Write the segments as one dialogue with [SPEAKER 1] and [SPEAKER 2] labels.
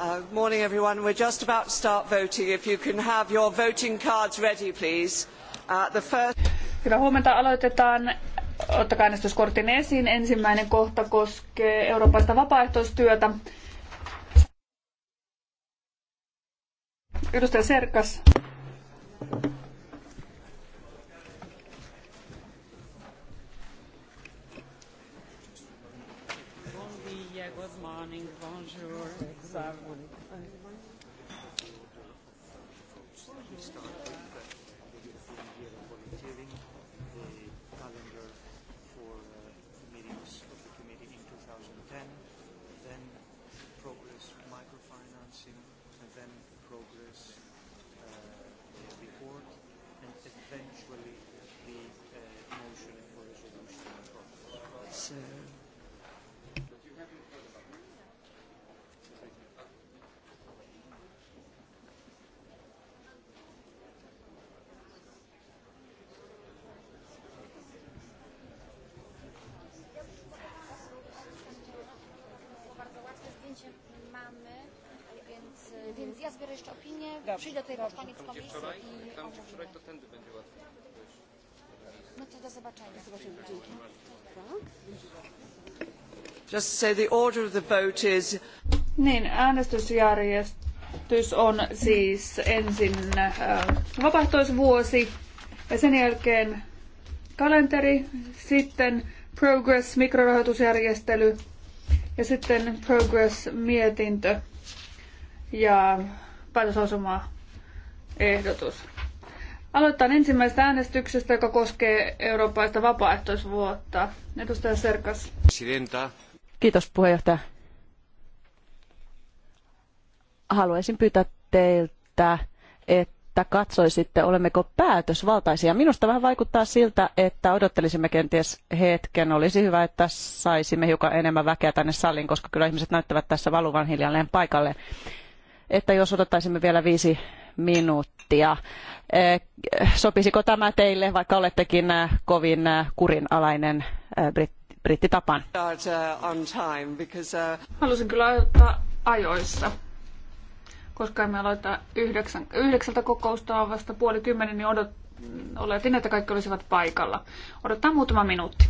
[SPEAKER 1] Uh, morning everyone. We're just about to start voting. If you can have your voting cards ready, please. Uh, the first...
[SPEAKER 2] Hyvää huomenta. Aloitetaan. Ottakaa äänestyskortin esiin. Ensimmäinen kohta koskee eurooppalaista vapaaehtoistyötä. Edustaja Serkas.
[SPEAKER 1] good morning,
[SPEAKER 3] bonjour sabe.
[SPEAKER 4] przyjdę tutaj pod koniec
[SPEAKER 5] komisji wczoraj, i Tam gdzie wczoraj, to tędy będzie łatwiej. No to do
[SPEAKER 3] zobaczenia. Do zobaczenia. Dzięki. Tak.
[SPEAKER 1] Just say the order of the vote is...
[SPEAKER 2] Niin, äänestysjärjestys on siis ensin äh, vapahtoisvuosi ja sen jälkeen kalenteri, sitten Progress mikrorahoitusjärjestely ja sitten Progress mietintö ja sama ehdotus. Aloitetaan ensimmäisestä äänestyksestä, joka koskee eurooppaista vapaaehtoisvuotta. Edustaja Serkas.
[SPEAKER 3] Presidenta.
[SPEAKER 6] Kiitos puheenjohtaja. Haluaisin pyytää teiltä, että katsoisitte, olemmeko päätösvaltaisia. Minusta vähän vaikuttaa siltä, että odottelisimme kenties hetken. Olisi hyvä, että saisimme hiukan enemmän väkeä tänne saliin, koska kyllä ihmiset näyttävät tässä valuvan hiljalleen paikalle että jos odottaisimme vielä viisi minuuttia. Eh, sopisiko tämä teille, vaikka olettekin eh, kovin eh, kurinalainen brittitapan?
[SPEAKER 1] Halusin
[SPEAKER 2] kyllä aloittaa ajoissa. Koska emme aloita yhdeksän, yhdeksältä kokousta on vasta puoli kymmenen, niin odot, oletin, että kaikki olisivat paikalla. Odottaa muutama minuutti.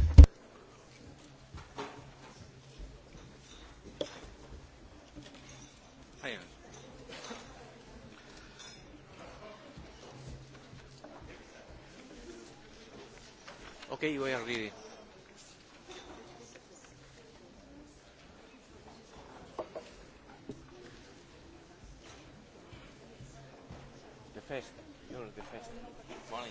[SPEAKER 3] Okay, you are ready. The first. You're the no, first. Morning.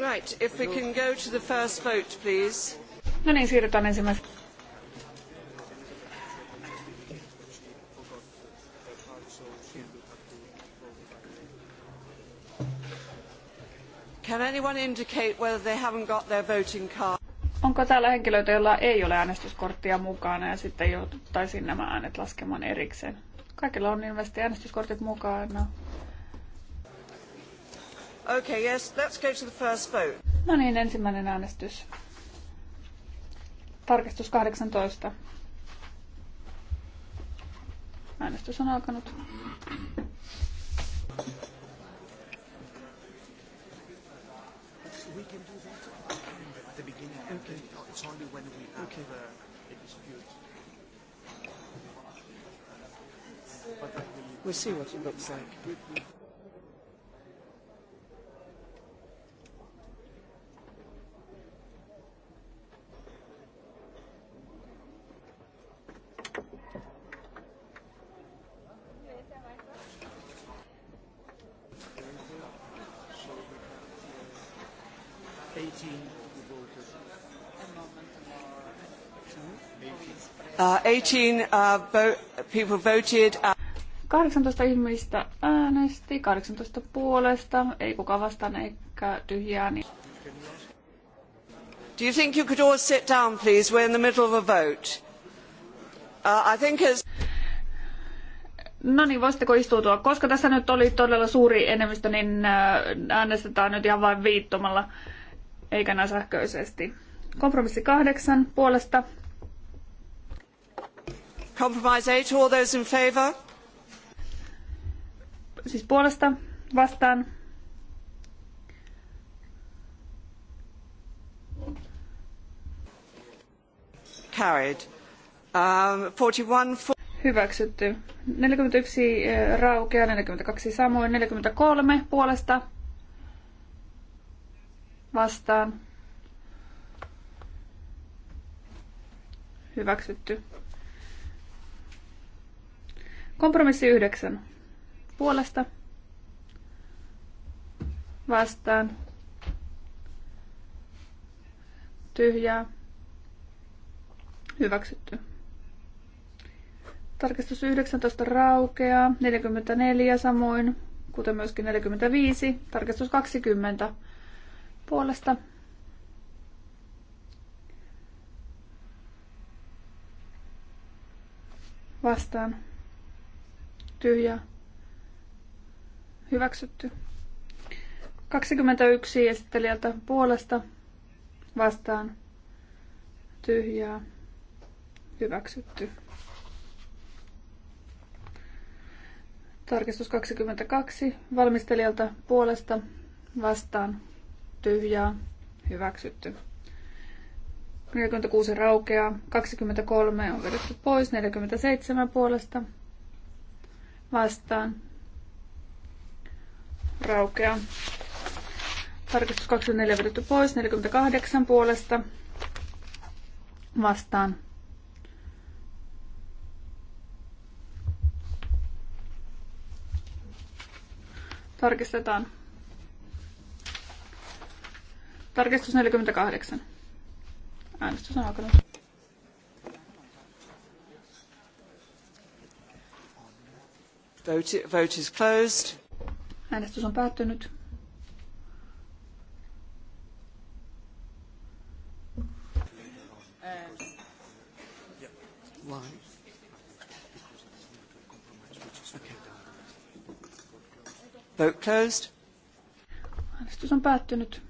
[SPEAKER 1] Right, if we can go to the first vote, please.
[SPEAKER 2] No niin, siirrytään ensimmäiseen.
[SPEAKER 1] Can anyone indicate whether they haven't got their voting card? Onko täällä henkilöitä,
[SPEAKER 2] joilla ei ole
[SPEAKER 1] äänestyskorttia
[SPEAKER 2] mukana ja sitten jouduttaisiin nämä äänet laskemaan erikseen?
[SPEAKER 1] Kaikilla on ilmeisesti äänestyskortit
[SPEAKER 2] mukana.
[SPEAKER 1] Okay, yes, let's go to the first vote.
[SPEAKER 2] No niin, ensimmäinen äänestys. Tarkistus 18. Äänestys on alkanut.
[SPEAKER 3] We can do that at the beginning. Okay. It's only when we have okay. uh, a dispute.
[SPEAKER 1] we'll see what it looks like. 18 uh, uh, uh,
[SPEAKER 2] ihmistä äänesti, 18 puolesta, ei kukaan vastaan eikä tyhjää. Niin...
[SPEAKER 1] Do you think you could all sit down, please? We're in the middle of a vote. Uh, I think as... No niin, voisitteko istuutua?
[SPEAKER 2] Koska tässä nyt oli todella suuri enemmistö, niin äh, äänestetään nyt ihan vain viittomalla, eikä näin sähköisesti. Kompromissi kahdeksan puolesta
[SPEAKER 1] Compromise 8, all those in favor? Siis puolesta vastaan.
[SPEAKER 2] Carried. Um, 41 Hyväksytty. 41 eh, raukea, 42 samoin, 43 puolesta vastaan. Hyväksytty. Kompromissi yhdeksän. Puolesta. Vastaan. Tyhjää. Hyväksytty. Tarkistus 19 raukeaa, 44 samoin, kuten myöskin 45, tarkistus 20 puolesta. Vastaan tyhjä, hyväksytty. 21 esittelijältä puolesta vastaan tyhjää, hyväksytty. Tarkistus 22 valmistelijalta puolesta vastaan tyhjää, hyväksytty. 46 raukeaa, 23 on vedetty pois, 47 puolesta vastaan raukea. Tarkistus 24 vedetty pois, 48 puolesta vastaan. Tarkistetaan. Tarkistus 48. Äänestys on alkanut.
[SPEAKER 1] Vote, is closed. Äänestys on päättynyt. Why? Vote closed.
[SPEAKER 2] Äänestys on päättynyt.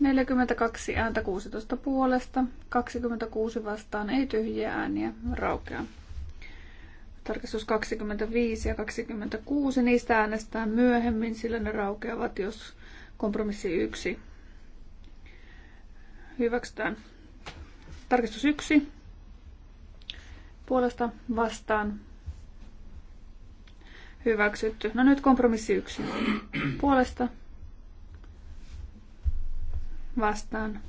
[SPEAKER 2] 42 ääntä 16 puolesta, 26 vastaan, ei tyhjiä ääniä, raukeaa tarkistus 25 ja 26, niistä äänestetään myöhemmin, sillä ne raukeavat, jos kompromissi 1 hyväksytään. Tarkistus 1 puolesta vastaan hyväksytty. No nyt kompromissi 1 puolesta vastaan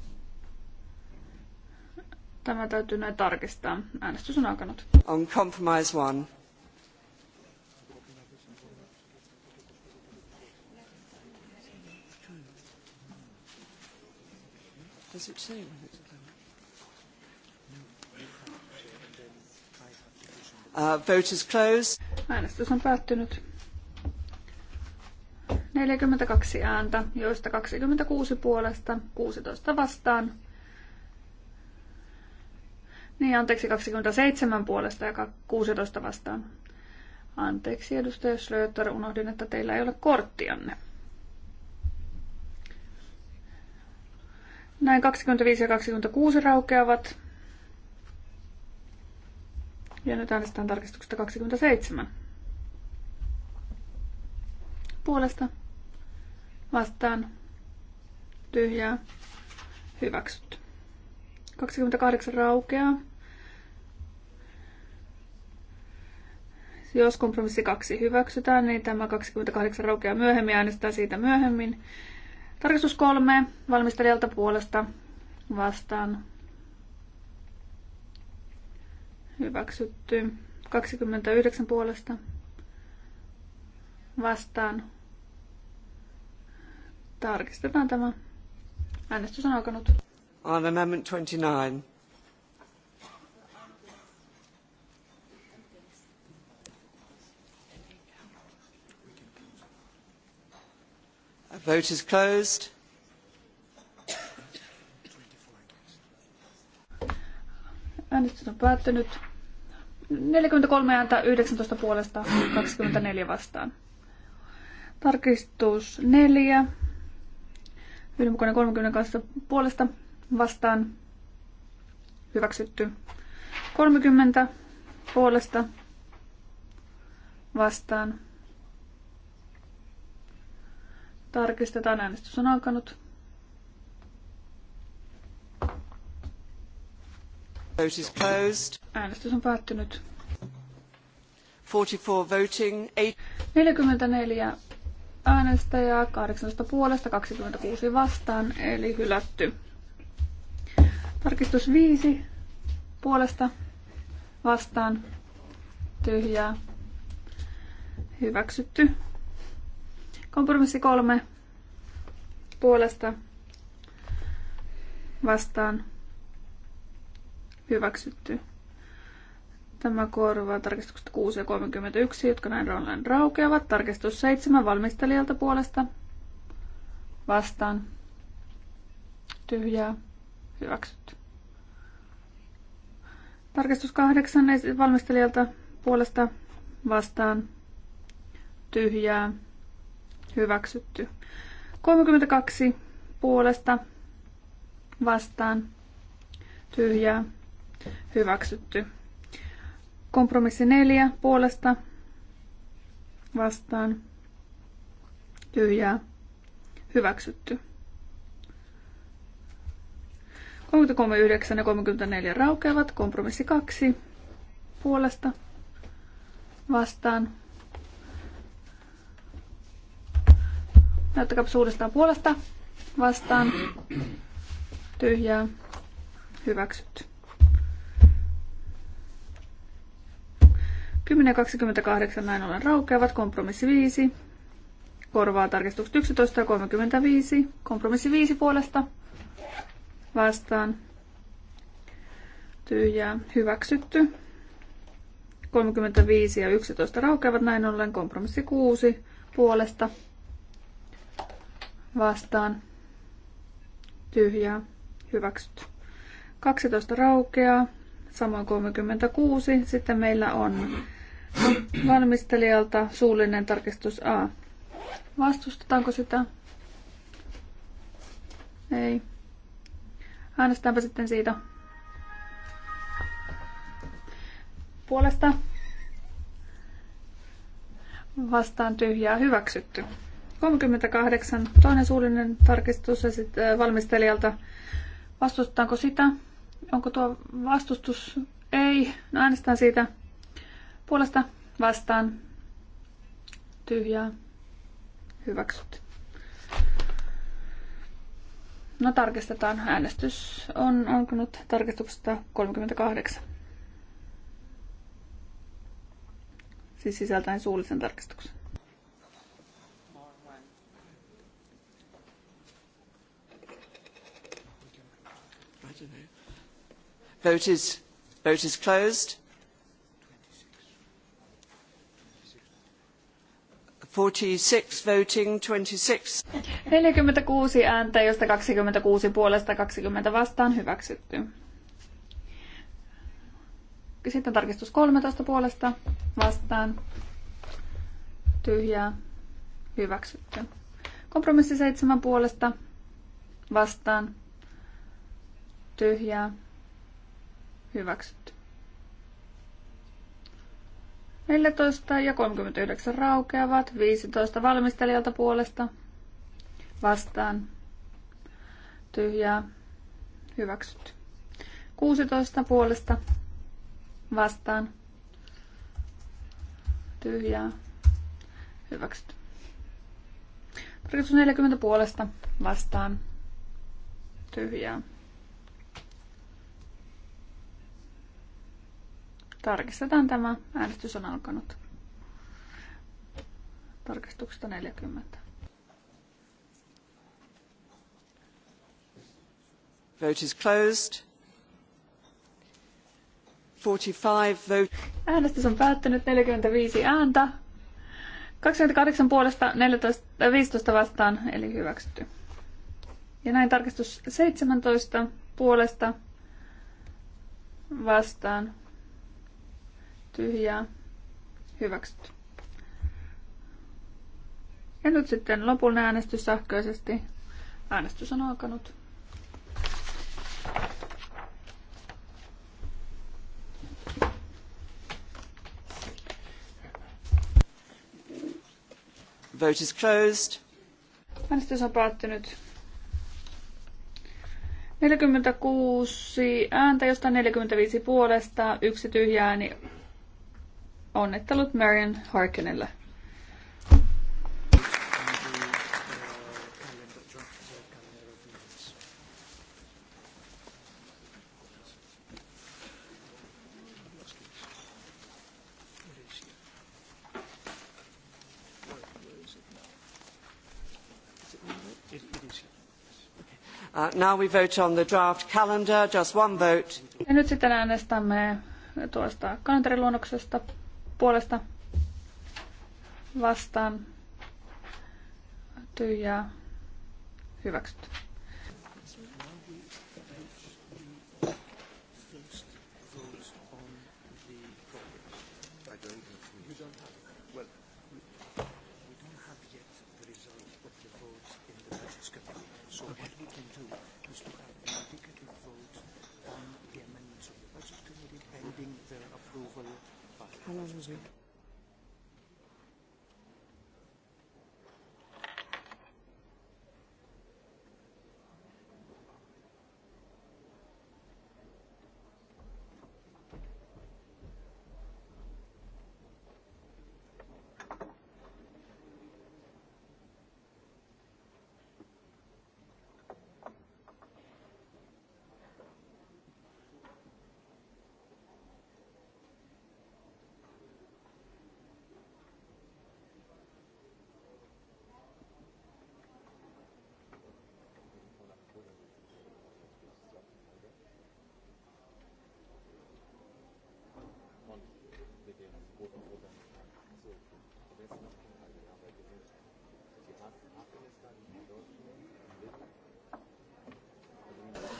[SPEAKER 2] Tämä täytyy näin tarkistaa. Äänestys on alkanut.
[SPEAKER 1] On compromise one. Does it say when it's Uh, vote is closed.
[SPEAKER 2] Äänestys on päättynyt. 42 ääntä, joista 26 puolesta, 16 vastaan, niin, anteeksi, 27 puolesta ja 16 vastaan. Anteeksi, edustaja Schlöter, unohdin, että teillä ei ole korttianne. Näin 25 ja 26 raukeavat. Ja nyt äänestetään tarkistuksesta 27. Puolesta vastaan tyhjää hyväksytty. 28 raukeaa. Jos kompromissi 2 hyväksytään, niin tämä 28 raukeaa myöhemmin, äänestetään siitä myöhemmin. Tarkistus 3 valmistelijalta puolesta vastaan. Hyväksytty. 29 puolesta vastaan. Tarkistetaan tämä. Äänestys on alkanut
[SPEAKER 1] on Amendment 29? A vote is closed.
[SPEAKER 2] Äänestys on päättynyt. 43 ääntä 19 puolesta 24 vastaan. Tarkistus 4. Yhdenmukainen 30 kanssa puolesta vastaan hyväksytty 30 puolesta vastaan. Tarkistetaan, äänestys on alkanut. Äänestys on päättynyt. 44 äänestäjää, 18 puolesta, 26 vastaan, eli hylätty. Tarkistus 5 puolesta vastaan tyhjää hyväksytty. Kompromissi 3 puolesta vastaan hyväksytty. Tämä korvaa tarkistukset 6 ja 31, jotka näin Ronland raukeavat. Tarkistus 7 valmistelijalta puolesta vastaan. Tyhjää. Hyväksytty. Tarkistus kahdeksan valmistelijalta puolesta vastaan. Tyhjää. Hyväksytty. 32 puolesta vastaan. Tyhjää. Hyväksytty. Kompromissi 4 puolesta vastaan. Tyhjää. Hyväksytty. 33, ja 34 raukeavat. Kompromissi 2 puolesta vastaan. Näyttäkää uudestaan puolesta vastaan. Tyhjää. Hyväksytty. 10 ja 28 näin ollen raukeavat. Kompromissi 5. Korvaa tarkistukset 11 ja 35. Kompromissi 5 puolesta vastaan tyhjää hyväksytty. 35 ja 11 raukeavat näin ollen kompromissi 6 puolesta vastaan tyhjää hyväksytty. 12 raukeaa, samoin 36. Sitten meillä on valmistelijalta suullinen tarkistus A. Vastustetaanko sitä? Ei. Äänestäänpä sitten siitä puolesta. Vastaan tyhjää hyväksytty. 38. Toinen suullinen tarkistus ja äh, valmistelijalta. Vastustetaanko sitä? Onko tuo vastustus? Ei. No äänestän siitä puolesta vastaan. Tyhjää. Hyväksytty. No tarkistetaan. Äänestys on alkanut tarkistuksesta 38. Siis sisältäen suullisen tarkistuksen.
[SPEAKER 1] Vote is, vote is closed. 46 voting, 26.
[SPEAKER 2] 46 ääntä, josta 26 puolesta 20 vastaan hyväksytty. Sitten tarkistus 13 puolesta vastaan. Tyhjää. Hyväksytty. Kompromissi 7 puolesta vastaan. Tyhjää. Hyväksytty. 14 ja 39 raukeavat, 15 valmistelijalta puolesta vastaan tyhjää Hyväksyt. 16 puolesta vastaan tyhjää Hyväksyt. Tarkistus 40 puolesta vastaan tyhjää Tarkistetaan tämä. Äänestys on alkanut. Tarkistuksesta 40.
[SPEAKER 1] Vote is closed. 45 vote.
[SPEAKER 2] Äänestys on päättynyt 45 ääntä. 28 puolesta 14, 15 äh, vastaan, eli hyväksytty. Ja näin tarkistus 17 puolesta vastaan tyhjää, hyväksytty. Ja nyt sitten lopullinen äänestys sähköisesti. Äänestys on alkanut.
[SPEAKER 1] Vote is closed.
[SPEAKER 2] Äänestys on päättynyt. 46 ääntä, josta 45 puolesta, yksi tyhjä ääni, niin Onnittelut Marian Harkinille.
[SPEAKER 1] Uh, now we vote on the draft calendar. Just one vote.
[SPEAKER 2] Ja nyt sitten äänestämme tuosta kalenteriluonnoksesta puolesta vastaan tyhjää hyväksytty.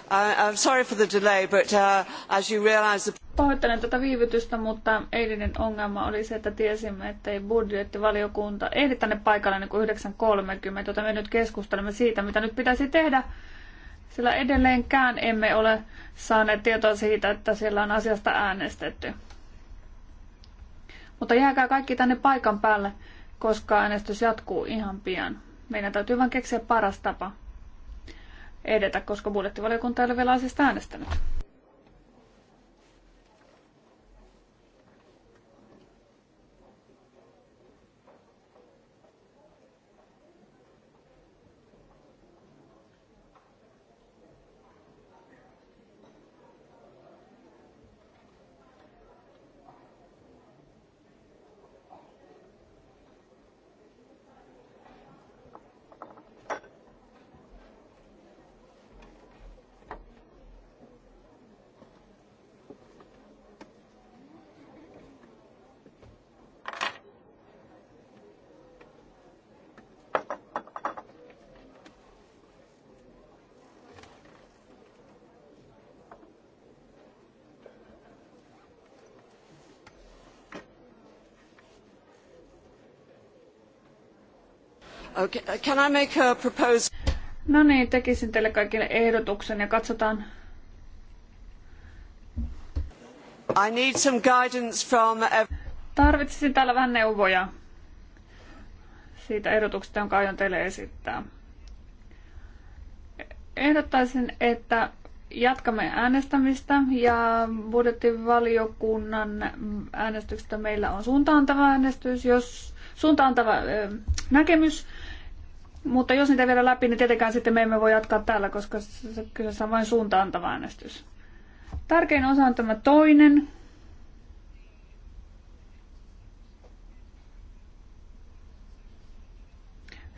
[SPEAKER 1] I'm sorry for the delay, but uh, as you realize...
[SPEAKER 2] Pahoittelen tätä viivytystä, mutta eilinen ongelma oli se, että tiesimme, että ei budjettivaliokunta ehdi tänne paikalle niin kuin 9.30, joten me nyt keskustelemme siitä, mitä nyt pitäisi tehdä, sillä edelleenkään emme ole saaneet tietoa siitä, että siellä on asiasta äänestetty. Mutta jääkää kaikki tänne paikan päälle, koska äänestys jatkuu ihan pian. Meidän täytyy vain keksiä paras tapa edetä, koska budjettivaliokunta ei ole vielä asiasta äänestänyt.
[SPEAKER 1] Okay. Uh, can I make a No niin, tekisin
[SPEAKER 2] teille kaikille ehdotuksen ja katsotaan. I need some guidance from... Tarvitsisin täällä vähän neuvoja siitä ehdotuksesta, jonka aion teille esittää. Ehdottaisin, että jatkamme äänestämistä ja budjettivaliokunnan äänestyksestä meillä on suuntaantava äänestys, jos suuntaantava näkemys, mutta jos niitä vielä läpi, niin tietenkään sitten me emme voi jatkaa täällä, koska kyseessä on vain antava äänestys. Tärkein osa on tämä toinen.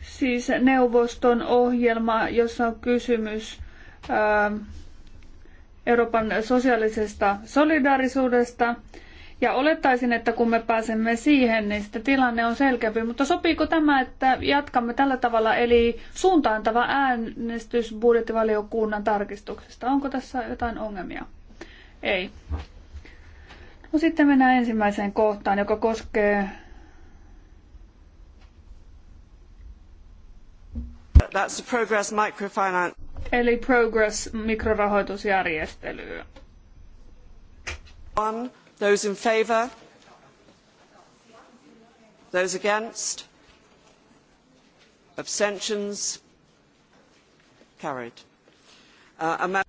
[SPEAKER 2] Siis neuvoston ohjelma, jossa on kysymys Euroopan sosiaalisesta solidaarisuudesta – ja olettaisin, että kun me pääsemme siihen, niin sitten tilanne on selkeämpi. Mutta sopiiko tämä, että jatkamme tällä tavalla, eli suuntaantava äänestys budjettivaliokunnan tarkistuksesta? Onko tässä jotain ongelmia? Ei. No sitten mennään ensimmäiseen kohtaan, joka koskee
[SPEAKER 1] That's the progress microfinance.
[SPEAKER 2] Eli progress mikrorahoitusjärjestelyä.
[SPEAKER 1] One those in favour those against abstentions carried uh,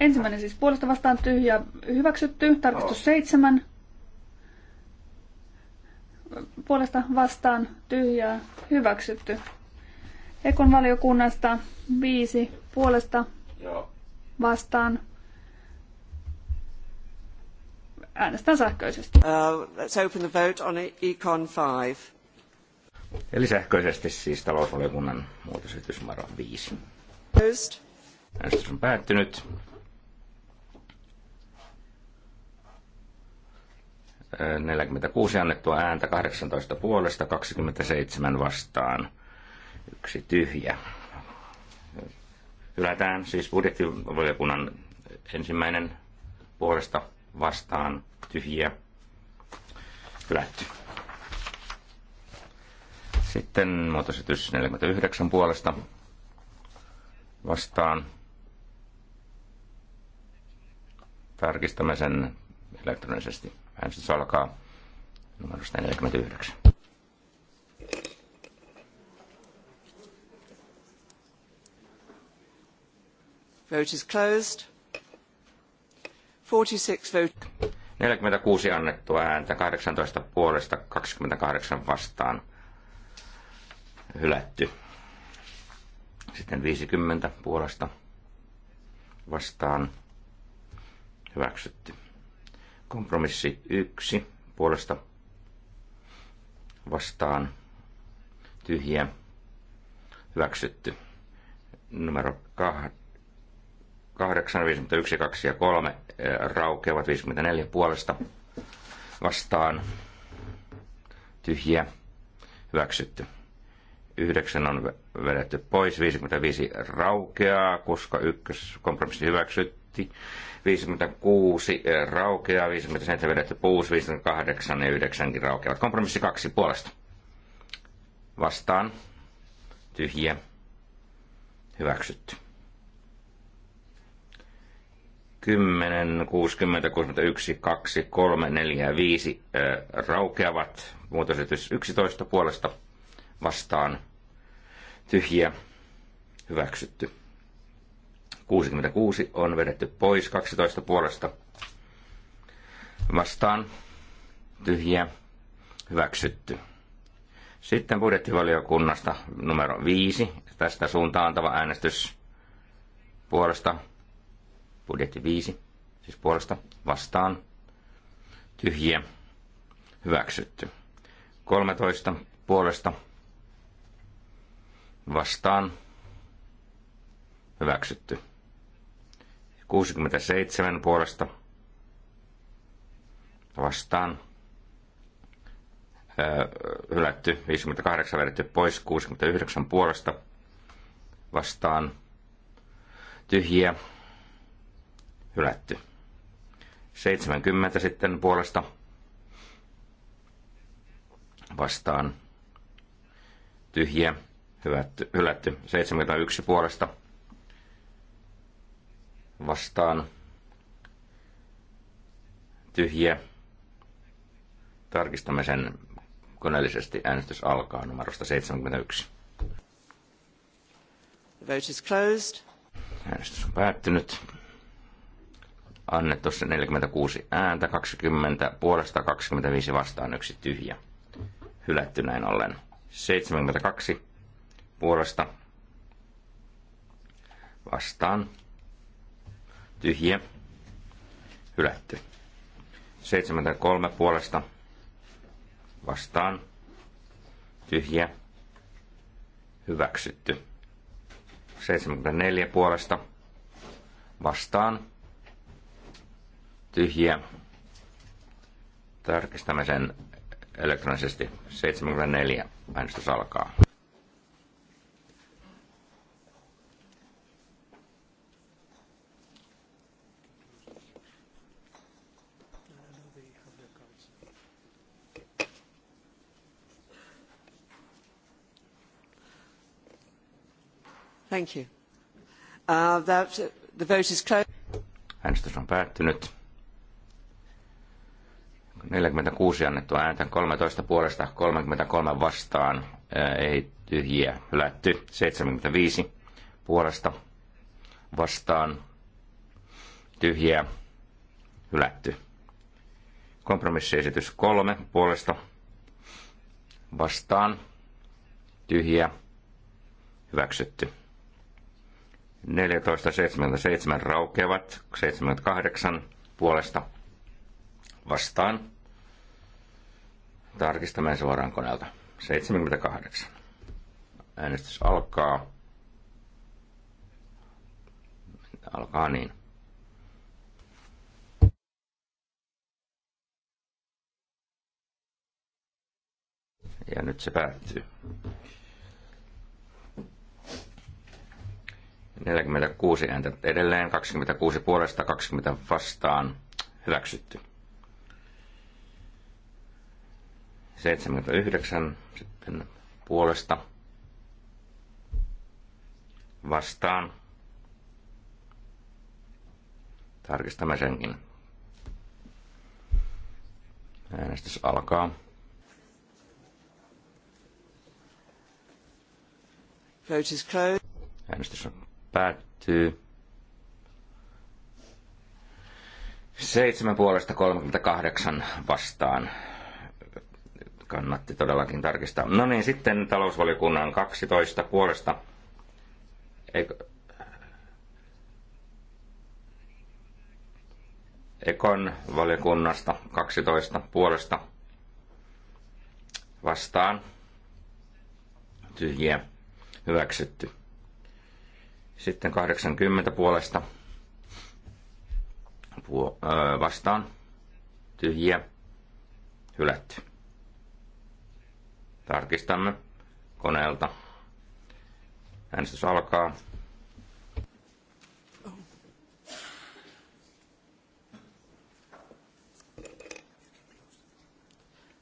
[SPEAKER 2] ensimmäinen siis puolesta vastaan tyhjä hyväksytty tarkistus seitsemän puolesta vastaan tyhjää hyväksytty Ekon valiokunnasta viisi puolesta vastaan
[SPEAKER 1] Äänestän sähköisesti. Uh, let's open the vote on e- Econ 5.
[SPEAKER 5] Eli sähköisesti siis talousvaliokunnan muutosesitys numero 5. Post. Äänestys on päättynyt. Ö, 46 annettua ääntä, 18 puolesta, 27 vastaan, yksi tyhjä. Hylätään siis budjettivaliokunnan ensimmäinen puolesta vastaan tyhjiä hylätty. Sitten muotoesitys 49 puolesta vastaan. Tarkistamme sen elektronisesti. Äänestys alkaa numerosta 49.
[SPEAKER 1] Vote is closed. 46
[SPEAKER 5] annettua ääntä, 18 puolesta, 28 vastaan hylätty. Sitten 50 puolesta vastaan hyväksytty. Kompromissi 1 puolesta vastaan tyhjä hyväksytty. Numero 8, 51, 2 ja 3 Eh, raukeavat 54 puolesta vastaan tyhjiä hyväksytty. 9 on vedetty pois, 55 raukeaa, koska ykkös kompromissi hyväksytti. 56 eh, raukeaa, 57 vedetty puus, 58 ja 9 raukeavat. Kompromissi kaksi puolesta. Vastaan. Tyhjiä. Hyväksytty. 10, 60, 61, 2, 3, 4 5 äh, raukeavat. Muutosesitys 11 puolesta vastaan tyhjiä hyväksytty. 66 on vedetty pois 12 puolesta vastaan tyhjiä hyväksytty. Sitten budjettivaliokunnasta numero 5. Tästä suuntaantava äänestys puolesta Budjetti 5, siis puolesta vastaan. Tyhjiä. Hyväksytty. 13 puolesta vastaan. Hyväksytty. 67 puolesta vastaan. Öö, hylätty. 58 vedetty pois. 69 puolesta vastaan. Tyhjiä hylätty. 70 sitten puolesta vastaan tyhjiä hylätty, hylätty. 71 puolesta vastaan tyhjiä. Tarkistamme sen koneellisesti. Äänestys alkaa numerosta 71.
[SPEAKER 1] The vote is closed.
[SPEAKER 5] Äänestys on päättynyt annettu se 46 ääntä, 20 puolesta, 25 vastaan, yksi tyhjä. Hylätty näin ollen. 72 puolesta vastaan, tyhjä, hylätty. 73 puolesta vastaan, tyhjä, hyväksytty. 74 puolesta vastaan, tyhjiä. Tarkistamme sen elektronisesti. 74 äänestys alkaa.
[SPEAKER 1] Thank you. Uh, that, the vote is closed.
[SPEAKER 5] Äänestys on päättynyt. 46 annettua ääntä, 13 puolesta, 33 vastaan, ei tyhjiä, hylätty, 75 puolesta, vastaan, tyhjiä, hylätty. Kompromissiesitys 3 puolesta, vastaan, tyhjiä, hyväksytty. 14.77 raukeavat, 78 puolesta vastaan, Tarkistamme suoraan koneelta. 78. Äänestys alkaa. Alkaa niin. Ja nyt se päättyy. 46 ääntä edelleen, 26 puolesta, 20 vastaan, hyväksytty. 79 sitten puolesta vastaan. Tarkistamme senkin. Äänestys alkaa.
[SPEAKER 1] Vote is closed.
[SPEAKER 5] Äänestys on päättyy. Seitsemän puolesta 38 vastaan kannatti todellakin tarkistaa. No niin, sitten talousvaliokunnan 12 puolesta. Eikö, Ekon valiokunnasta 12 puolesta vastaan tyhjiä hyväksytty. Sitten 80 puolesta vastaan tyhjiä hylätty. Tarkistamme koneelta. Äänestys alkaa.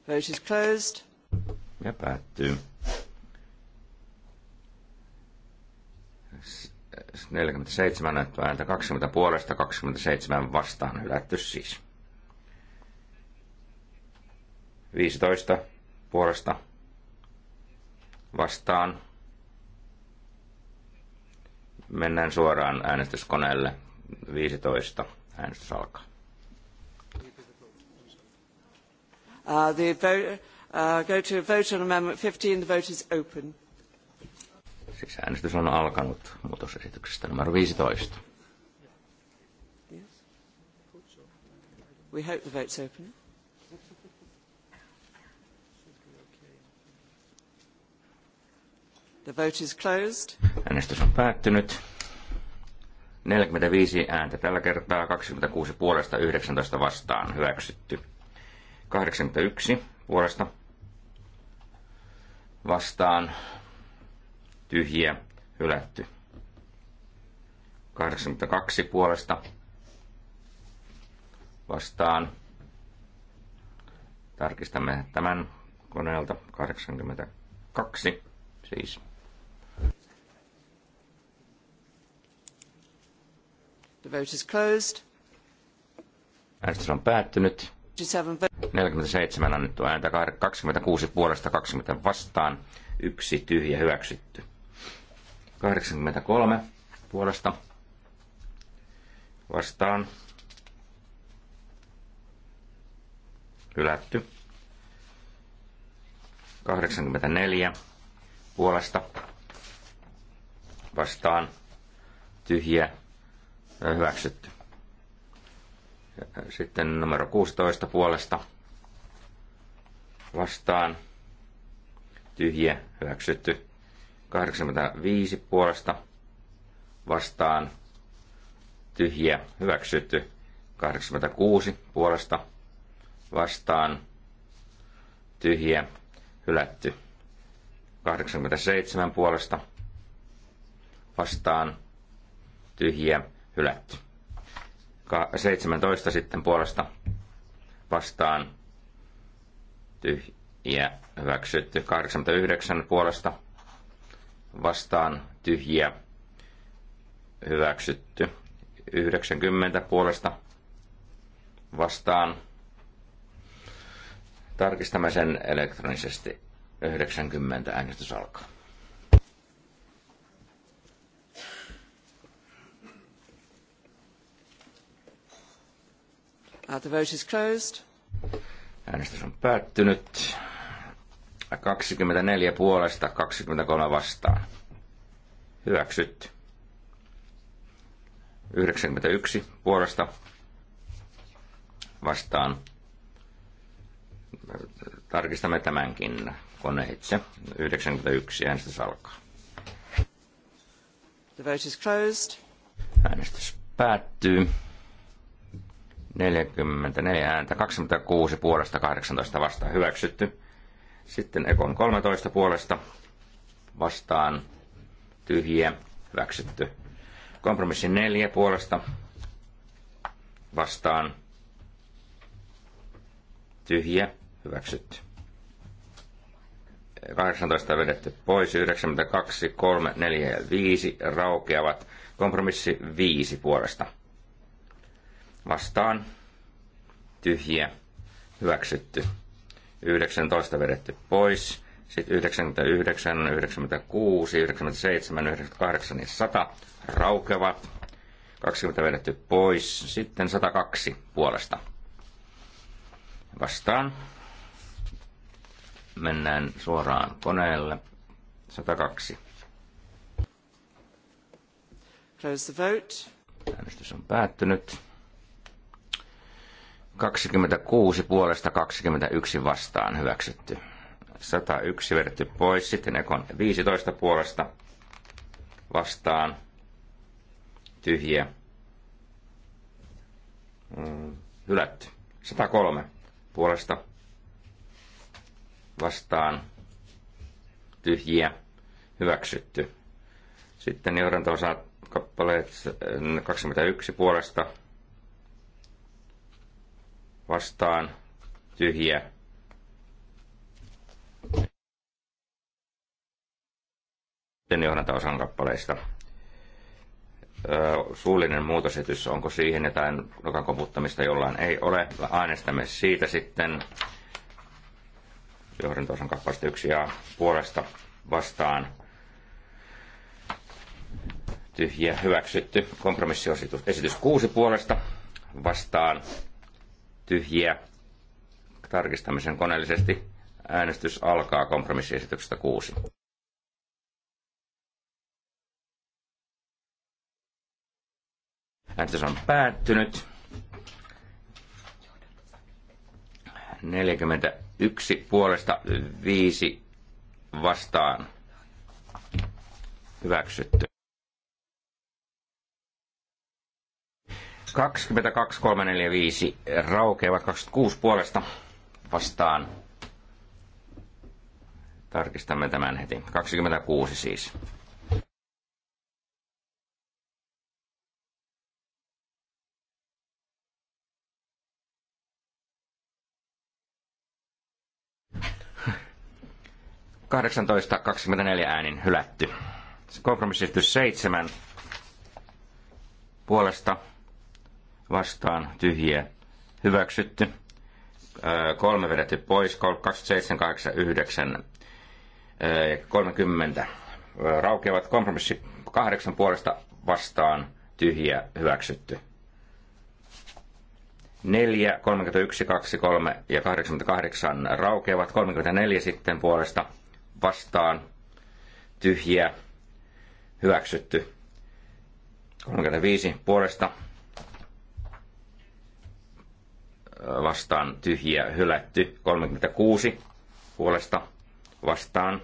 [SPEAKER 1] Vote is closed.
[SPEAKER 5] Ja päättyy. 47 annettua ääntä, 20 puolesta, 27 vastaan hylätty siis. 15 puolesta, vastaan. Mennään suoraan äänestyskoneelle. 15. Äänestys alkaa.
[SPEAKER 1] Uh, the vote, uh, go to vote on amendment 15. The vote is open.
[SPEAKER 5] Siis äänestys on alkanut muutosesityksestä numero 15.
[SPEAKER 1] Yes. We hope the vote's open. The vote is closed.
[SPEAKER 5] Äänestys on päättynyt. 45 ääntä tällä kertaa, 26 puolesta, 19 vastaan hyväksytty. 81 puolesta vastaan tyhjiä hylätty. 82 puolesta vastaan. Tarkistamme tämän koneelta 82 siis.
[SPEAKER 1] The vote is closed.
[SPEAKER 5] Äänestys on päättynyt. 47 annettu ääntä, 26 puolesta, 20 vastaan, yksi tyhjä hyväksytty. 83 puolesta vastaan hylätty. 84 puolesta vastaan tyhjä hyväksytty. Sitten numero 16 puolesta vastaan tyhjä hyväksytty. 85 puolesta vastaan tyhjä hyväksytty. 86 puolesta vastaan tyhjä hylätty. 87 puolesta vastaan tyhjä hylätty. 17 sitten puolesta vastaan tyhjiä hyväksytty. 89 puolesta vastaan tyhjiä hyväksytty. 90 puolesta vastaan tarkistamme sen elektronisesti. 90 äänestys alkaa.
[SPEAKER 1] Uh, the vote is closed.
[SPEAKER 5] Äänestys on päättynyt. 24 puolesta, 23 vastaan. Hyväksyt. 91 puolesta vastaan. Tarkistamme tämänkin koneitse. 91 äänestys alkaa.
[SPEAKER 1] The vote is closed.
[SPEAKER 5] Äänestys päättyy. 44 ääntä, 26 puolesta, 18 vastaan hyväksytty. Sitten Ekon 13 puolesta vastaan tyhjiä, hyväksytty. Kompromissi 4 puolesta vastaan tyhjiä, hyväksytty. 18 vedetty pois, 92, 3, 4 ja 5 raukeavat. Kompromissi 5 puolesta vastaan tyhjiä hyväksytty. 19 vedetty pois. Sitten 99, 96, 97, 98 niin 100 raukevat. 20 vedetty pois. Sitten 102 puolesta. Vastaan. Mennään suoraan koneelle. 102.
[SPEAKER 1] Close the vote.
[SPEAKER 5] Äänestys on päättynyt. 26 puolesta 21 vastaan hyväksytty. 101 vedetty pois, sitten Ekon 15 puolesta vastaan tyhjiä mm, hylätty. 103 puolesta vastaan tyhjiä hyväksytty. Sitten johdanto-osa kappaleet 21 mm, puolesta vastaan tyhjä. Sitten osan kappaleista. Suullinen muutosesitys, onko siihen jotain nokan koputtamista jollain ei ole. Äänestämme siitä sitten osan kappaleista yksi ja puolesta vastaan tyhjä hyväksytty. kompromissiositus esitys kuusi puolesta vastaan tyhjiä. Tarkistamisen koneellisesti äänestys alkaa kompromissiesityksestä 6. Äänestys on päättynyt. 41 puolesta 5 vastaan hyväksytty. 22.345 raukeavat 26 puolesta vastaan. Tarkistamme tämän heti. 26 siis. Kahdeksantoista, äänin hylätty. Kompromissisitys seitsemän puolesta vastaan tyhjiä hyväksytty. Äh, kolme vedetty pois, 27, 8, 9, 30 raukeavat kompromissi kahdeksan puolesta vastaan tyhjiä hyväksytty. 4, 31, 23 ja 88 raukeavat, 34 sitten puolesta vastaan tyhjiä hyväksytty. 35 puolesta vastaan tyhjiä hylätty. 36 puolesta vastaan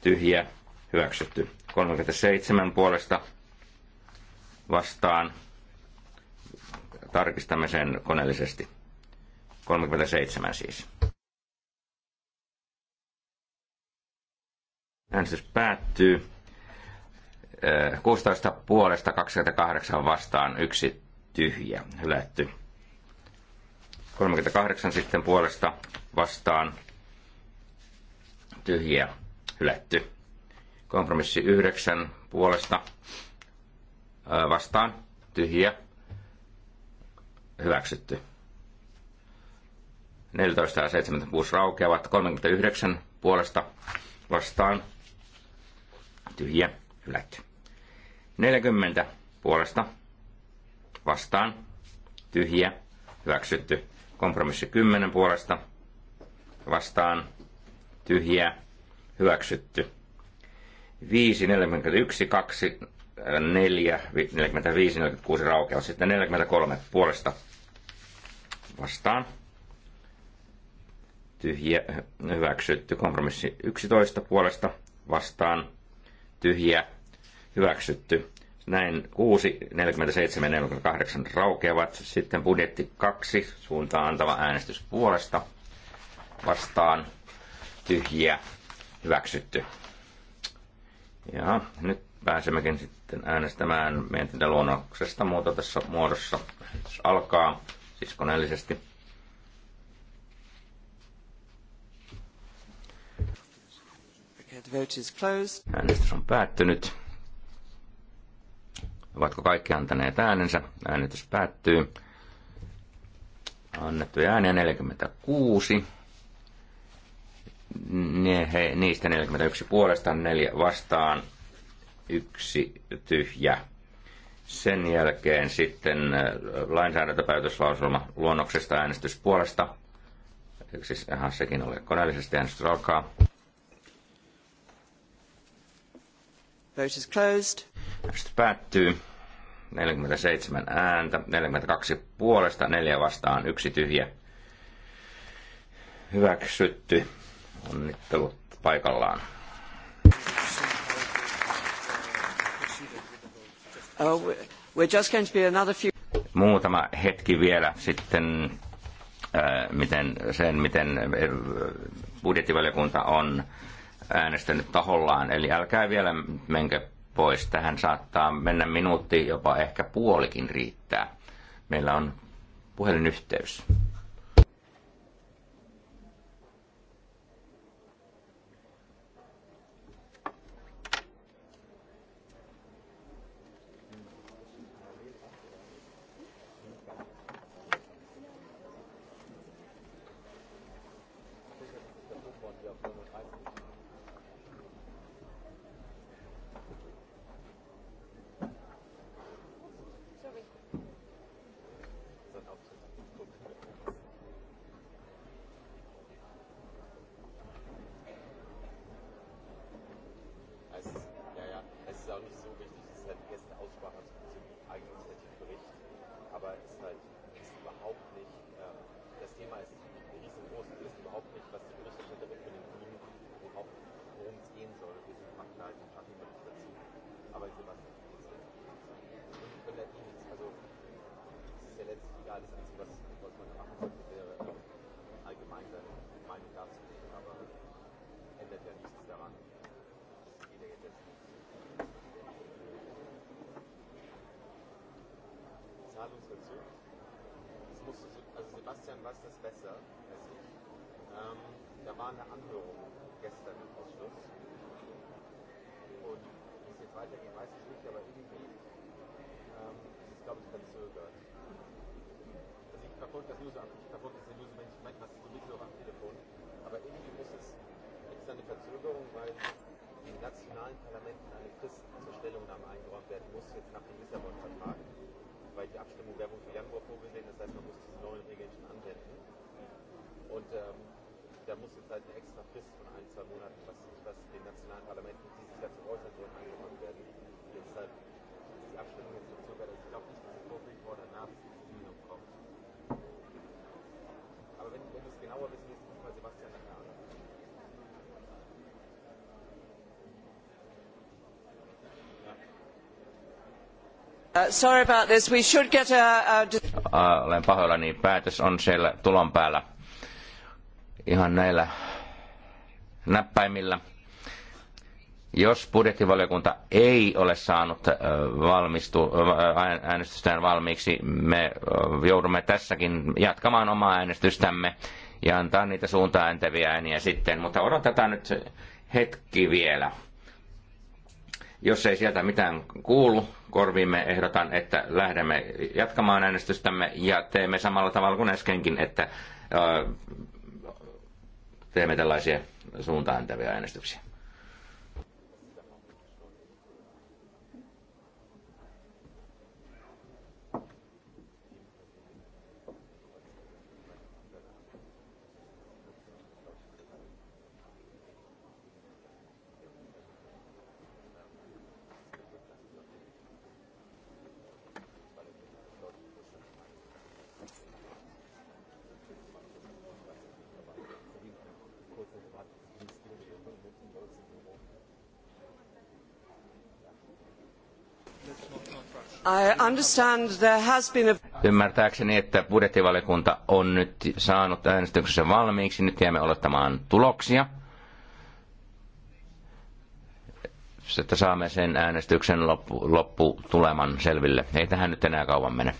[SPEAKER 5] tyhjiä hyväksytty. 37 puolesta vastaan tarkistamme sen koneellisesti. 37 siis. Äänestys päättyy. 16 puolesta 28 vastaan yksi tyhjä hylätty. 38 sitten puolesta vastaan tyhjiä hylätty. Kompromissi 9 puolesta vastaan tyhjiä hyväksytty. 14 ja 76 raukeavat 39 puolesta vastaan tyhjiä hylätty. 40 puolesta vastaan tyhjiä hyväksytty. Kompromissi 10 puolesta vastaan tyhjä hyväksytty. 5, 41, 2, 4, 45, 46 raukeaa. Sitten 43 puolesta vastaan. Tyhjä hyväksytty. Kompromissi 11 puolesta vastaan. Tyhjä hyväksytty. Näin 6, 47, 48 raukeavat. Sitten budjetti 2, suuntaan antava äänestys puolesta. Vastaan tyhjiä hyväksytty. Ja nyt pääsemmekin sitten äänestämään mietintöluonnoksesta muuta tässä muodossa. Jos alkaa, siis koneellisesti. Äänestys on päättynyt. Ovatko kaikki antaneet äänensä? Äänitys päättyy. Annettuja ääniä 46. Ne, he, niistä 41 puolesta, neljä vastaan, yksi tyhjä. Sen jälkeen sitten äh, lainsäädäntöpäätöslauselma luonnoksesta äänestys puolesta. Siis, sekin oli koneellisesti äänestys alkaa.
[SPEAKER 1] Vote is closed.
[SPEAKER 5] päättyy. 47 ääntä, 42 puolesta, 4 vastaan, yksi tyhjä. Hyväksytty. Onnittelut paikallaan.
[SPEAKER 1] Oh, we're just going to be another few...
[SPEAKER 5] Muutama hetki vielä sitten äh, miten, sen, miten äh, budjettivaliokunta on äänestänyt tahollaan, eli älkää vielä menkö pois. Tähän saattaa mennä minuutti, jopa ehkä puolikin riittää. Meillä on puhelinyhteys.
[SPEAKER 4] Zahlungsverzug. Das musste, also Sebastian weiß das besser als ich. Ähm, da war eine Anhörung gestern im Ausschuss. Und wie es jetzt weitergeht, weiß ich nicht, aber irgendwie ähm, ist es, glaube ich, verzögert. Also ich verfolge das nur so, ich verfolge das nur so, wenn ich manchmal sowieso am Telefon. Aber irgendwie muss es, gibt es eine Verzögerung, weil den nationalen Parlamenten eine Frist zur Stellungnahme eingeräumt werden muss, jetzt nach dem Lissabon-Vertrag weil die Abstimmung wäre wohl für Januar vorgesehen, das heißt, man muss diese neuen Regeln schon anwenden. Und ähm, da muss jetzt halt eine extra Frist von ein, zwei Monaten, was nicht, was den nationalen Parlamenten, die sich dazu äußern sollen, angewandt werden. Deshalb ist die Abstimmung jetzt verzögert. Also ich glaube nicht, dass es vor oder nach
[SPEAKER 1] Uh, sorry about this. We should get a...
[SPEAKER 5] Olen pahoillani. Päätös on siellä tulon päällä. Ihan näillä näppäimillä. Jos budjettivaliokunta ei ole saanut valmistu, äänestystään valmiiksi, me joudumme tässäkin jatkamaan omaa äänestystämme ja antaa niitä suuntaan ääntäviä ääniä sitten, mutta odotetaan nyt hetki vielä. Jos ei sieltä mitään kuulu, korviimme ehdotan, että lähdemme jatkamaan äänestystämme ja teemme samalla tavalla kuin äskenkin, että teemme tällaisia suuntaantäviä äänestyksiä. Ymmärtääkseni, että budjettivaliokunta on nyt saanut äänestyksessä valmiiksi. Nyt jäämme odottamaan tuloksia. Että saamme sen äänestyksen lopputuleman selville. Ei tähän nyt enää kauan mene.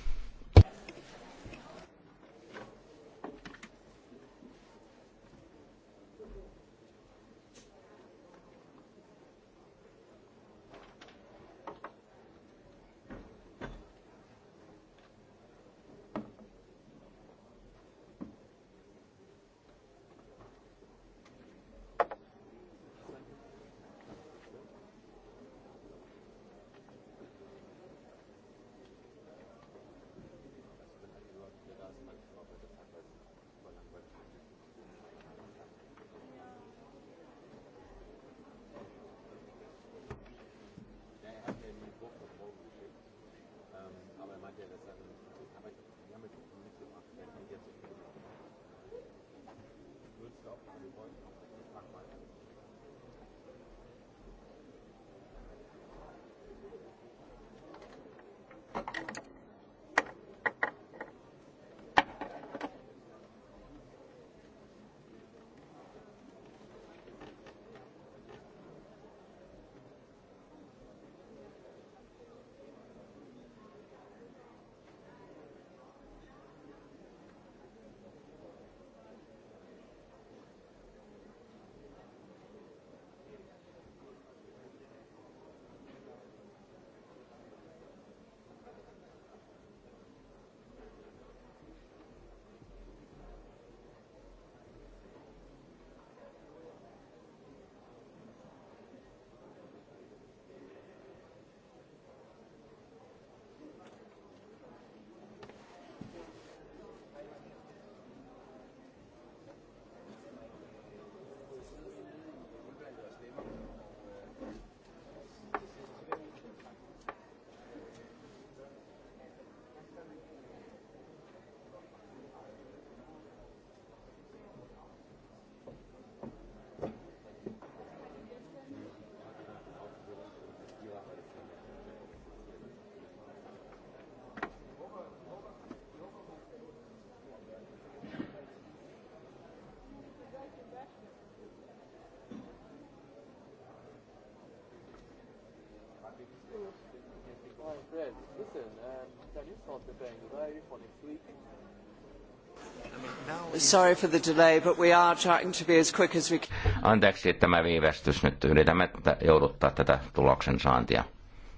[SPEAKER 1] Sorry for the delay, but we are trying to be as quick as we can.
[SPEAKER 5] Anteeksi että tämä viivästys. Nyt yritämme jouduttaa tätä tuloksen saantia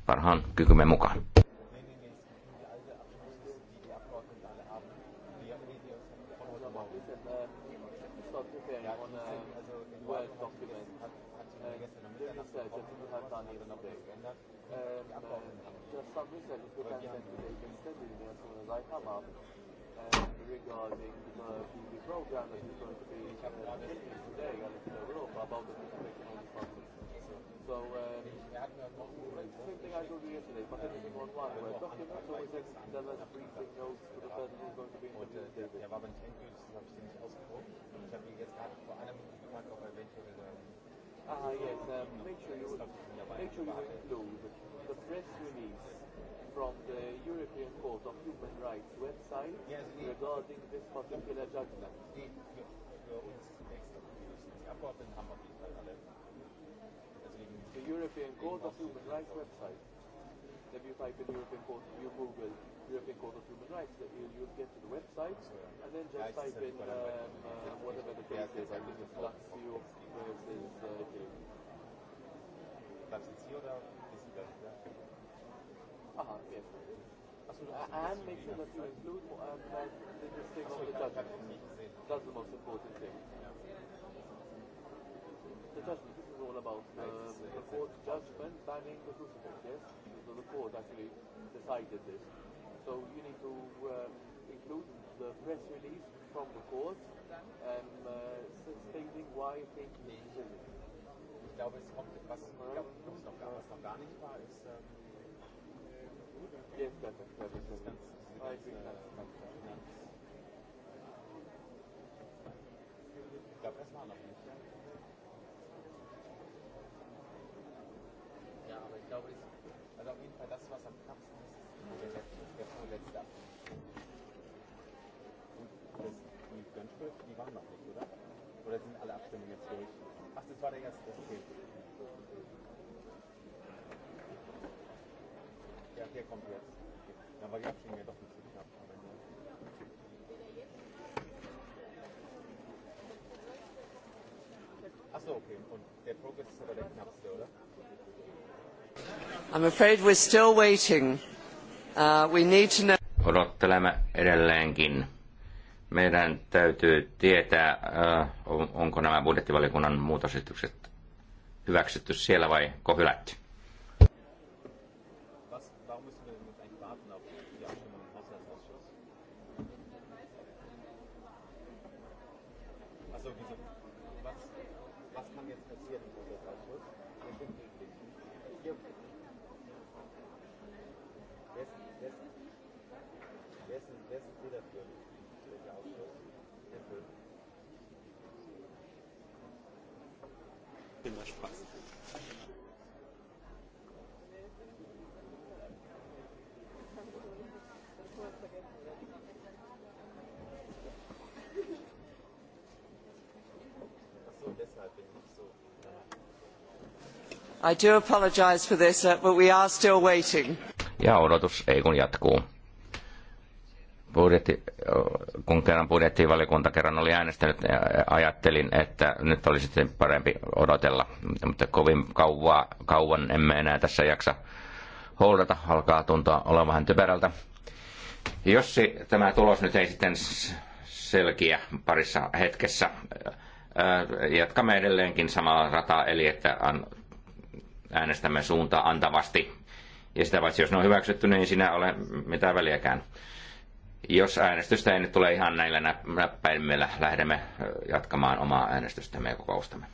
[SPEAKER 5] parhaan kykymme mukaan.
[SPEAKER 3] some research is potentially they can stimulate as soon I come up uh, regarding the TV program that is going to be uh, today and in Europa about the economic problems. So um, same thing I told you yesterday, but anything on one where documents always
[SPEAKER 4] tell us briefing notes to the person going to be äh, interviewed. Er ähm,
[SPEAKER 3] ah, yes, um, make sure you, make sure you include the press release from the European Court of Human Rights website yes, regarding this particular judgment. The European Court of Human Rights website. If you type in European Court, you Google European Court of Human Rights, you'll, you get to the website, and then just type in um, uh, whatever the case is. I think it's Lazio versus uh,
[SPEAKER 4] Lazio Aha, okay.
[SPEAKER 3] Absolutely. And make sure that you include and that they just take off That's the most important thing. The judgment, this is all about um, the court's judgment banning the crucifix, So the court actually decided this. So you need to um, include the press release from the court um, uh, stating why it came to the decision. Ich glaube, es kommt, was,
[SPEAKER 4] ich glaube, was, noch, was noch gar nicht war, ist, ähm, Yes, that's a clever sentence. I agree Ich glaube, das war Ja, aber ich glaube, ich, also auf jeden Fall das, was am knappsten ist, ist der letzte, der vorletzte Abschnitt. Und das, die Gönschrift, die waren noch nicht, oder? Oder sind alle Abstimmungen jetzt durch? Ach, das war der erste, okay. der kommt jetzt. mir doch knapp. Achso, okay. Und der Progress ist aber der knappste, oder?
[SPEAKER 1] I'm afraid we're still waiting. Uh, we need to know...
[SPEAKER 5] Odottelemme edelleenkin. Meidän täytyy tietää, uh, onko nämä budjettivaliokunnan muutosesitykset hyväksytty siellä vai kohylätty.
[SPEAKER 1] I do apologize for this, uh, but we are still waiting.
[SPEAKER 5] Ja odotus ei kun jatkuu. Budjetti, uh, kun kerran budjettivaliokunta kerran oli äänestänyt, ajattelin, että nyt olisi sitten parempi odotella, mutta kovin kauan, kauan emme enää tässä jaksa holdata, alkaa tuntua olevan vähän typerältä. Jos tämä tulos nyt ei sitten selkiä parissa hetkessä, uh, jatkamme edelleenkin samaa rataa, eli että äänestämme suunta antavasti. Ja sitä paitsi, jos ne on hyväksytty, niin sinä ole mitään väliäkään. Jos äänestystä ei nyt tule ihan näillä näppäimillä, lähdemme jatkamaan omaa äänestystämme ja kokoustamme.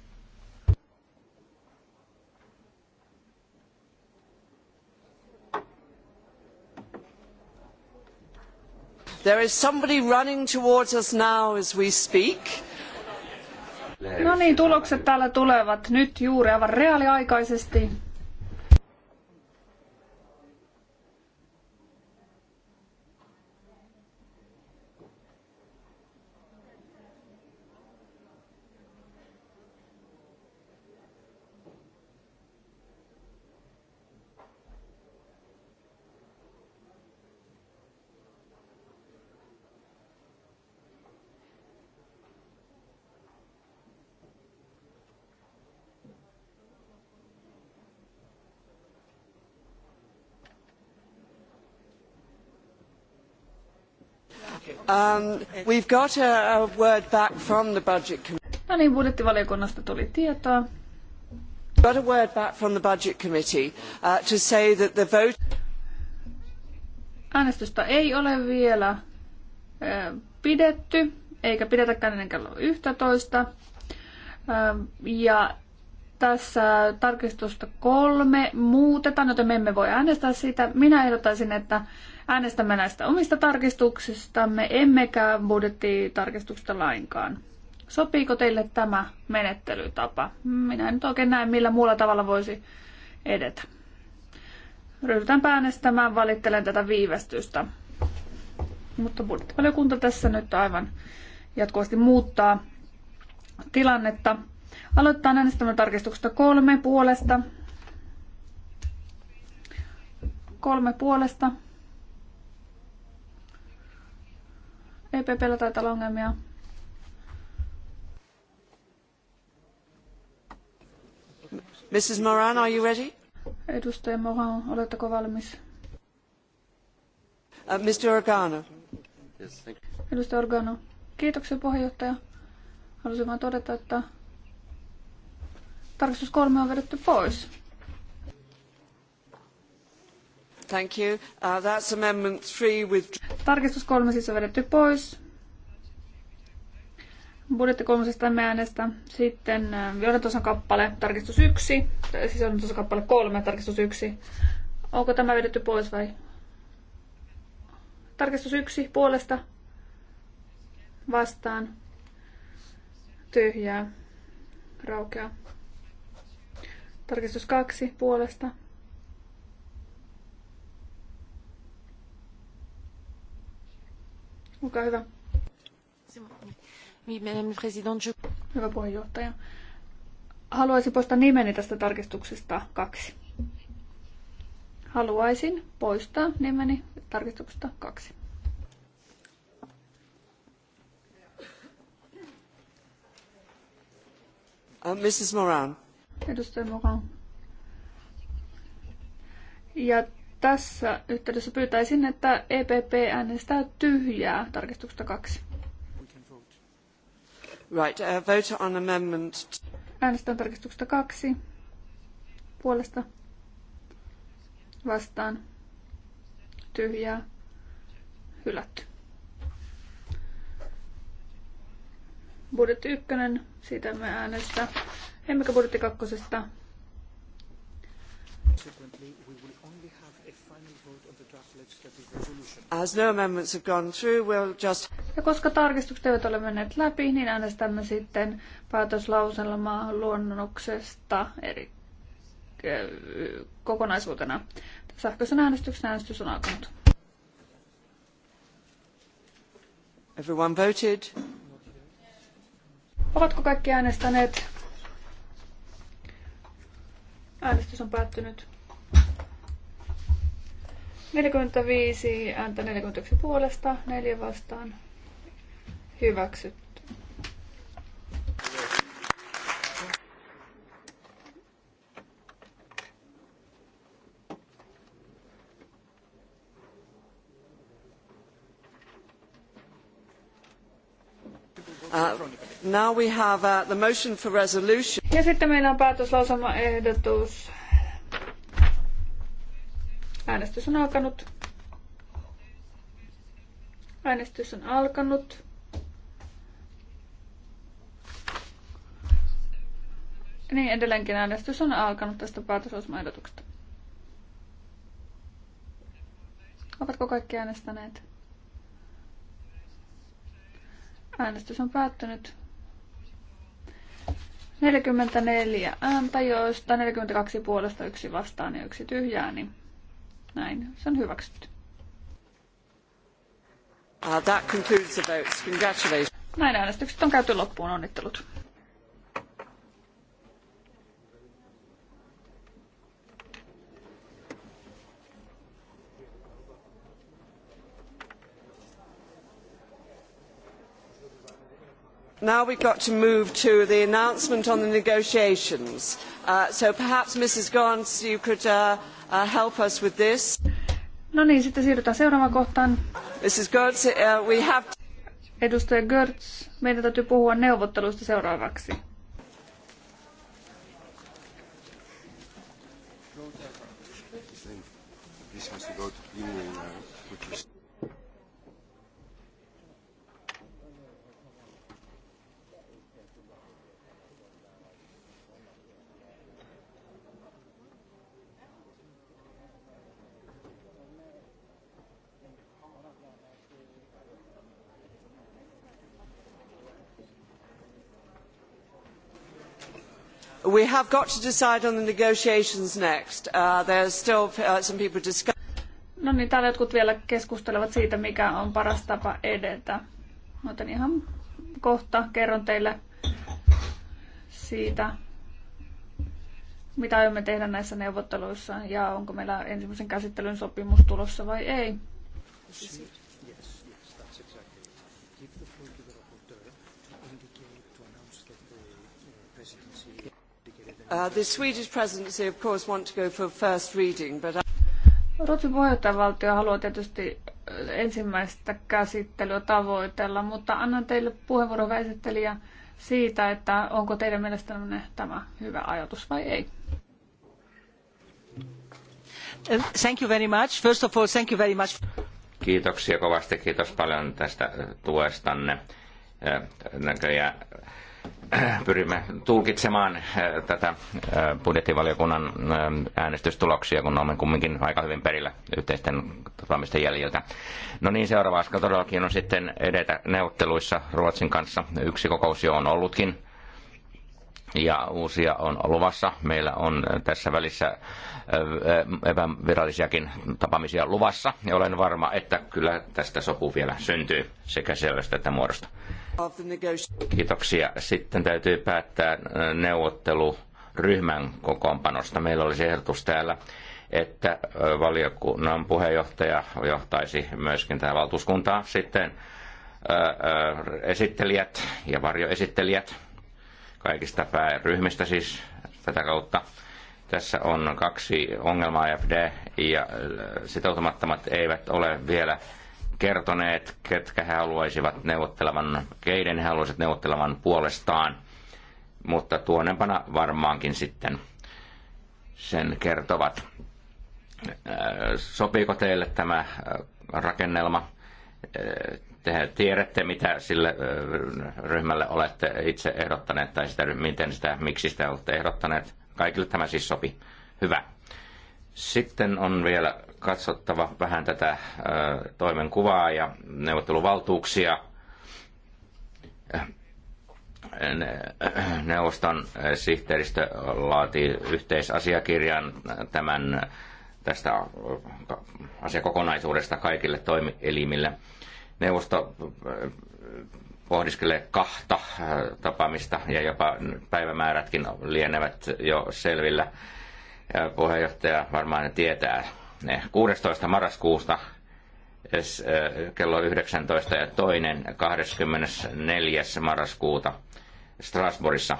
[SPEAKER 1] There is somebody running towards us now as we speak. No niin, tulokset täällä tulevat nyt juuri aivan reaaliaikaisesti. Um, we've got a, word back from the budget committee. No niin, budjettivaliokunnasta tuli tietoa. Got a word back from the budget committee uh, to say that the vote...
[SPEAKER 2] Äänestystä ei ole vielä uh, pidetty, eikä pidetäkään ennen kello 11. Uh, um, ja tässä tarkistusta kolme muutetaan, joten me emme voi äänestää siitä. Minä ehdottaisin, että äänestämme näistä omista tarkistuksistamme, emmekä budjettitarkistuksista lainkaan. Sopiiko teille tämä menettelytapa? Minä en nyt oikein näe, millä muulla tavalla voisi edetä. Ryhdytään äänestämään, valittelen tätä viivästystä. Mutta budjettivaliokunta tässä nyt aivan jatkuvasti muuttaa tilannetta. Aloittaa äänestämään tarkistuksesta kolme puolesta. Kolme puolesta. EPPllä taitaa olla ongelmia.
[SPEAKER 1] Mrs. Moran, are you ready?
[SPEAKER 2] Edustaja Moran, oletteko valmis?
[SPEAKER 1] Uh, Mr. Organo. Yes,
[SPEAKER 2] Edustaja Organo. Kiitoksia puheenjohtaja. Haluaisin vain todeta, että tarkastus kolme on vedetty pois.
[SPEAKER 1] Thank you. Uh, that's amendment three with...
[SPEAKER 2] Tarkistus kolme siis on vedetty pois. Budjetti kolmosesta emme äänestä. Sitten johdantosan äh, kappale, tarkistus yksi. Äh, siis johdantosan kappale kolme, tarkistus yksi. Onko tämä vedetty pois vai? Tarkistus yksi puolesta. Vastaan. Tyhjää. Raukeaa. Tarkistus kaksi puolesta. Olkaa hyvä. Hyvä puheenjohtaja. Haluaisin poistaa nimeni tästä tarkistuksesta kaksi. Haluaisin poistaa nimeni tarkistuksesta
[SPEAKER 1] kaksi. Uh, Mrs. Moran
[SPEAKER 2] edustaja Moran. Ja tässä yhteydessä pyytäisin, että EPP äänestää tyhjää tarkistuksesta kaksi.
[SPEAKER 1] Right, uh, vote on amendment.
[SPEAKER 2] Äänestän tarkistuksesta kaksi. Puolesta. Vastaan. Tyhjää. Hylätty. Budjetti ykkönen, siitä me äänestämme. Emmekä budjetti kakkosesta.
[SPEAKER 1] As no amendments have gone through, we'll just... Ja koska tarkistukset eivät ole menneet läpi, niin
[SPEAKER 2] äänestämme sitten päätöslauselmaa luonnoksesta eri äh, kokonaisuutena. Sähköisen äänestyksen äänestys on alkanut.
[SPEAKER 1] Everyone voted.
[SPEAKER 2] Ovatko kaikki äänestäneet? Äänestys on päättynyt. 45 ääntä 41 puolesta, 4 vastaan. Hyväksytty.
[SPEAKER 1] Uh, now we have uh, the motion for resolution. Ja sitten meillä on päätöslausumaehdotus. Äänestys on alkanut.
[SPEAKER 2] Äänestys on alkanut. Niin, edelleenkin äänestys on alkanut tästä päätöslausumaehdotuksesta. Ovatko kaikki äänestäneet? Äänestys on päättynyt. 44 ääntä, joista 42 puolesta yksi vastaan ja yksi tyhjää, niin näin se on hyväksytty.
[SPEAKER 1] Uh, that concludes the votes. Congratulations.
[SPEAKER 2] Näin äänestykset on käyty loppuun. Onnittelut.
[SPEAKER 1] now we have got to move to the announcement on the negotiations. Uh, so perhaps Mrs. Gons, you could uh, uh, help us with this.
[SPEAKER 2] No niin, sitten siirrytään seuraavaan kohtaan.
[SPEAKER 1] Mrs. Gertz, uh, we have...
[SPEAKER 2] Edustaja Gertz, meidän täytyy puhua neuvotteluista seuraavaksi.
[SPEAKER 1] We have got to decide on the negotiations next. Uh, there are still uh, some people discussing.
[SPEAKER 2] No niin, täällä jotkut vielä keskustelevat siitä, mikä on paras tapa edetä. mutta ihan kohta kerron teille siitä, mitä aiomme tehdä näissä neuvotteluissa ja onko meillä ensimmäisen käsittelyn sopimus tulossa vai ei.
[SPEAKER 3] Uh, the Swedish
[SPEAKER 1] presidency of course want to go for first reading, but I...
[SPEAKER 2] Ruotsin puheenjohtajavaltio haluaa tietysti äh, ensimmäistä käsittelyä tavoitella, mutta annan teille puheenvuoron esittelijä siitä, että onko teidän mielestänne tämä hyvä ajatus vai ei.
[SPEAKER 6] Uh, thank you very much. First of all, thank you very much.
[SPEAKER 5] Kiitoksia kovasti. Kiitos paljon tästä tuestanne. Äh, näköjään Äh, pyrimme tulkitsemaan äh, tätä äh, budjettivaliokunnan äänestystuloksia, kun olemme kumminkin aika hyvin perillä yhteisten tapaamisten jäljiltä. No niin, seuraava askel todellakin on sitten edetä neuvotteluissa Ruotsin kanssa. Yksi kokous jo on ollutkin ja uusia on luvassa. Meillä on tässä välissä epävirallisiakin tapaamisia luvassa ja olen varma, että kyllä tästä sopu vielä syntyy sekä selvästä että muodosta. Kiitoksia. Sitten täytyy päättää äh, neuvotteluryhmän kokoonpanosta. Meillä olisi ehdotus täällä, että äh, valiokunnan puheenjohtaja johtaisi myöskin tätä valtuuskuntaa. Sitten äh, esittelijät ja varjoesittelijät kaikista pääryhmistä siis tätä kautta. Tässä on kaksi ongelmaa FD ja sitoutumattomat eivät ole vielä kertoneet, ketkä he haluaisivat neuvottelevan, keiden he haluaisivat neuvottelevan puolestaan, mutta tuonempana varmaankin sitten sen kertovat. Äh, sopiiko teille tämä äh, rakennelma? Äh, Te tiedätte, mitä sille ryhmälle olette itse ehdottaneet, tai sitä, miten sitä, miksi sitä olette ehdottaneet. Kaikille tämä siis sopi. Hyvä. Sitten on vielä katsottava vähän tätä toimenkuvaa ja neuvotteluvaltuuksia neuvoston sihteeristö laati yhteisasiakirjan tämän tästä asiakokonaisuudesta kaikille toimielimille. Neuvosto pohdiskelee kahta tapaamista ja jopa päivämäärätkin lienevät jo selvillä. Puheenjohtaja varmaan tietää 16. marraskuusta kello 19 ja toinen 24. marraskuuta Strasbourgissa.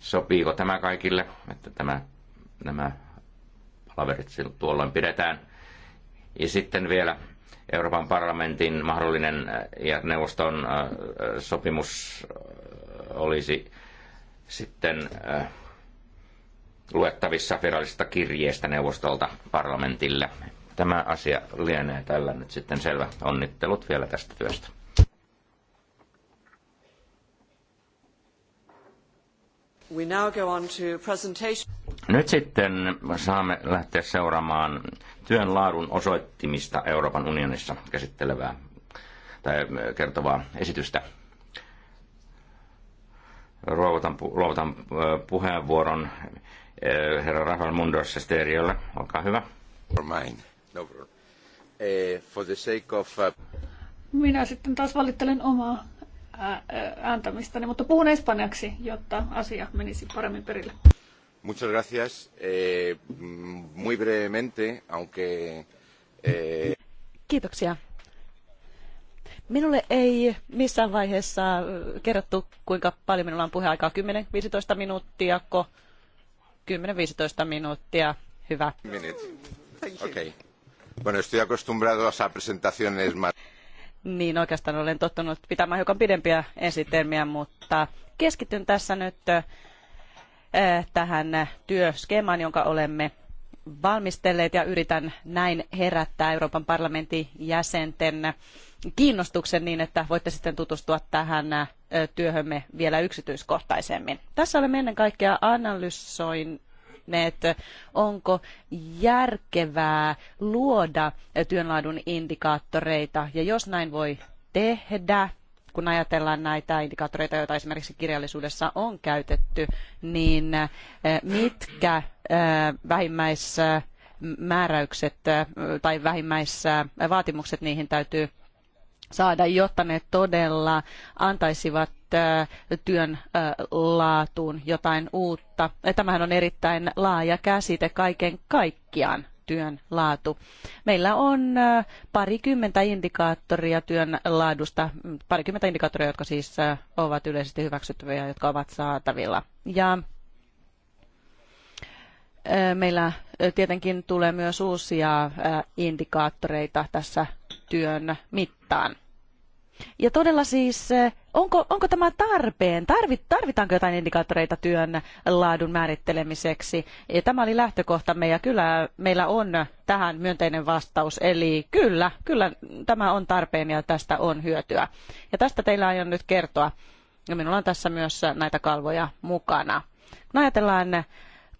[SPEAKER 5] Sopiiko tämä kaikille, että tämä, nämä palaverit tuolloin pidetään? Ja sitten vielä Euroopan parlamentin mahdollinen ja neuvoston sopimus olisi sitten luettavissa virallisesta kirjeestä neuvostolta parlamentille. Tämä asia lienee tällä nyt sitten selvä. Onnittelut vielä tästä työstä.
[SPEAKER 1] We now go on to presentation.
[SPEAKER 5] Nyt sitten saamme lähteä seuraamaan työn laadun osoittimista Euroopan unionissa käsittelevää tai kertovaa esitystä. Luovutan, luovutan äh, puheenvuoron Eh, herra Rafael Mundos Steeriolle. Olkaa hyvä. For mine. No problem. Eh, for the sake of... Uh,
[SPEAKER 2] Minä sitten taas valittelen omaa ääntämistäni, mutta puhun espanjaksi, jotta asia menisi paremmin perille.
[SPEAKER 5] Muchas gracias. Eh, muy brevemente, aunque... Eh...
[SPEAKER 6] Kiitoksia. Minulle ei missään vaiheessa kerrottu, kuinka paljon minulla on puheaikaa, 10-15 minuuttia, kun 10-15 minuuttia. Hyvä.
[SPEAKER 5] Okay. Bueno, estoy acostumbrado a presentaciones más...
[SPEAKER 6] Niin, oikeastaan olen tottunut pitämään hiukan pidempiä esitelmiä, mutta keskityn tässä nyt eh, tähän työskemaan, jonka olemme valmistelleet ja yritän näin herättää Euroopan parlamentin jäsenten kiinnostuksen niin, että voitte sitten tutustua tähän äh, työhömme vielä yksityiskohtaisemmin. Tässä olemme ennen kaikkea analysoin että onko järkevää luoda äh, työnlaadun indikaattoreita, ja jos näin voi tehdä, kun ajatellaan näitä indikaattoreita, joita esimerkiksi kirjallisuudessa on käytetty, niin äh, mitkä vähimmäismääräykset tai vähimmäisvaatimukset niihin täytyy saada, jotta ne todella antaisivat työn laatuun jotain uutta. Tämähän on erittäin laaja käsite kaiken kaikkiaan työn laatu. Meillä on parikymmentä indikaattoria työn laadusta, parikymmentä indikaattoria, jotka siis ovat yleisesti hyväksyttäviä, jotka ovat saatavilla. Ja meillä tietenkin tulee myös uusia indikaattoreita tässä työn mittaan. Ja todella siis, eh, onko, onko tämä tarpeen? Tarvit, tarvitaanko jotain indikaattoreita työn laadun määrittelemiseksi? Ja tämä oli lähtökohtamme ja kyllä meillä on tähän myönteinen vastaus. Eli kyllä, kyllä tämä on tarpeen ja tästä on hyötyä. Ja tästä teillä aion nyt kertoa. Ja minulla on tässä myös näitä kalvoja mukana. Kun ajatellaan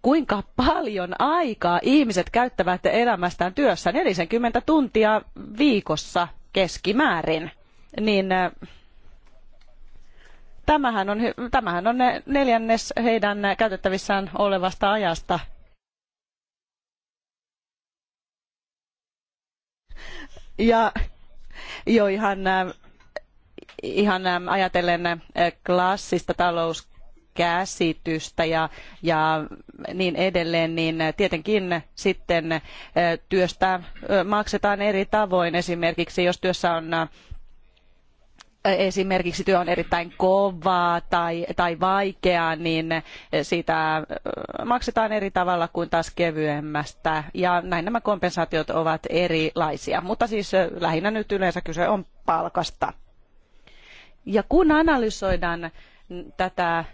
[SPEAKER 6] kuinka paljon aikaa ihmiset käyttävät elämästään työssä 40 tuntia viikossa keskimäärin, niin äh, tämähän on, tämähän on äh, neljännes heidän käytettävissään olevasta ajasta. Ja jo ihan, äh, ihan ajatellen klassista talous käsitystä ja, ja niin edelleen, niin tietenkin sitten työstä maksetaan eri tavoin. Esimerkiksi jos työssä on esimerkiksi työ on erittäin kovaa tai, tai vaikeaa, niin siitä maksetaan eri tavalla kuin taas kevyemmästä. Ja näin nämä kompensaatiot ovat erilaisia. Mutta siis lähinnä nyt yleensä kyse on palkasta. Ja kun analysoidaan tätä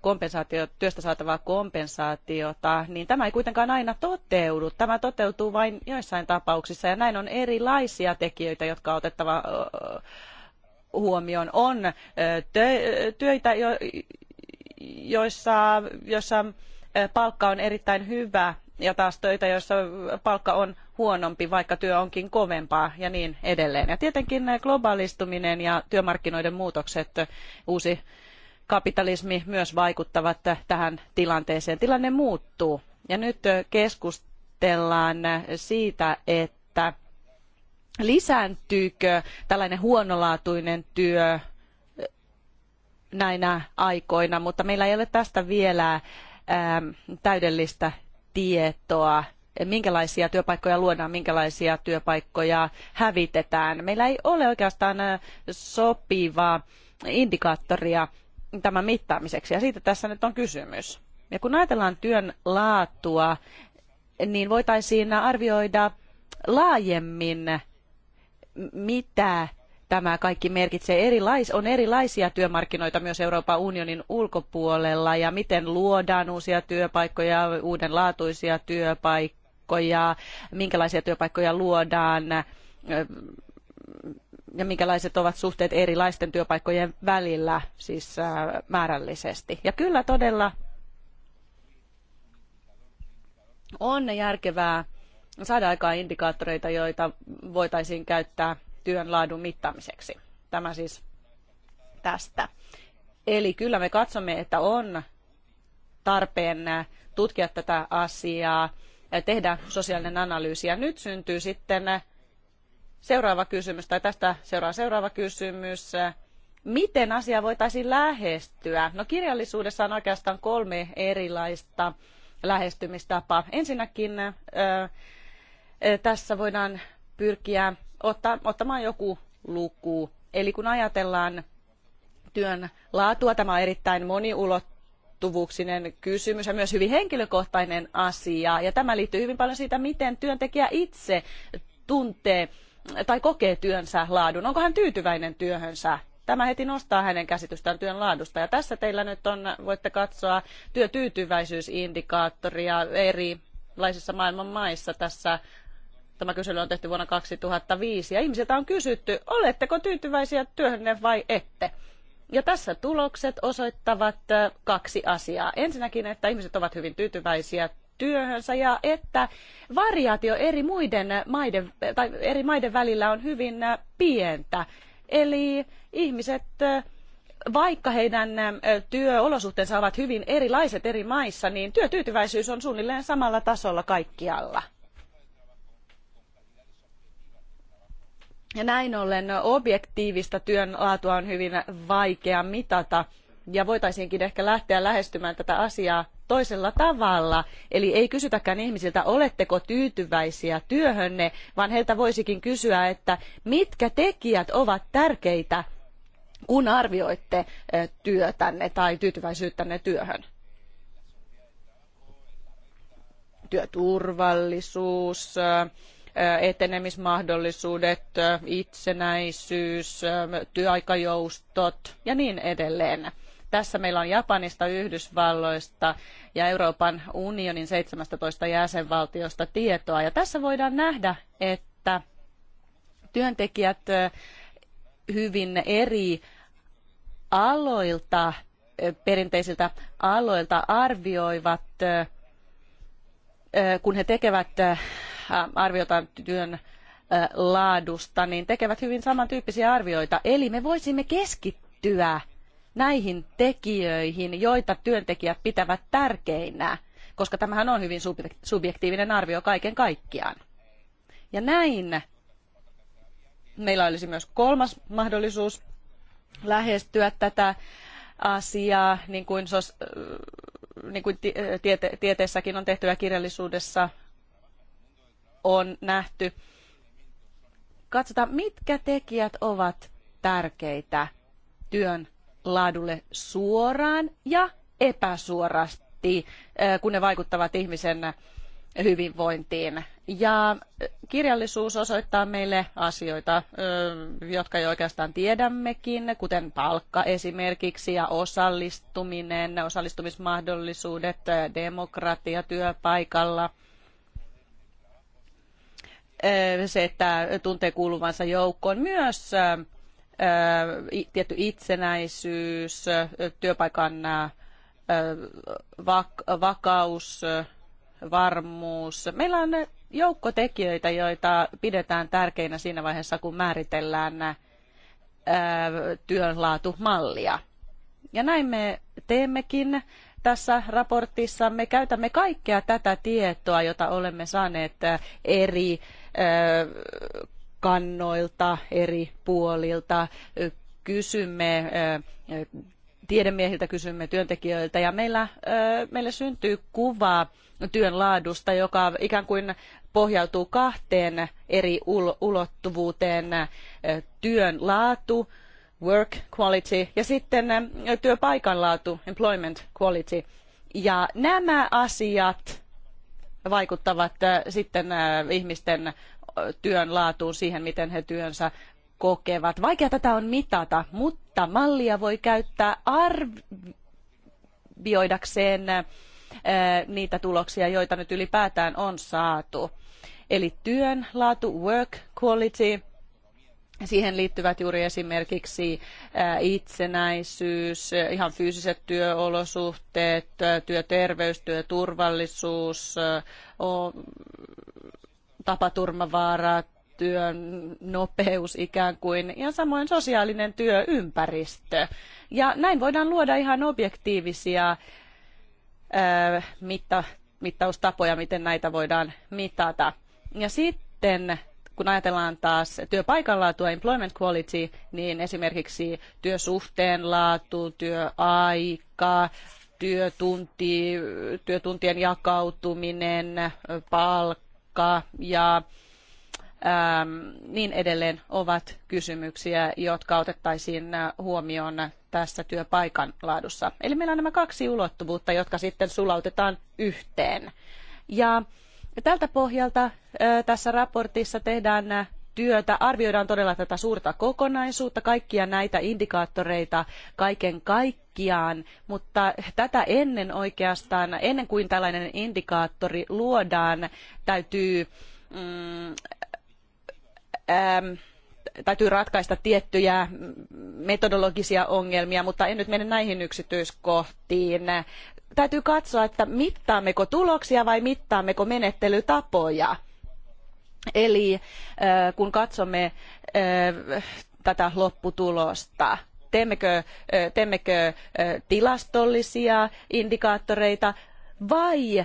[SPEAKER 6] kompensaatio, työstä saatavaa kompensaatiota, niin tämä ei kuitenkaan aina toteudu. Tämä toteutuu vain joissain tapauksissa ja näin on erilaisia tekijöitä, jotka on otettava huomioon. On töitä, joissa, joissa palkka on erittäin hyvä ja taas töitä, joissa palkka on huonompi, vaikka työ onkin kovempaa ja niin edelleen. Ja tietenkin globaalistuminen ja työmarkkinoiden muutokset, uusi kapitalismi myös vaikuttavat tähän tilanteeseen. Tilanne muuttuu ja nyt keskustellaan siitä, että lisääntyykö tällainen huonolaatuinen työ näinä aikoina, mutta meillä ei ole tästä vielä täydellistä tietoa minkälaisia työpaikkoja luodaan, minkälaisia työpaikkoja hävitetään. Meillä ei ole oikeastaan sopivaa indikaattoria tämän mittaamiseksi. Ja siitä tässä nyt on kysymys. Ja kun ajatellaan työn laatua, niin voitaisiin arvioida laajemmin, mitä tämä kaikki merkitsee. Erilais, on erilaisia työmarkkinoita myös Euroopan unionin ulkopuolella ja miten luodaan uusia työpaikkoja, uudenlaatuisia työpaikkoja, minkälaisia työpaikkoja luodaan ja minkälaiset ovat suhteet erilaisten työpaikkojen välillä, siis määrällisesti. Ja kyllä todella on järkevää saada aikaan indikaattoreita, joita voitaisiin käyttää työn laadun mittaamiseksi. Tämä siis tästä. Eli kyllä me katsomme, että on tarpeen tutkia tätä asiaa, tehdä sosiaalinen analyysi ja nyt syntyy sitten Seuraava kysymys, tai tästä seuraa seuraava kysymys. Miten asia voitaisiin lähestyä? No kirjallisuudessa on oikeastaan kolme erilaista lähestymistapaa. Ensinnäkin tässä voidaan pyrkiä ottamaan joku luku. Eli kun ajatellaan työn laatua, tämä on erittäin moniulottuvuuksinen kysymys ja myös hyvin henkilökohtainen asia. Ja tämä liittyy hyvin paljon siitä, miten työntekijä itse tuntee tai kokee työnsä laadun? Onko hän tyytyväinen työhönsä? Tämä heti nostaa hänen käsitystään työn laadusta. Ja tässä teillä nyt on, voitte katsoa työtyytyväisyysindikaattoria erilaisissa maailman maissa. Tässä tämä kysely on tehty vuonna 2005 ja ihmisiltä on kysytty, oletteko tyytyväisiä työhönne vai ette? Ja tässä tulokset osoittavat äh, kaksi asiaa. Ensinnäkin, että ihmiset ovat hyvin tyytyväisiä työhönsä ja että variaatio eri, muiden maiden, tai eri maiden välillä on hyvin äh, pientä. Eli ihmiset, äh, vaikka heidän äh, työolosuhteensa ovat hyvin erilaiset eri maissa, niin työtyytyväisyys on suunnilleen samalla tasolla kaikkialla. Ja näin ollen objektiivista työn laatua on hyvin vaikea mitata ja voitaisiinkin ehkä lähteä lähestymään tätä asiaa toisella tavalla. Eli ei kysytäkään ihmisiltä, oletteko tyytyväisiä työhönne, vaan heiltä voisikin kysyä, että mitkä tekijät ovat tärkeitä, kun arvioitte työtänne tai tyytyväisyyttänne työhön. Työturvallisuus, etenemismahdollisuudet, itsenäisyys, työaikajoustot ja niin edelleen. Tässä meillä on Japanista, Yhdysvalloista ja Euroopan unionin 17 jäsenvaltiosta tietoa. Ja tässä voidaan nähdä, että työntekijät hyvin eri aloilta, perinteisiltä aloilta arvioivat, kun he tekevät arviota työn laadusta, niin tekevät hyvin samantyyppisiä arvioita. Eli me voisimme keskittyä näihin tekijöihin, joita työntekijät pitävät tärkeinä, koska tämähän on hyvin subjektiivinen arvio kaiken kaikkiaan. Ja näin meillä olisi myös kolmas mahdollisuus lähestyä tätä asiaa, niin kuin, sos, äh, niin kuin tiete, tieteessäkin on tehty ja kirjallisuudessa on nähty. Katsotaan, mitkä tekijät ovat tärkeitä työn laadulle suoraan ja epäsuorasti, kun ne vaikuttavat ihmisen hyvinvointiin. Ja kirjallisuus osoittaa meille asioita, jotka jo oikeastaan tiedämmekin, kuten palkka esimerkiksi ja osallistuminen, osallistumismahdollisuudet, demokratia työpaikalla se, että tuntee kuuluvansa joukkoon. Myös tietty itsenäisyys, työpaikan vakaus, varmuus. Meillä on joukko tekijöitä, joita pidetään tärkeinä siinä vaiheessa, kun määritellään työnlaatumallia. Ja näin me teemmekin tässä raportissa. Me käytämme kaikkea tätä tietoa, jota olemme saaneet eri kannoilta eri puolilta. Kysymme tiedemiehiltä, kysymme työntekijöiltä ja meillä, meille syntyy kuva työn laadusta, joka ikään kuin pohjautuu kahteen eri ulottuvuuteen. Työn laatu, work quality ja sitten työpaikan laatu, employment quality. Ja nämä asiat vaikuttavat sitten ihmisten työn laatuun, siihen miten he työnsä kokevat. Vaikea tätä on mitata, mutta mallia voi käyttää arvioidakseen äh, niitä tuloksia, joita nyt ylipäätään on saatu. Eli työn laatu, work quality, siihen liittyvät juuri esimerkiksi äh, itsenäisyys, ihan fyysiset työolosuhteet, äh, työterveys, työturvallisuus, tapaturmavaaraa, työn nopeus ikään kuin ja samoin sosiaalinen työympäristö. Ja näin voidaan luoda ihan objektiivisia ää, mitta, mittaustapoja, miten näitä voidaan mitata. Ja sitten kun ajatellaan taas työpaikan laatua, employment quality, niin esimerkiksi työsuhteen laatu, työaika, työtunti, työtuntien jakautuminen, palkka, ruokaa ja ähm, niin edelleen ovat kysymyksiä, jotka otettaisiin äh, huomioon tässä työpaikan laadussa. Eli meillä on nämä kaksi ulottuvuutta, jotka sitten sulautetaan yhteen. Ja tältä pohjalta äh, tässä raportissa tehdään äh, työtä, arvioidaan todella tätä suurta kokonaisuutta, kaikkia näitä indikaattoreita kaiken kaikkiaan, mutta tätä ennen oikeastaan, ennen kuin tällainen indikaattori luodaan, täytyy mm, ää, täytyy ratkaista tiettyjä metodologisia ongelmia, mutta en nyt mene näihin yksityiskohtiin. Täytyy katsoa, että mittaammeko tuloksia vai mittaammeko menettelytapoja Eli äh, kun katsomme äh, tätä lopputulosta, teemmekö, äh, teemmekö tilastollisia indikaattoreita vai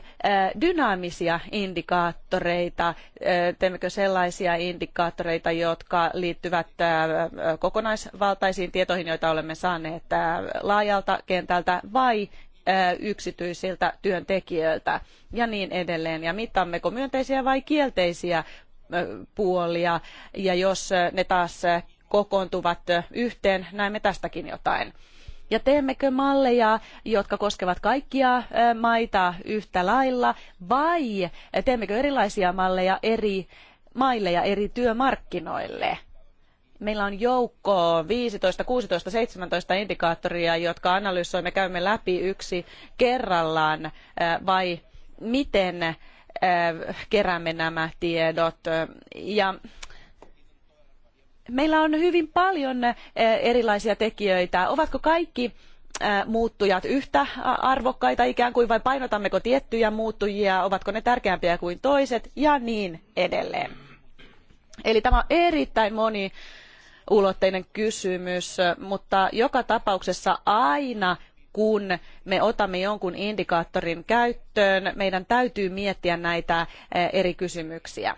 [SPEAKER 6] dynaamisia indikaattoreita, teemmekö sellaisia indikaattoreita, jotka liittyvät kokonaisvaltaisiin tietoihin, joita olemme saaneet laajalta kentältä, vai yksityisiltä työntekijöiltä ja niin edelleen. Ja mittaammeko myönteisiä vai kielteisiä puolia ja jos ne taas kokoontuvat yhteen, näemme tästäkin jotain. Ja teemmekö malleja, jotka koskevat kaikkia maita yhtä lailla, vai teemmekö erilaisia malleja eri maille ja eri työmarkkinoille? meillä on joukko 15, 16, 17 indikaattoria, jotka analysoimme, käymme läpi yksi kerrallaan äh, vai miten äh, keräämme nämä tiedot. Ja meillä on hyvin paljon äh, erilaisia tekijöitä. Ovatko kaikki muuttujat yhtä arvokkaita ikään kuin vai painotammeko tiettyjä muuttujia, ovatko ne tärkeämpiä kuin toiset ja niin edelleen. Eli tämä on erittäin moni ulotteinen kysymys, mutta joka tapauksessa aina kun me otamme jonkun indikaattorin käyttöön, meidän täytyy miettiä näitä eri kysymyksiä.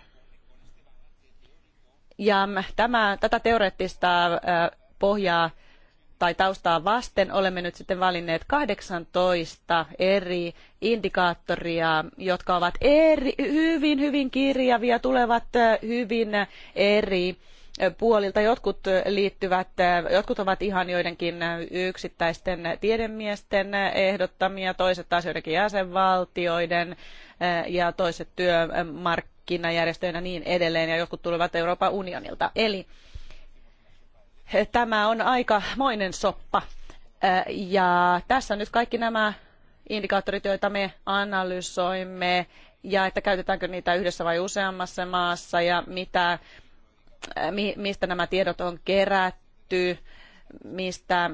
[SPEAKER 6] Ja mm, tämä, tätä teoreettista pohjaa tai taustaa vasten olemme nyt sitten valinneet 18 eri indikaattoria, jotka ovat eri, hyvin, hyvin kirjavia, tulevat hyvin eri puolilta. Jotkut, liittyvät, jotkut ovat ihan joidenkin yksittäisten tiedemiesten ehdottamia, toiset taas joidenkin jäsenvaltioiden ja toiset ja niin edelleen ja jotkut tulevat Euroopan unionilta. Eli tämä on aikamoinen soppa. Ja tässä nyt kaikki nämä indikaattorit, joita me analysoimme ja että käytetäänkö niitä yhdessä vai useammassa maassa ja mitä Äh, mistä nämä tiedot on kerätty, mistä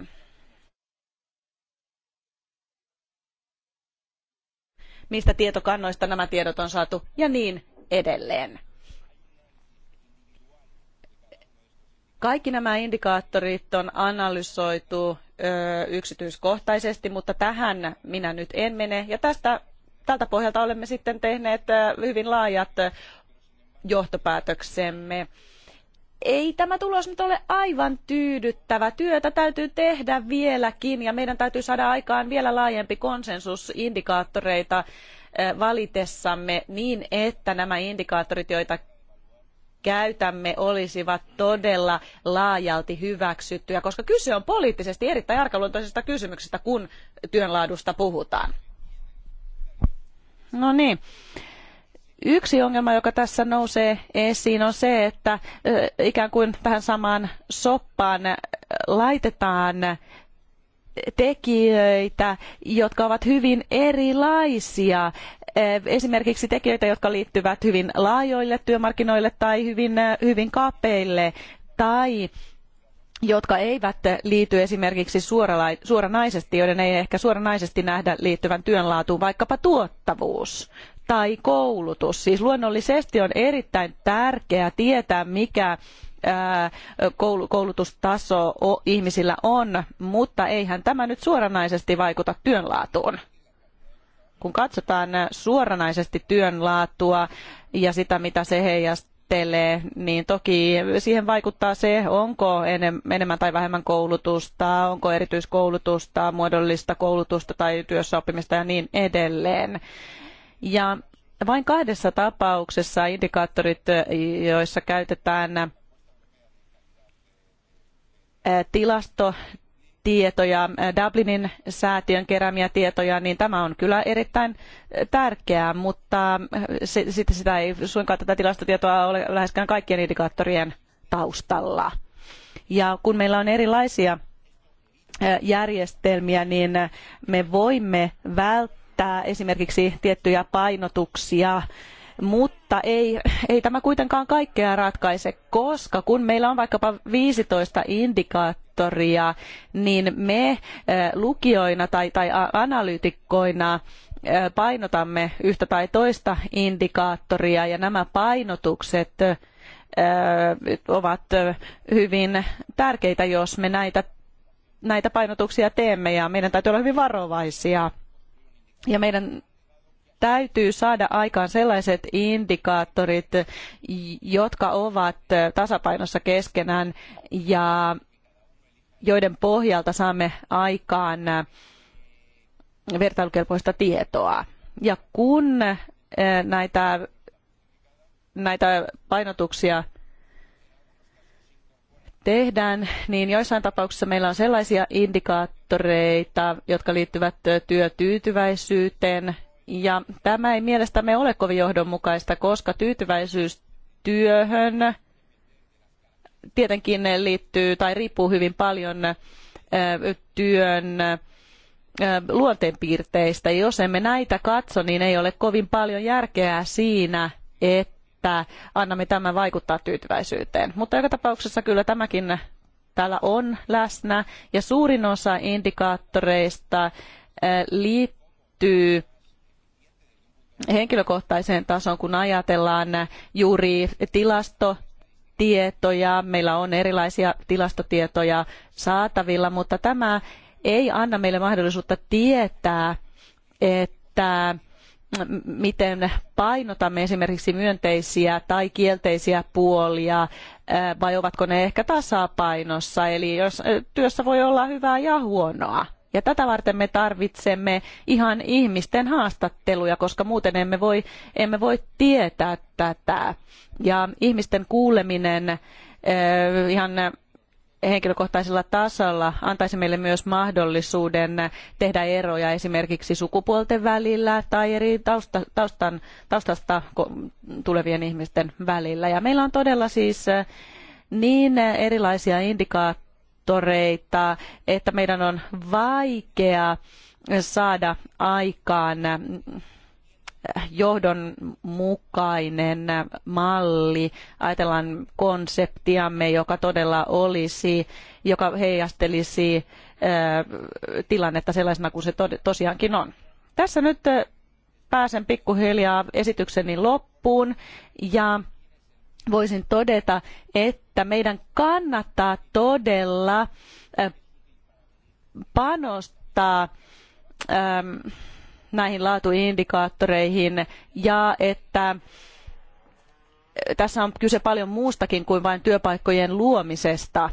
[SPEAKER 6] mistä tietokannoista nämä tiedot on saatu ja niin edelleen. Kaikki nämä indikaattorit on analysoitu ö, yksityiskohtaisesti, mutta tähän minä nyt en mene. Ja tästä, tältä pohjalta olemme sitten tehneet hyvin laajat johtopäätöksemme ei tämä tulos nyt ole aivan tyydyttävä. Työtä täytyy tehdä vieläkin ja meidän täytyy saada aikaan vielä laajempi konsensus indikaattoreita eh, valitessamme niin, että nämä indikaattorit, joita käytämme olisivat todella laajalti hyväksyttyjä, koska kyse on poliittisesti erittäin arkaluontoisesta kysymyksistä, kun työnlaadusta puhutaan. No niin. Yksi ongelma, joka tässä nousee esiin, on se, että ikään kuin tähän samaan soppaan laitetaan tekijöitä, jotka ovat hyvin erilaisia. Esimerkiksi tekijöitä, jotka liittyvät hyvin laajoille työmarkkinoille tai hyvin, hyvin kapeille tai jotka eivät liity esimerkiksi suoranaisesti, joiden ei ehkä suoranaisesti nähdä liittyvän työn laatuun, vaikkapa tuottavuus tai koulutus. Siis luonnollisesti on erittäin tärkeää tietää, mikä koulutustaso ihmisillä on, mutta eihän tämä nyt suoranaisesti vaikuta työnlaatuun. Kun katsotaan suoranaisesti työnlaatua ja sitä, mitä se heijastelee, niin toki siihen vaikuttaa se, onko enemmän tai vähemmän koulutusta, onko erityiskoulutusta, muodollista koulutusta tai työssäoppimista ja niin edelleen. Ja vain kahdessa tapauksessa indikaattorit, joissa käytetään tilastotietoja, Dublinin säätiön keräämiä tietoja, niin tämä on kyllä erittäin tärkeää, mutta sitten sitä ei suinkaan tätä tilastotietoa ole läheskään kaikkien indikaattorien taustalla. Ja kun meillä on erilaisia järjestelmiä, niin me voimme välttää esittää esimerkiksi tiettyjä painotuksia mutta ei, ei tämä kuitenkaan kaikkea ratkaise, koska kun meillä on vaikkapa 15 indikaattoria, niin me eh, lukijoina tai, tai analyytikkoina eh, painotamme yhtä tai toista indikaattoria ja nämä painotukset eh, ovat hyvin tärkeitä, jos me näitä, näitä painotuksia teemme ja meidän täytyy olla hyvin varovaisia ja meidän täytyy saada aikaan sellaiset indikaattorit, jotka ovat tasapainossa keskenään ja joiden pohjalta saamme aikaan vertailukelpoista tietoa. Ja kun eh, näitä, näitä painotuksia tehdään, niin joissain tapauksissa meillä on sellaisia indikaattoreita, jotka liittyvät työtyytyväisyyteen. Ja tämä ei mielestämme ole kovin johdonmukaista, koska tyytyväisyys työhön tietenkin liittyy tai riippuu hyvin paljon työn luonteenpiirteistä. Jos emme näitä katso, niin ei ole kovin paljon järkeä siinä, että että annamme tämän vaikuttaa tyytyväisyyteen. Mutta joka tapauksessa kyllä tämäkin täällä on läsnä ja suurin osa indikaattoreista eh, liittyy henkilökohtaiseen tasoon, kun ajatellaan juuri tilasto tietoja, meillä on erilaisia tilastotietoja saatavilla, mutta tämä ei anna meille mahdollisuutta tietää, että miten painotamme esimerkiksi myönteisiä tai kielteisiä puolia, eh, vai ovatko ne ehkä tasapainossa. Eli jos eh, työssä voi olla hyvää ja huonoa. Ja tätä varten me tarvitsemme ihan ihmisten haastatteluja, koska muuten emme voi, emme voi tietää tätä. Ja ihmisten kuuleminen eh, ihan henkilökohtaisella tasolla antaisi meille myös mahdollisuuden tehdä eroja esimerkiksi sukupuolten välillä tai eri tausta, taustan, taustasta tulevien ihmisten välillä. Ja meillä on todella siis äh, niin erilaisia indikaattoreita, että meidän on vaikea saada aikaan johdonmukainen malli. Ajatellaan konseptiamme, joka todella olisi, joka heijastelisi tilannetta sellaisena kuin se tosiaankin on. Tässä nyt pääsen pikkuhiljaa esitykseni loppuun ja voisin todeta, että meidän kannattaa todella panostaa näihin laatuindikaattoreihin ja että eh, tässä on kyse paljon muustakin kuin vain työpaikkojen luomisesta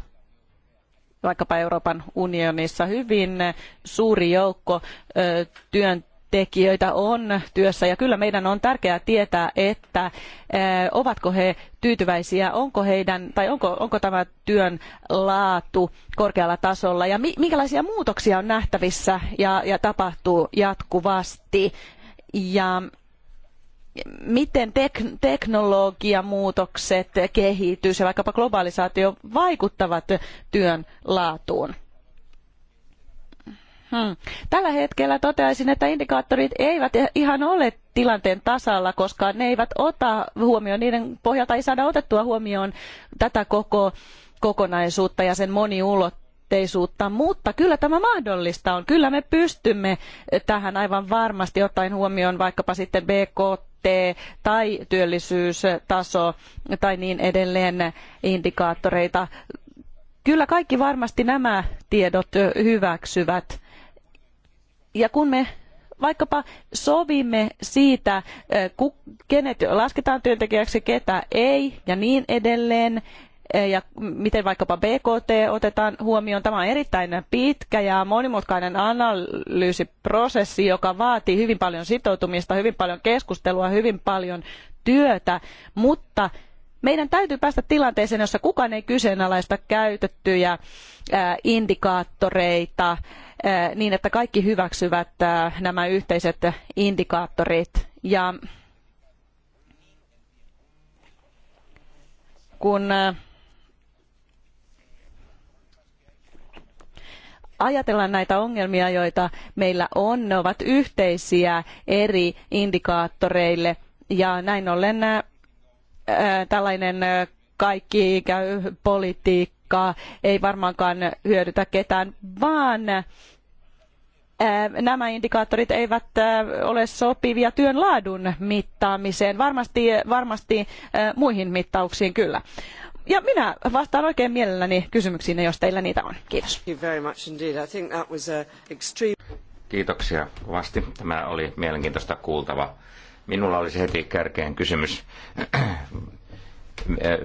[SPEAKER 6] vaikkapa Euroopan unionissa hyvin suuri joukko eh, työn tekijöitä on työssä ja kyllä meidän on tärkeää tietää, että eh, ovatko he tyytyväisiä, onko, heidän, tai onko, onko tämä työn laatu korkealla tasolla ja minkälaisia muutoksia on nähtävissä ja, ja tapahtuu jatkuvasti. Ja miten tek- teknologiamuutokset, kehitys ja vaikkapa globalisaatio vaikuttavat työn laatuun. Hmm. Tällä hetkellä toteaisin, että indikaattorit eivät ihan ole tilanteen tasalla, koska ne eivät ota huomioon, niiden pohjalta ei saada otettua huomioon tätä koko kokonaisuutta ja sen moniulotteisuutta, mutta kyllä tämä mahdollista on. Kyllä me pystymme tähän aivan varmasti ottaen huomioon vaikkapa sitten BKT tai työllisyystaso tai niin edelleen indikaattoreita. Kyllä kaikki varmasti nämä tiedot hyväksyvät ja kun me vaikkapa sovimme siitä, eh, kenet lasketaan työntekijäksi, ketä ei ja niin edelleen, eh, ja miten vaikkapa BKT otetaan huomioon. Tämä on erittäin pitkä ja monimutkainen analyysiprosessi, joka vaatii hyvin paljon sitoutumista, hyvin paljon keskustelua, hyvin paljon työtä, mutta meidän täytyy päästä tilanteeseen, jossa kukaan ei kyseenalaista käytettyjä eh, indikaattoreita, Äh, niin, että kaikki hyväksyvät äh, nämä yhteiset indikaattorit. Ja kun äh, ajatellaan näitä ongelmia, joita meillä on, ne ovat yhteisiä eri indikaattoreille ja näin ollen tällainen kaikki käy politiikka politiikkaa ei varmaankaan hyödytä ketään, vaan äh, nämä indikaattorit eivät äh, ole sopivia työn laadun mittaamiseen, varmasti, varmasti äh, muihin mittauksiin kyllä. Ja minä vastaan oikein mielelläni kysymyksiin, jos teillä niitä on. Kiitos.
[SPEAKER 5] Kiitoksia kovasti. Tämä oli mielenkiintoista kuultava. Minulla olisi heti kärkeen kysymys Äh,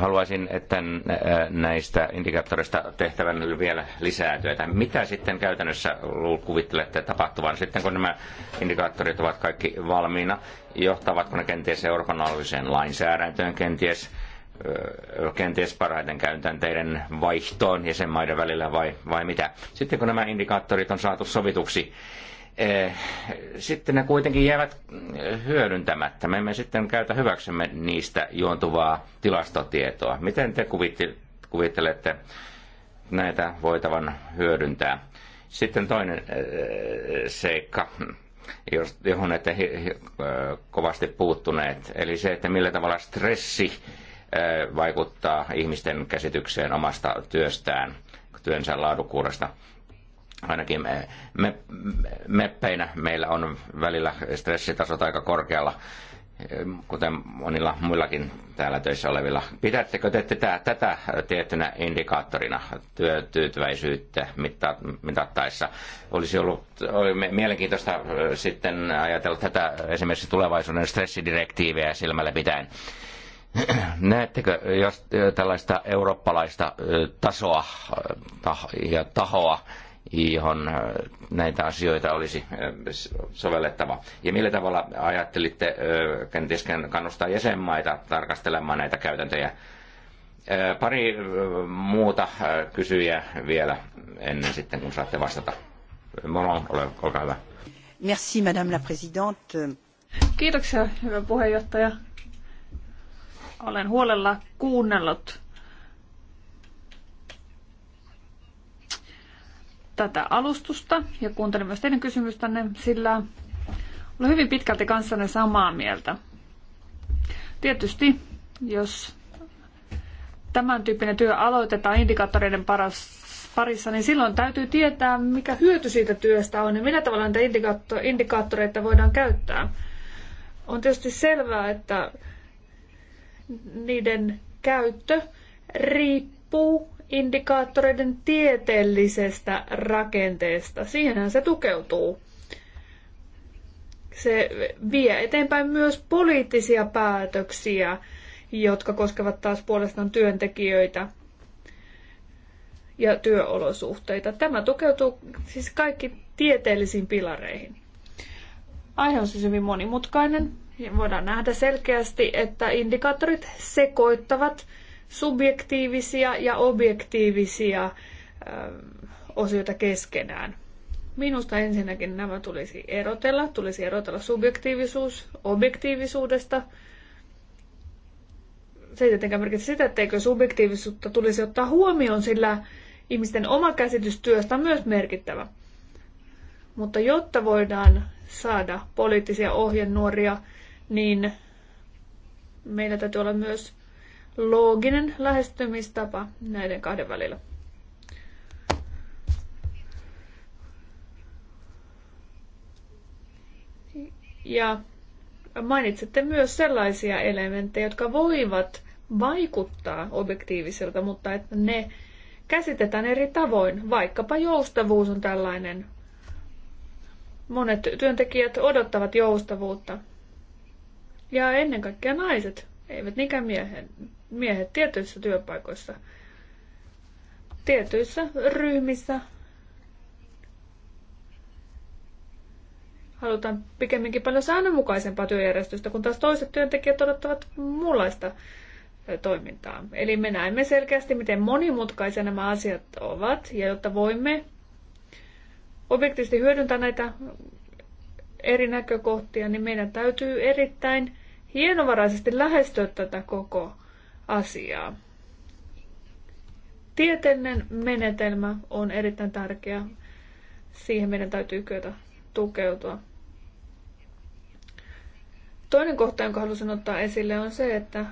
[SPEAKER 5] haluaisin, että äh, näistä indikaattoreista tehtävän vielä lisää työtä. Mitä sitten käytännössä kuvittelette tapahtuvan sitten, kun nämä indikaattorit ovat kaikki valmiina? Johtavatko ne kenties Euroopan alueeseen lainsäädäntöön, kenties, äh, kenties parhaiten käytänteiden vaihtoon jäsenmaiden välillä vai, vai mitä? Sitten kun nämä indikaattorit on saatu sovituksi, Eh, sitten ne kuitenkin jäävät eh, hyödyntämättä. Me emme sitten käytä hyväksemme niistä juontuvaa tilastotietoa. Miten te kuvittelette näitä voitavan hyödyntää? Sitten toinen eh, seikka, johon ette kovasti puuttuneet, eli se, että millä tavalla stressi vaikuttaa ihmisten käsitykseen omasta työstään, työnsä laadukkuudesta ainakin me, me, meppeinä meillä on välillä stressitasot aika korkealla, kuten monilla muillakin täällä töissä olevilla. Pidättekö te tätä, tätä tiettynä indikaattorina työtyytyväisyyttä mitattaessa? Olisi ollut oli mielenkiintoista sitten ajatella tätä esimerkiksi tulevaisuuden stressidirektiiviä silmällä pitäen. Näettekö jos tällaista eurooppalaista tasoa ja tahoa johon äh, näitä asioita olisi äh, sovellettava. Ja millä tavalla ajattelitte äh, kenties kannustaa jäsenmaita tarkastelemaan näitä käytäntöjä? Pari muuta kysyjä vielä ennen sitten, kun saatte vastata. Moro, ole, olkaa hyvä.
[SPEAKER 7] Merci, madame la présidente.
[SPEAKER 2] Kiitoksia, hyvä puheenjohtaja. Olen huolella kuunnellut tätä alustusta ja kuuntelin myös teidän kysymystänne, sillä olen hyvin pitkälti kanssanne samaa mieltä. Tietysti, jos tämän tyyppinen työ aloitetaan indikaattoreiden paras, parissa, niin silloin täytyy tietää, mikä hyöty siitä työstä on ja millä tavalla niitä indikaatto- indikaattoreita voidaan käyttää. On tietysti selvää, että niiden käyttö riippuu indikaattoreiden tieteellisestä rakenteesta. Siihenhän se tukeutuu. Se vie eteenpäin myös poliittisia päätöksiä, jotka koskevat taas puolestaan työntekijöitä ja työolosuhteita. Tämä tukeutuu siis kaikki tieteellisiin pilareihin. Aihe on siis hyvin monimutkainen. Voidaan nähdä selkeästi, että indikaattorit sekoittavat subjektiivisia ja objektiivisia osioita keskenään. Minusta ensinnäkin nämä tulisi erotella. Tulisi erotella subjektiivisuus objektiivisuudesta. Se ei tietenkään merkitse sitä, etteikö subjektiivisuutta tulisi ottaa huomioon, sillä ihmisten oma käsitys työstä on myös merkittävä. Mutta jotta voidaan saada poliittisia ohjenuoria, niin meillä täytyy olla myös looginen lähestymistapa näiden kahden välillä. Ja mainitsette myös sellaisia elementtejä, jotka voivat vaikuttaa objektiiviselta, mutta että ne käsitetään eri tavoin. Vaikkapa joustavuus on tällainen. Monet työntekijät odottavat joustavuutta. Ja ennen kaikkea naiset, eivät niinkään miehen, miehet tietyissä työpaikoissa, tietyissä ryhmissä. Halutaan pikemminkin paljon säännönmukaisempaa työjärjestystä, kun taas toiset työntekijät odottavat muunlaista toimintaa. Eli me näemme selkeästi, miten monimutkaisia nämä asiat ovat, ja jotta voimme objektiivisesti hyödyntää näitä eri näkökohtia, niin meidän täytyy erittäin hienovaraisesti lähestyä tätä koko asiaa. Tieteellinen menetelmä on erittäin tärkeä. Siihen meidän täytyy kyetä tukeutua. Toinen kohta, jonka haluaisin ottaa esille, on se, että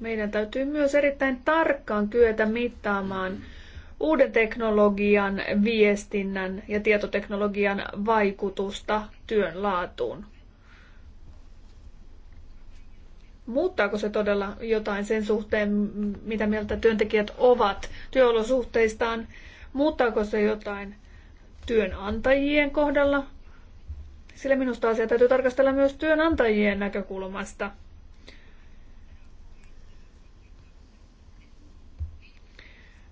[SPEAKER 2] meidän täytyy myös erittäin tarkkaan kyetä mittaamaan uuden teknologian, viestinnän ja tietoteknologian vaikutusta työn laatuun. Muuttaako se todella jotain sen suhteen, mitä mieltä työntekijät ovat työolosuhteistaan? Muuttaako se jotain työnantajien kohdalla? Sillä minusta asia täytyy tarkastella myös työnantajien näkökulmasta.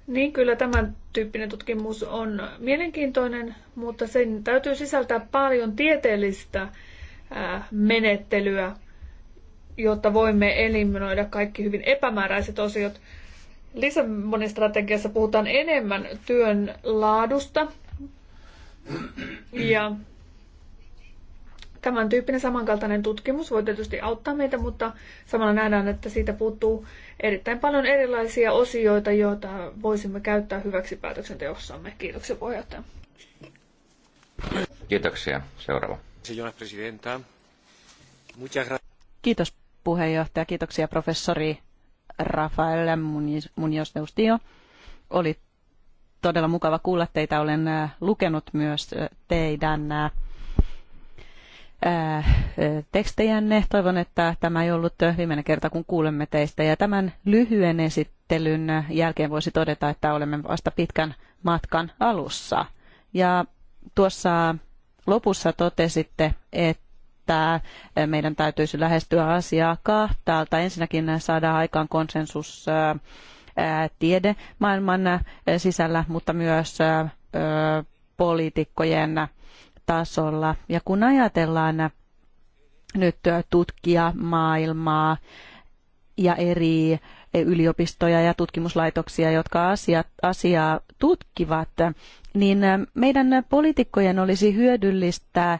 [SPEAKER 2] Niin kyllä tämän tyyppinen tutkimus on mielenkiintoinen, mutta sen täytyy sisältää paljon tieteellistä menettelyä jotta voimme eliminoida kaikki hyvin epämääräiset osiot. Lissabonin strategiassa puhutaan enemmän työn laadusta ja tämän tyyppinen samankaltainen tutkimus voi tietysti auttaa meitä, mutta samalla nähdään, että siitä puuttuu erittäin paljon erilaisia osioita, joita voisimme käyttää hyväksi päätöksenteossamme. Kiitoksia puheenjohtaja.
[SPEAKER 5] Kiitoksia. Seuraava.
[SPEAKER 6] Kiitos puheenjohtaja. Kiitoksia professori Rafael Munoz Deustio. Oli todella mukava kuulla teitä. Olen äh, lukenut myös äh, teidän äh, tekstejänne. Toivon, että tämä ei ollut viimeinen kerta, kun kuulemme teistä. Ja tämän lyhyen esittelyn jälkeen voisi todeta, että olemme vasta pitkän matkan alussa. Ja tuossa lopussa totesitte, että että meidän täytyisi lähestyä asiaa kahtaalta. Ensinnäkin saada aikaan konsensus tiede maailman sisällä, mutta myös poliitikkojen tasolla. Ja kun ajatellaan nyt tutkia maailmaa ja eri yliopistoja ja tutkimuslaitoksia, jotka asiat, asiaa tutkivat, niin meidän poliitikkojen olisi hyödyllistä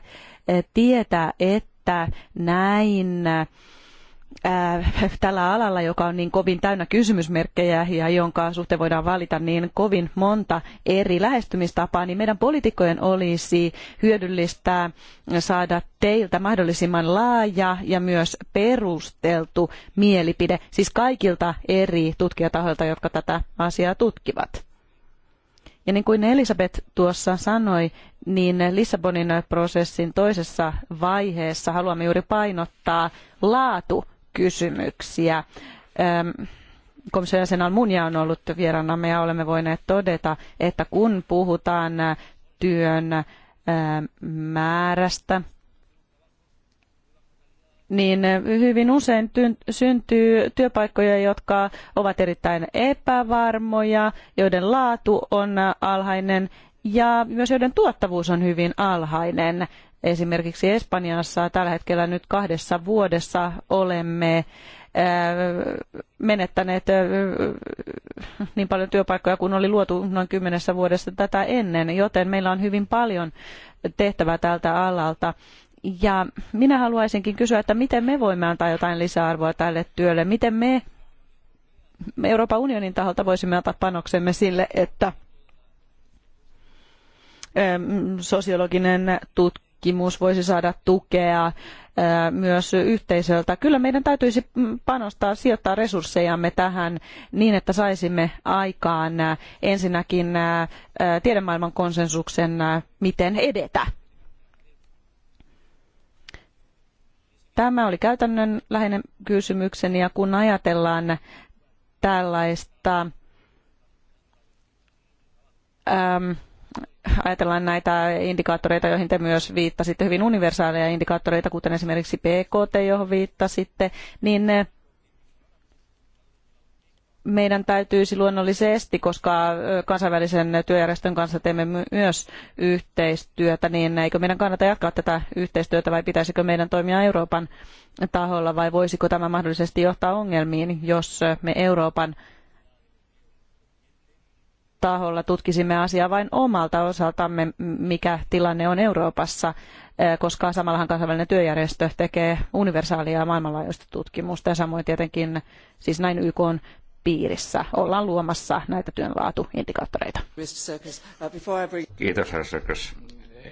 [SPEAKER 6] tietää, että näin äh, tällä alalla, joka on niin kovin täynnä kysymysmerkkejä ja jonka suhteen voidaan valita niin kovin monta eri lähestymistapaa, niin meidän poliitikkojen olisi hyödyllistä saada teiltä mahdollisimman laaja ja myös perusteltu mielipide, siis kaikilta eri tutkijatahoilta, jotka tätä asiaa tutkivat. Ja niin kuin Elisabeth tuossa sanoi, niin Lissabonin prosessin toisessa vaiheessa haluamme juuri painottaa laatukysymyksiä. Öm, komission jäsen Almunia on ollut vieraanamme ja olemme voineet todeta, että kun puhutaan työn määrästä, niin eh, hyvin usein syntyy työpaikkoja, jotka ovat erittäin epävarmoja, joiden laatu on alhainen ja myös joiden tuottavuus on hyvin alhainen. Esimerkiksi Espanjassa tällä hetkellä nyt kahdessa vuodessa olemme eh, menettäneet eh, niin paljon työpaikkoja kuin oli luotu noin kymmenessä vuodessa tätä ennen, joten meillä on hyvin paljon tehtävää tältä alalta. Ja minä haluaisinkin kysyä, että miten me voimme antaa jotain lisäarvoa tälle työlle, miten me Euroopan unionin taholta voisimme antaa panoksemme sille, että sosiologinen tutkimus voisi saada tukea myös yhteisöltä. Kyllä meidän täytyisi panostaa, sijoittaa resurssejamme tähän niin, että saisimme aikaan ensinnäkin tiedemaailman konsensuksen, miten edetä Tämä oli käytännön läheinen kysymykseni ja kun ajatellaan tällaista, äm, ajatellaan näitä indikaattoreita, joihin te myös viittasitte, hyvin universaaleja indikaattoreita, kuten esimerkiksi PKT, johon viittasitte, niin meidän täytyisi luonnollisesti, koska kansainvälisen työjärjestön kanssa teemme myös yhteistyötä, niin eikö meidän kannata jatkaa tätä yhteistyötä vai pitäisikö meidän toimia Euroopan taholla vai voisiko tämä mahdollisesti johtaa ongelmiin, jos me Euroopan taholla tutkisimme asiaa vain omalta osaltamme, mikä tilanne on Euroopassa, koska samallahan kansainvälinen työjärjestö tekee universaalia maailmanlaajuista tutkimusta ja samoin tietenkin siis näin YK on piirissä ollaan luomassa näitä työnlaatuindikaattoreita.
[SPEAKER 5] Uh, Kiitos, Sökös.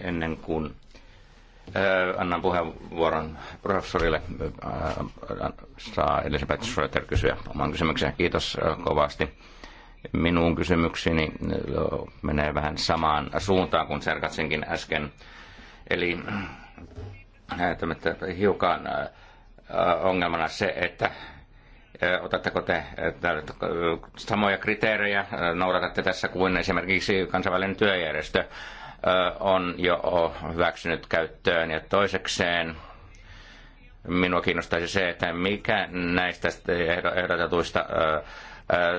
[SPEAKER 5] Ennen kuin uh, annan puheenvuoron professorille. Uh, saa Elisabeth Schröter kysyä oman kysymyksen. Kiitos kovasti. Minun kysymykseni menee vähän samaan suuntaan kuin Serkatsinkin äsken. Eli hiukan ongelmana se, että Eh, otatteko te eh, samoja kriteerejä, eh, noudatatte tässä kuin esimerkiksi kansainvälinen työjärjestö on jo hyväksynyt käyttöön ja toisekseen minua kiinnostaisi se, että mikä näistä ehdotetuista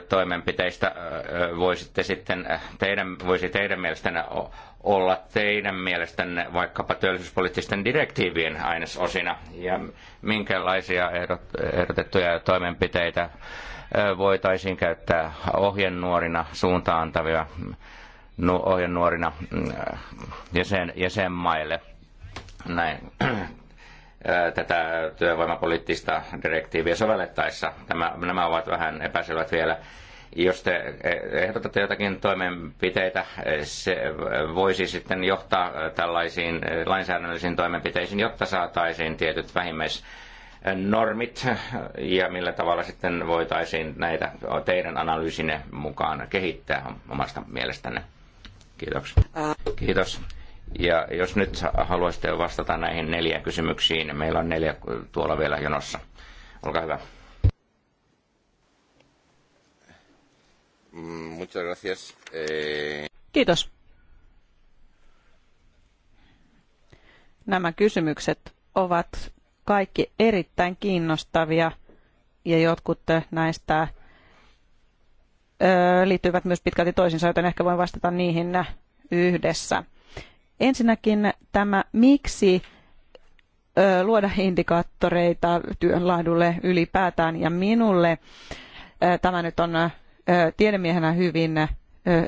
[SPEAKER 5] toimenpiteistä voisitte sitten teidän, voisi teidän mielestänne olla teidän mielestänne vaikkapa työllisyyspoliittisten direktiivien ainesosina ja minkälaisia ehdotettuja toimenpiteitä voitaisiin käyttää ohjenuorina suuntaantavia ohjenuorina mm, jäsen, jäsenmaille näin tätä työvoimapoliittista direktiiviä sovellettaessa. Tämä, nämä ovat vähän epäselvät vielä. Jos te e, ehdotatte jotakin toimenpiteitä, e, se voisi sitten johtaa tällaisiin e, lainsäädännöllisiin toimenpiteisiin, jotta saataisiin tietyt vähimmäisnormit ja millä tavalla sitten voitaisiin näitä teidän analyysinne mukaan kehittää omasta mielestänne. Kiitoksia. Kiitos. Kiitos ja jos nyt haluaisitte vastata näihin neljään kysymyksiin, meillä on neljä tuolla vielä jonossa. Olkaa hyvä. Mm, muchas gracias. Eh,
[SPEAKER 6] Kiitos. Nämä kysymykset ovat kaikki erittäin kiinnostavia ja jotkut näistä liittyvät myös pitkälti toisiinsa, joten ehkä voin vastata niihin yhdessä. Ensinnäkin tämä, miksi luoda indikaattoreita työnlaadulle ylipäätään ja minulle. Tämä nyt on tiedemiehenä hyvin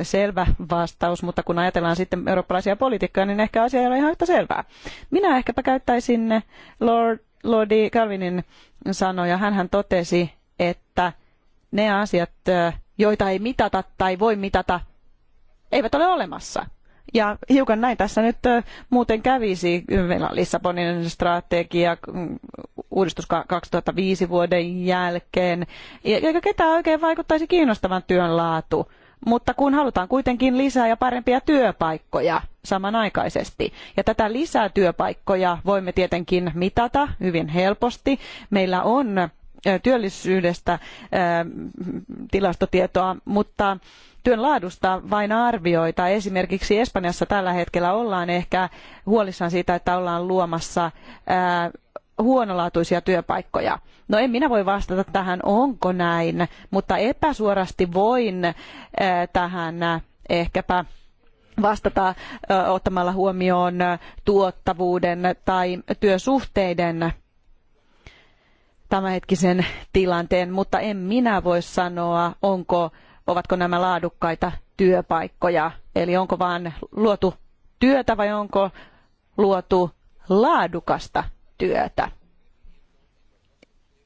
[SPEAKER 6] selvä vastaus, mutta kun ajatellaan sitten eurooppalaisia poliitikkoja, niin ehkä asia ei ole ihan yhtä selvää. Minä ehkäpä käyttäisin Lord, Lordi Calvinin sanoja. hän totesi, että ne asiat, joita ei mitata tai voi mitata, eivät ole olemassa. Ja hiukan näin tässä nyt muuten kävisi. Meillä on Lissabonin strategia mm, uudistus 2005 vuoden jälkeen. Eikä ketään oikein vaikuttaisi kiinnostavan työn laatu mutta kun halutaan kuitenkin lisää ja parempia työpaikkoja samanaikaisesti. Ja tätä lisää työpaikkoja voimme tietenkin mitata hyvin helposti. Meillä on työllisyydestä tilastotietoa, mutta työn laadusta vain arvioita. Esimerkiksi Espanjassa tällä hetkellä ollaan ehkä huolissaan siitä, että ollaan luomassa huonolaatuisia työpaikkoja. No en minä voi vastata tähän, onko näin, mutta epäsuorasti voin tähän ehkäpä vastata ottamalla huomioon tuottavuuden tai työsuhteiden tämänhetkisen tilanteen, mutta en minä voi sanoa, onko ovatko nämä laadukkaita työpaikkoja. Eli onko vain luotu työtä vai onko luotu laadukasta työtä.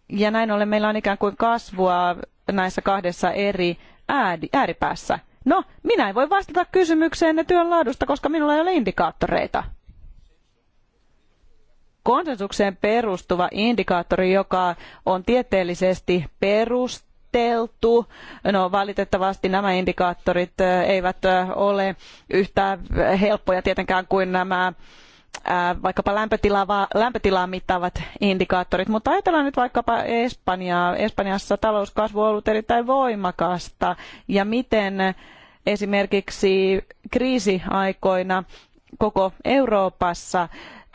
[SPEAKER 6] Ja näin ollen meillä on ikään kuin kasvua näissä kahdessa eri ääripäässä. No, minä en voi vastata kysymykseenne työn laadusta, koska minulla ei ole indikaattoreita. Konsensukseen perustuva indikaattori, joka on tieteellisesti perustettu, suunniteltu. No valitettavasti nämä indikaattorit eivät ole yhtä helppoja tietenkään kuin nämä vaikkapa lämpötilaa, mittaavat indikaattorit, mutta ajatellaan nyt vaikkapa Espanjaa. Espanjassa talouskasvu on ollut erittäin voimakasta ja miten esimerkiksi kriisiaikoina koko Euroopassa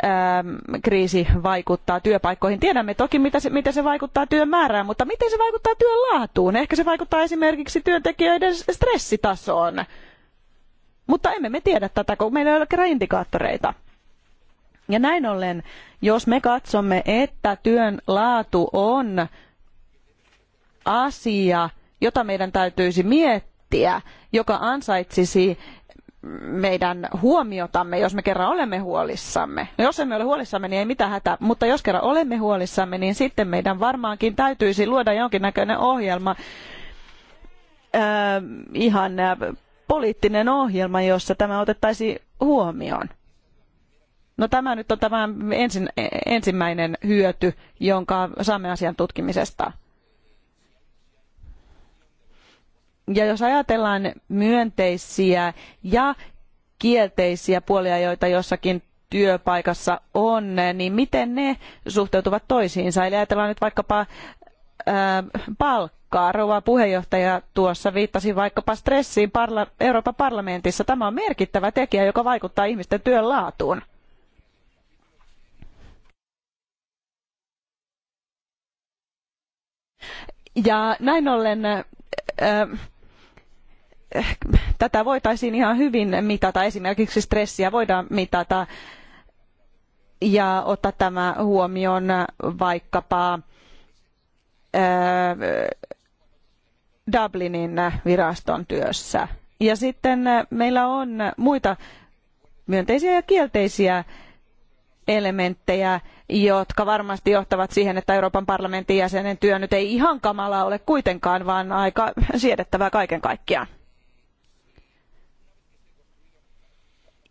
[SPEAKER 6] Ähm, kriisi vaikuttaa työpaikkoihin. Tiedämme toki, mitä se, miten se vaikuttaa työn määrään, mutta miten se vaikuttaa työn laatuun? Ehkä se vaikuttaa esimerkiksi työntekijöiden stressitasoon. Mutta emme me tiedä tätä, kun meillä ei ole kerran indikaattoreita. Ja näin ollen, jos me katsomme, että työn laatu on asia, jota meidän täytyisi miettiä, joka ansaitsisi meidän huomiotamme, jos me kerran olemme huolissamme. No jos emme ole huolissamme, niin ei mitään hätää, mutta jos kerran olemme huolissamme, niin sitten meidän varmaankin täytyisi luoda jonkinnäköinen ohjelma, äh, ihan poliittinen ohjelma, jossa tämä otettaisiin huomioon. No tämä nyt on tämä ensin, ensimmäinen hyöty, jonka saamme asian tutkimisesta. Ja jos ajatellaan myönteisiä ja kielteisiä puolia, joita jossakin työpaikassa on, niin miten ne suhteutuvat toisiinsa? Eli ajatellaan nyt vaikkapa ää, äh, palkkaa. Rouva puheenjohtaja tuossa viittasi vaikkapa stressiin parla- Euroopan parlamentissa. Tämä on merkittävä tekijä, joka vaikuttaa ihmisten työn laatuun. Ja näin ollen ää, äh, Eh, tätä voitaisiin ihan hyvin mitata. Esimerkiksi stressiä voidaan mitata ja ottaa tämä huomioon vaikkapa eh, Dublinin viraston työssä. Ja sitten eh, meillä on muita myönteisiä ja kielteisiä elementtejä, jotka varmasti johtavat siihen, että Euroopan parlamentin jäsenen työ nyt ei ihan kamalaa ole kuitenkaan, vaan aika siedettävää kaiken kaikkiaan.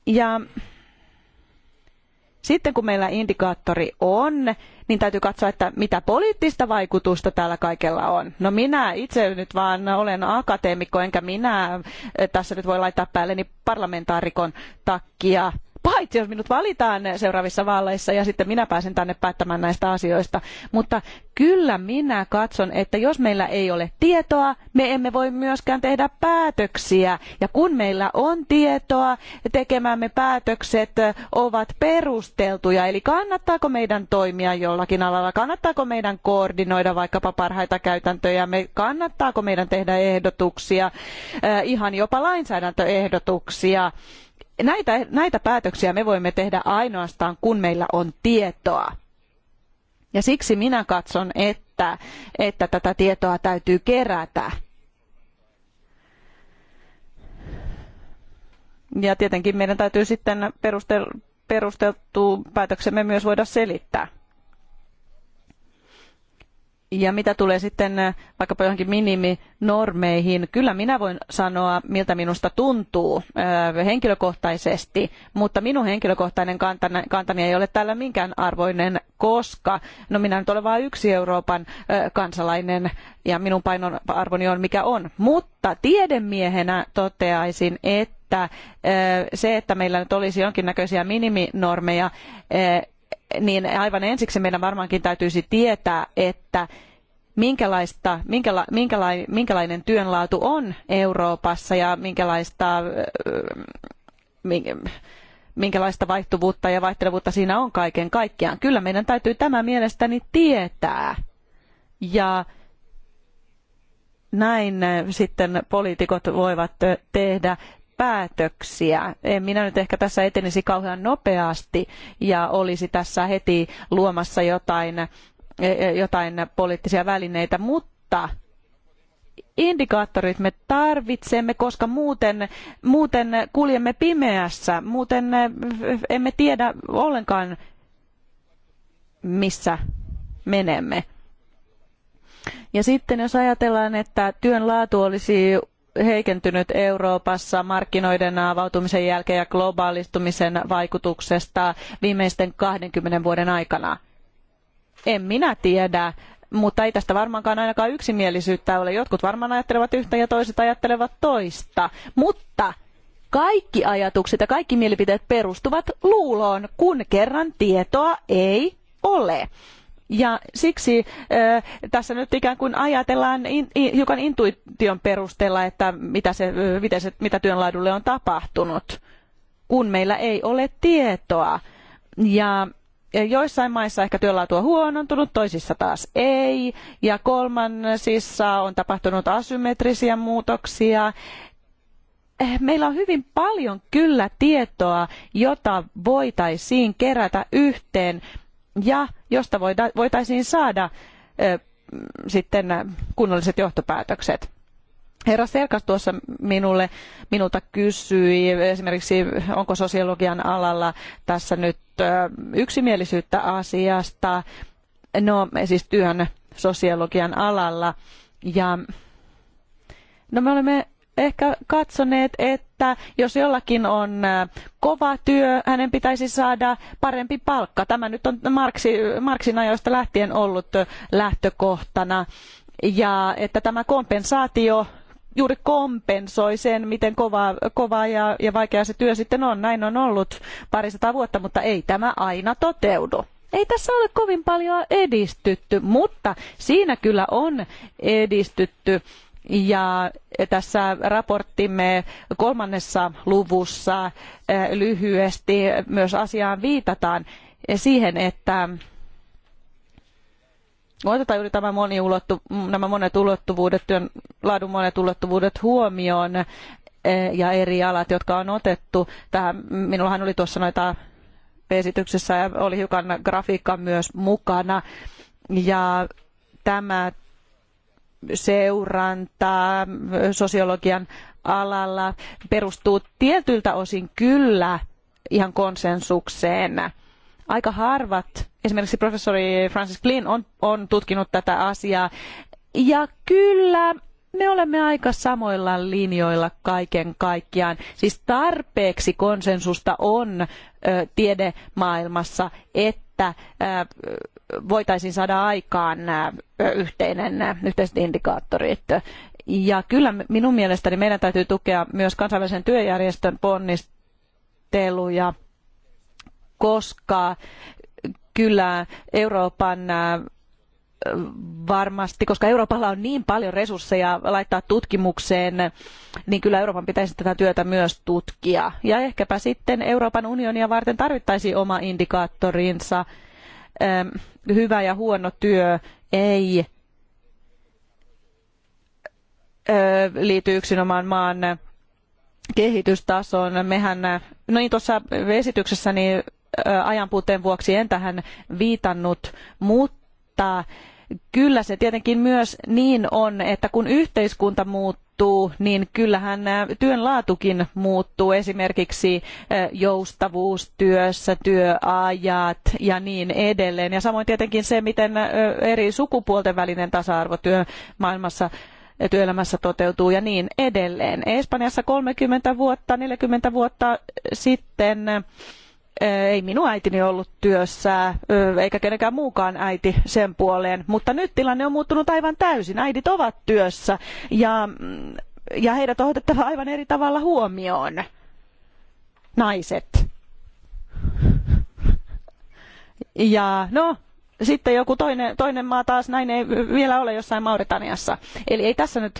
[SPEAKER 6] Ja sitten kun meillä indikaattori on, niin täytyy katsoa, että mitä poliittista vaikutusta tällä kaikella on. No minä itse nyt vaan olen akateemikko, enkä minä eh, tässä nyt voi laittaa päälleni parlamentaarikon takkia paitsi jos minut valitaan seuraavissa vaaleissa ja sitten minä pääsen tänne päättämään näistä asioista. Mutta kyllä minä katson, että jos meillä ei ole tietoa, me emme voi myöskään tehdä päätöksiä. Ja kun meillä on tietoa, tekemämme päätökset ovat perusteltuja. Eli kannattaako meidän toimia jollakin alalla, kannattaako meidän koordinoida vaikkapa parhaita käytäntöjä, me, kannattaako meidän tehdä ehdotuksia, eh, ihan jopa lainsäädäntöehdotuksia näitä, näitä päätöksiä me voimme tehdä ainoastaan, kun meillä on tietoa. Ja siksi minä katson, että, että tätä tietoa täytyy kerätä. Ja tietenkin meidän täytyy sitten perusteltu päätöksemme myös voida selittää. Ja mitä tulee sitten eh, vaikkapa johonkin miniminormeihin, kyllä minä voin sanoa, miltä minusta tuntuu eh, henkilökohtaisesti, mutta minun henkilökohtainen kantani, ei ole tällä minkään arvoinen, koska no minä nyt olen vain yksi Euroopan eh, kansalainen ja minun painoarvoni on mikä on. Mutta tiedemiehenä toteaisin, että se, että meillä nyt olisi jonkinnäköisiä miniminormeja, niin aivan ensiksi meidän varmaankin täytyisi tietää, että minkälaista, minkäla, minkäla, minkälainen työnlaatu on Euroopassa ja minkälaista, äh, minkälaista vaihtuvuutta ja vaihtelevuutta siinä on kaiken kaikkiaan. Kyllä meidän täytyy tämä mielestäni tietää. Ja näin sitten poliitikot voivat tehdä päätöksiä. En minä nyt ehkä tässä etenisi kauhean nopeasti ja olisi tässä heti luomassa jotain, e, e, jotain poliittisia välineitä, mutta indikaattorit me tarvitsemme, koska muuten, muuten kuljemme pimeässä, muuten e, emme tiedä ollenkaan missä menemme. Ja sitten jos ajatellaan, että työn laatu olisi heikentynyt Euroopassa markkinoiden avautumisen jälkeen ja globaalistumisen vaikutuksesta viimeisten 20 vuoden aikana? En minä tiedä, mutta ei tästä varmaankaan ainakaan yksimielisyyttä ole. Jotkut varmaan ajattelevat yhtä ja toiset ajattelevat toista. Mutta kaikki ajatukset ja kaikki mielipiteet perustuvat luuloon, kun kerran tietoa ei ole. Ja siksi tässä nyt ikään kuin ajatellaan hiukan intuition perusteella, että mitä, se, miten se, mitä työnlaadulle on tapahtunut, kun meillä ei ole tietoa. Ja joissain maissa ehkä työnlaatu on huonontunut, toisissa taas ei. Ja kolmansissa on tapahtunut asymmetrisiä muutoksia. Meillä on hyvin paljon kyllä tietoa, jota voitaisiin kerätä yhteen ja josta voitaisiin saada sitten kunnolliset johtopäätökset. Herra Serkas tuossa minulle, minulta kysyi esimerkiksi, onko sosiologian alalla tässä nyt yksimielisyyttä asiasta, no siis työn sosiologian alalla. Ja, no me olemme ehkä katsoneet, että jos jollakin on äh, kova työ, hänen pitäisi saada parempi palkka. Tämä nyt on Marksi, Marksin ajoista lähtien ollut lähtökohtana. Ja että tämä kompensaatio juuri kompensoi sen, miten kovaa, kova ja, ja vaikeaa se työ sitten on. Näin on ollut parisataa vuotta, mutta ei tämä aina toteudu ei tässä ole kovin paljon edistytty, mutta siinä kyllä on edistytty ja tässä raporttimme kolmannessa luvussa eh, lyhyesti myös asiaan viitataan siihen, että otetaan juuri moni nämä monet ulottuvuudet, työn laadun monet ulottuvuudet huomioon eh, ja eri alat, jotka on otettu. Tähän, minullahan oli tuossa noita esityksessä ja oli hiukan grafiikka myös mukana. Ja tämä seurantaa sosiologian alalla perustuu tietyiltä osin kyllä ihan konsensukseen. Aika harvat, esimerkiksi professori Francis Glynn on, on tutkinut tätä asiaa. Ja kyllä me olemme aika samoilla linjoilla kaiken kaikkiaan. Siis tarpeeksi konsensusta on ö, tiedemaailmassa, että että voitaisiin saada aikaan yhteinen, yhteiset indikaattorit. Ja kyllä minun mielestäni meidän täytyy tukea myös kansainvälisen työjärjestön ponnisteluja, koska kyllä Euroopan varmasti, koska Euroopalla on niin paljon resursseja laittaa tutkimukseen, niin kyllä Euroopan pitäisi tätä työtä myös tutkia. Ja ehkäpä sitten Euroopan unionia varten tarvittaisiin oma indikaattorinsa, Ähm, hyvä ja huono työ ei liity yksinomaan maan kehitystasoon. Mehän, no niin tuossa esityksessäni ajanpuutteen vuoksi en tähän viitannut, mutta kyllä se tietenkin myös niin on, että kun yhteiskunta muuttuu, niin kyllähän työn laatukin muuttuu. Esimerkiksi joustavuus työssä, työajat ja niin edelleen. Ja samoin tietenkin se, miten eri sukupuolten välinen tasa-arvo työmaailmassa työelämässä toteutuu ja niin edelleen. Espanjassa 30 vuotta, 40 vuotta sitten ei minun äitini ollut työssä, eikä kenenkään muukaan äiti sen puoleen, mutta nyt tilanne on muuttunut aivan täysin. Äidit ovat työssä ja, mm, ja heidät on otettava aivan eri tavalla huomioon. Naiset. Ja no, sitten joku toinen, toinen maa taas, näin ei vielä ole jossain Mauritaniassa. Eli ei tässä nyt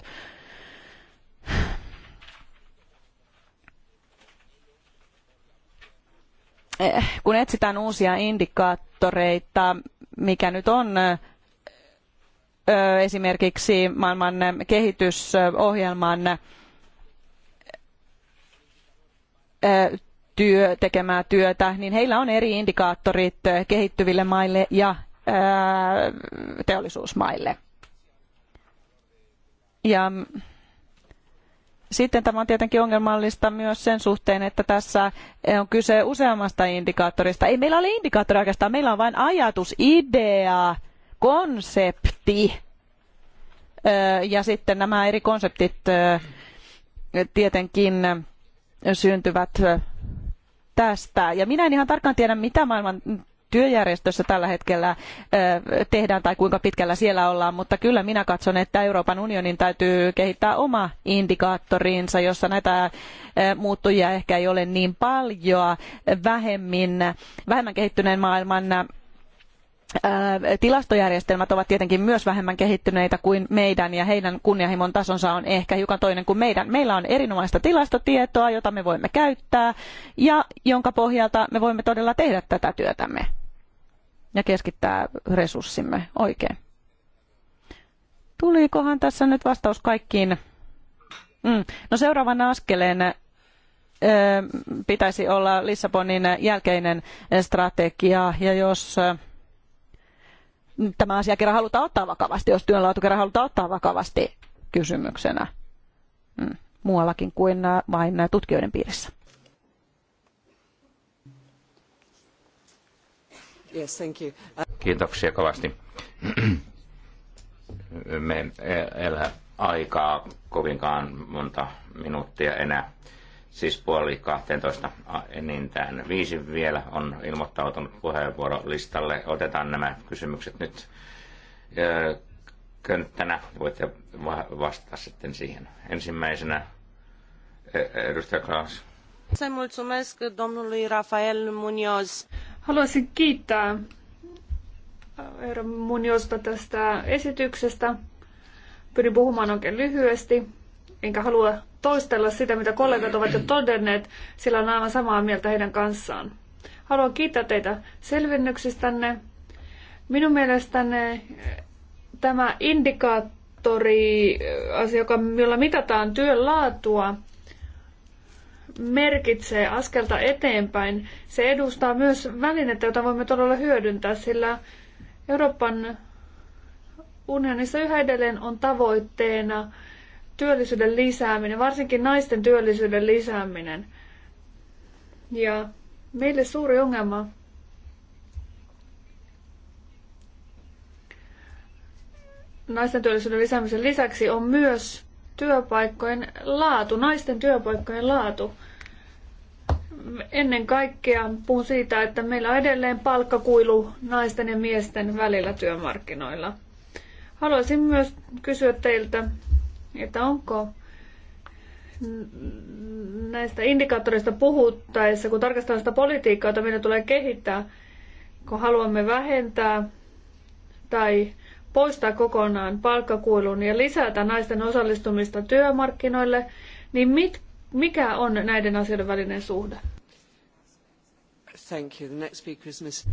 [SPEAKER 6] Eh, kun etsitään uusia indikaattoreita, mikä nyt on eh, eh, esimerkiksi maailman kehitysohjelman työ, tekemää työtä, niin heillä on eri indikaattorit kehittyville maille ja teollisuusmaille. Ja mm, sitten tämä on tietenkin ongelmallista myös sen suhteen, että tässä on kyse useammasta indikaattorista. Ei meillä ole indikaattori oikeastaan, meillä on vain ajatus, idea, konsepti. Ja sitten nämä eri konseptit tietenkin syntyvät tästä. Ja minä en ihan tarkkaan tiedä, mitä maailman työjärjestössä tällä hetkellä tehdään tai kuinka pitkällä siellä ollaan, mutta kyllä minä katson, että Euroopan unionin täytyy kehittää oma indikaattorinsa, jossa näitä muuttujia ehkä ei ole niin paljon, vähemmin, vähemmän kehittyneen maailman tilastojärjestelmät ovat tietenkin myös vähemmän kehittyneitä kuin meidän ja heidän kunnianhimon tasonsa on ehkä hiukan toinen kuin meidän. Meillä on erinomaista tilastotietoa, jota me voimme käyttää ja jonka pohjalta me voimme todella tehdä tätä työtämme ja keskittää resurssimme oikein. Tulikohan tässä nyt vastaus kaikkiin? Mm. No seuraavan askeleen pitäisi olla Lissabonin jälkeinen strategia ja jos tämä asia kerran halutaan ottaa vakavasti, jos työnlaatu kerran halutaan ottaa vakavasti kysymyksenä mm. muuallakin kuin äh, vain äh, tutkijoiden piirissä.
[SPEAKER 5] Yes, thank you. Kiitoksia kovasti. Me elä aikaa kovinkaan monta minuuttia enää siis puoli 12 enintään viisi vielä on ilmoittautunut puheenvuorolistalle. Otetaan nämä kysymykset nyt könttänä. Voitte vastata sitten siihen. Ensimmäisenä e, edustaja Klaas.
[SPEAKER 6] Se mulțumesc domnului Rafael Munoz.
[SPEAKER 2] Haluaisin kiittää herra Muniosta tästä esityksestä. Pyrin puhumaan oikein lyhyesti enkä halua toistella sitä, mitä kollegat ovat jo todenneet, sillä on aivan samaa mieltä heidän kanssaan. Haluan kiittää teitä selvennyksistänne. Minun mielestäni eh, tämä indikaattori, eh, asia, joka, jolla mitataan työn laatua, merkitsee askelta eteenpäin. Se edustaa myös välinettä, jota voimme todella hyödyntää, sillä Euroopan unionissa yhä edelleen on tavoitteena työllisyyden lisääminen, varsinkin naisten työllisyyden lisääminen. Ja meille suuri ongelma naisten työllisyyden lisäämisen lisäksi on myös työpaikkojen laatu, naisten työpaikkojen laatu. Ennen kaikkea puhun siitä, että meillä on edelleen palkkakuilu naisten ja miesten välillä työmarkkinoilla. Haluaisin myös kysyä teiltä, että onko näistä indikaattoreista puhuttaessa, kun tarkastellaan sitä politiikkaa, jota meidän tulee kehittää, kun haluamme vähentää tai poistaa kokonaan palkkakuilun ja lisätä naisten osallistumista työmarkkinoille, niin mit, mikä on näiden asioiden välinen suhde?
[SPEAKER 1] Thank you. The next speaker is Ms.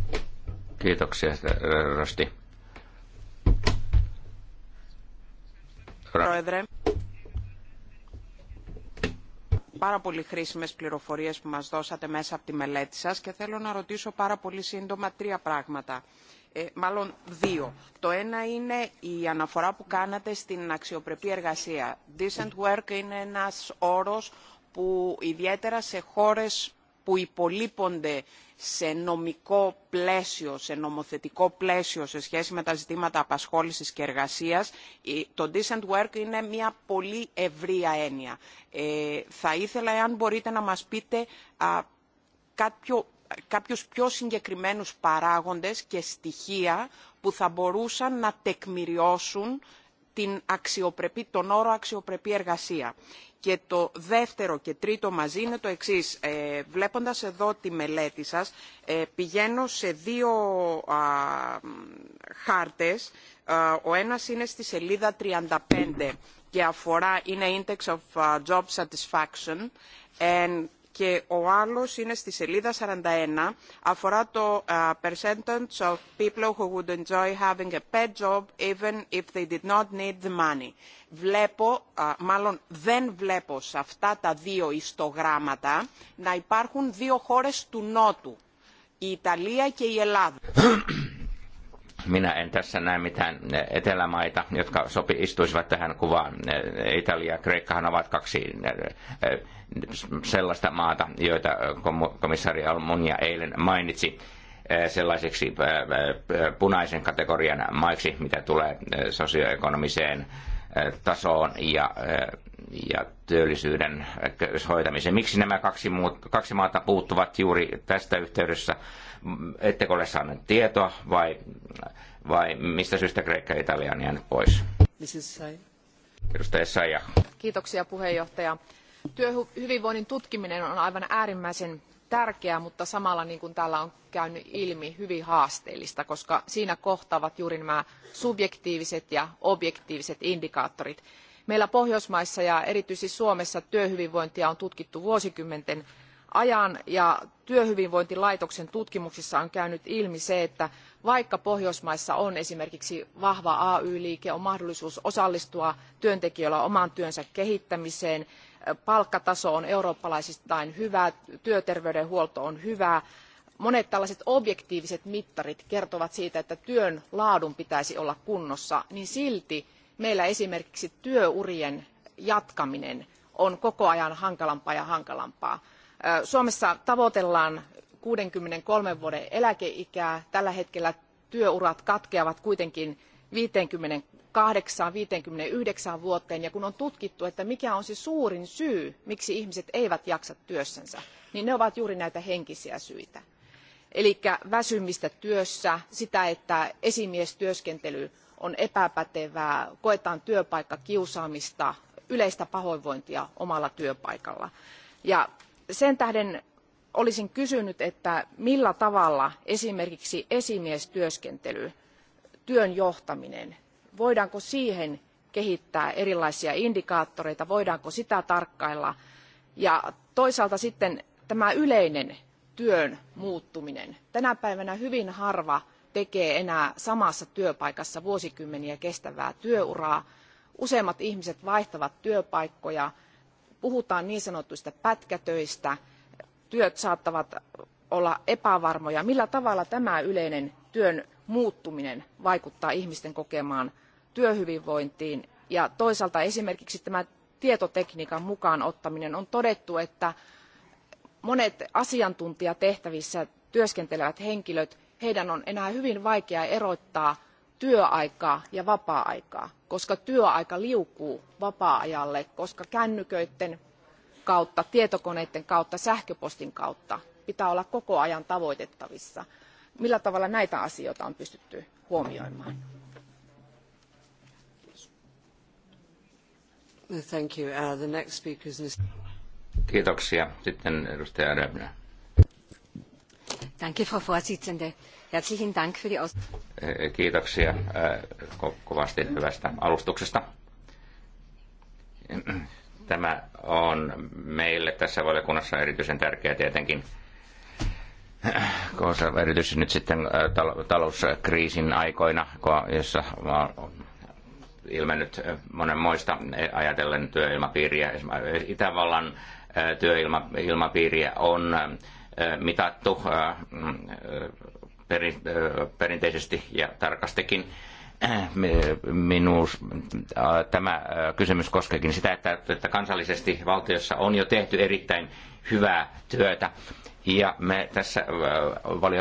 [SPEAKER 5] Kiitoksia, Rosti.
[SPEAKER 7] Ra- πάρα πολύ χρήσιμες πληροφορίες που μας δώσατε μέσα από τη μελέτη σας και θέλω να ρωτήσω πάρα πολύ σύντομα τρία πράγματα. Ε, μάλλον δύο. Το ένα είναι η αναφορά που κάνατε στην αξιοπρεπή εργασία. Decent work είναι ένας όρος που ιδιαίτερα σε χώρες που υπολείπονται σε νομικό πλαίσιο, σε νομοθετικό πλαίσιο σε σχέση με τα ζητήματα απασχόλησης και εργασίας, το decent work είναι μια πολύ ευρία έννοια. Ε, θα ήθελα, εάν μπορείτε, να μας πείτε α, κάποιο, κάποιους πιο συγκεκριμένους παράγοντες και στοιχεία που θα μπορούσαν να τεκμηριώσουν την αξιοπρεπή, τον όρο αξιοπρεπή εργασία. Και το δεύτερο και τρίτο μαζί είναι το εξής. Ε, βλέποντας εδώ τη μελέτη σας, ε, πηγαίνω σε δύο α, χάρτες. Α, ο ένας είναι στη σελίδα 35 και αφορά, είναι Index of Job Satisfaction and και ο άλλος είναι στη σελίδα 41, αφορά το uh, percentage of people who would enjoy having a pet job even if they did not need the money. Βλέπω, uh, μάλλον δεν βλέπω σε αυτά τα δύο ιστογράμματα να υπάρχουν δύο χώρες του Νότου, η Ιταλία και η Ελλάδα.
[SPEAKER 5] Minä en tässä näe mitään etelämaita, jotka sopi, istuisivat tähän kuvaan. Italia ja Kreikkahan ovat kaksi sellaista maata, joita komissaari Almunia eilen mainitsi sellaiseksi punaisen kategorian maiksi, mitä tulee sosioekonomiseen tasoon ja, ja työllisyyden hoitamiseen. Miksi nämä kaksi, muut, kaksi maata puuttuvat juuri tästä yhteydessä? Ettekö ole saaneet tietoa vai, vai mistä syystä Kreikka ja Italia on jäänyt pois? Edustaja Saija.
[SPEAKER 8] Kiitoksia puheenjohtaja. Työhyvinvoinnin tutkiminen on aivan äärimmäisen tärkeää, mutta samalla, niin kuin täällä on käynyt ilmi, hyvin haasteellista, koska siinä kohtaavat juuri nämä subjektiiviset ja objektiiviset indikaattorit. Meillä Pohjoismaissa ja erityisesti Suomessa työhyvinvointia on tutkittu vuosikymmenten ajan ja työhyvinvointilaitoksen tutkimuksissa on käynyt ilmi se että vaikka pohjoismaissa on esimerkiksi vahva ay liike on mahdollisuus osallistua työntekijöillä oman työnsä kehittämiseen palkkataso on eurooppalaisittain hyvä työterveydenhuolto on hyvää monet tällaiset objektiiviset mittarit kertovat siitä että työn laadun pitäisi olla kunnossa niin silti meillä esimerkiksi työurien jatkaminen on koko ajan hankalampaa ja hankalampaa. suomessa tavoitellaan kuusikymmentäkolme vuoden eläkeikää tällä hetkellä työurat katkeavat kuitenkin viisikymmentä kahdeksan 59 vuoteen ja kun on tutkittu, että mikä on se suurin syy, miksi ihmiset eivät jaksa työssänsä, niin ne ovat juuri näitä henkisiä syitä. Eli väsymistä työssä, sitä, että esimiestyöskentely on epäpätevää, koetaan työpaikkakiusaamista, yleistä pahoinvointia omalla työpaikalla. sen tähden olisin kysynyt, että millä tavalla esimerkiksi esimiestyöskentely, työn johtaminen, voidaanko siihen kehittää erilaisia indikaattoreita, voidaanko sitä tarkkailla ja toisaalta sitten tämä yleinen työn muuttuminen. Tänä päivänä hyvin harva tekee enää samassa työpaikassa vuosikymmeniä kestävää työuraa. Useimmat ihmiset vaihtavat työpaikkoja, puhutaan niin sanotuista pätkätöistä, työt saattavat olla epävarmoja. Millä tavalla tämä yleinen työn muuttuminen vaikuttaa ihmisten kokemaan työhyvinvointiin ja toisaalta esimerkiksi tietotekniikan mukaan ottaminen on todettu että monet asiantuntijatehtävissä työskentelevät henkilöt heidän on enää hyvin vaikea erottaa työaikaa ja vapaa aikaa koska työaika liukuu vapaa ajalle koska kännyköiden kautta tietokoneiden kautta sähköpostin kautta pitää olla koko ajan tavoitettavissa. millä tavalla näitä asioita on pystytty huomioimaan? Thank you. Uh, the next speaker is Ms.
[SPEAKER 5] Kiitoksia. Sitten edustaja
[SPEAKER 8] Danke, Frau Vorsitzende. Herzlichen Dank für die Aus
[SPEAKER 5] eh, Kiitoksia eh, kovasti hyvästä alustuksesta. Tämä on meille tässä valiokunnassa erityisen tärkeää tietenkin, koska erityisesti nyt sitten eh, talouskriisin aikoina, jossa ilmennyt monenmoista e, ajatellen työilmapiiriä. Itävallan työilmapiiriä on mitattu mm, perinteisesti ja tarkastikin minus, tämä kysymys koskeekin sitä, että, että kansallisesti valtiossa on jo tehty erittäin hyvää työtä ja me tässä äh,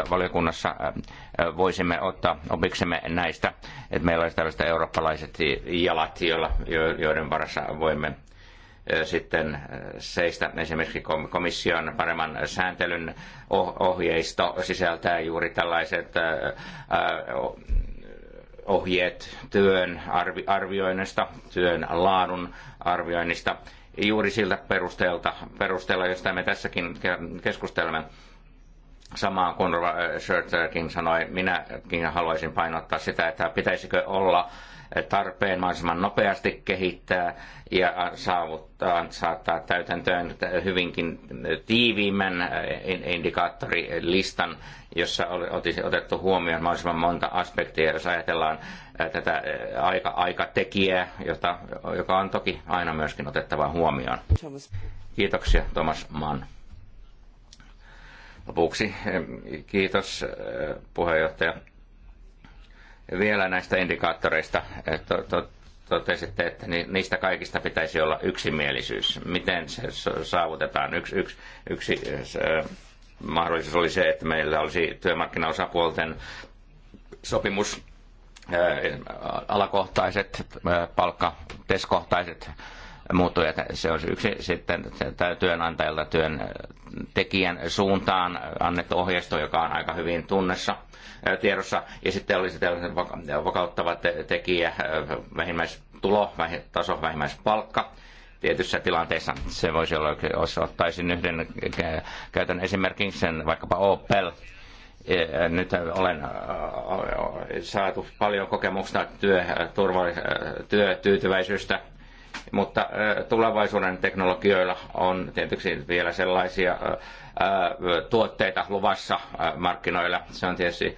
[SPEAKER 5] valiokunnassa äh, äh, voisimme ottaa opiksemme näistä, että meillä olisi tällaiset eurooppalaiset jalat, joiden varassa voimme sitten seistä. Esimerkiksi komission paremman sääntelyn oh-, ohjeisto sisältää juuri tällaiset ohjeet työn arvioinnista, työn laadun arvioinnista – juuri siltä perusteelta, perusteella, josta me tässäkin keskustelemme. Samaa kuin Schurterkin sanoi, minäkin haluaisin painottaa sitä, että pitäisikö olla tarpeen mahdollisimman nopeasti kehittää ja saavuttaa, saattaa täytäntöön hyvinkin tiiviimmän indikaattorilistan, jossa olisi otettu huomioon mahdollisimman monta aspektia, jos ajatellaan tätä aika, aikatekijää, jota, joka on toki aina myöskin otettava huomioon. Kiitoksia Thomas Mann. Lopuksi kiitos puheenjohtaja vielä näistä indikaattoreista. Eh, totesitte, että niistä kaikista pitäisi olla yksimielisyys. Miten se saavutetaan? Yksi, yksi, yksi eh, eh, mahdollisuus oli se, että meillä olisi työmarkkinaosapuolten sopimus alakohtaiset, palkka, teskohtaiset muuttujat. Se on yksi sitten työnantajalta työn tekijän suuntaan annettu ohjeisto, joka on aika hyvin tunnessa – tiedossa. Ja sitten olisi tällainen vakauttava tekijä, vähimmäistulo, taso, vähimmäispalkka Tietyissä tilanteissa. Se voisi olla, jos ottaisin yhden käytön esimerkin, sen vaikkapa Opel, nyt olen saatu paljon kokemusta työ, työtyytyväisyystä, mutta tulevaisuuden teknologioilla on tietysti vielä sellaisia tuotteita luvassa markkinoilla. Se on tietysti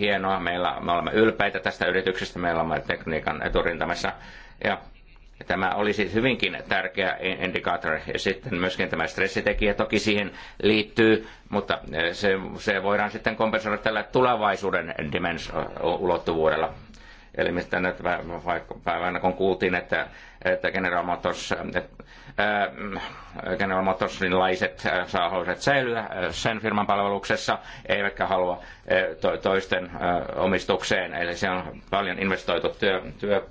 [SPEAKER 5] hienoa. Meillä, me olemme ylpeitä tästä yrityksestä, meillä olemme tekniikan eturintamassa. Ja tämä oli siis hyvinkin tärkeä indikaattori. Ja sitten myöskin tämä stressitekijä toki siihen liittyy, mutta se, se voidaan sitten kompensoida tällä tulevaisuuden dimensio ulottuvuudella Eli mistä nyt päivänä kun kuultiin, että, että General Motors Mm, General Motorsinlaiset saahoiset säilyä sen firman palveluksessa, eivätkä halua toisten omistukseen. Eli se on paljon investoitu työ, työ,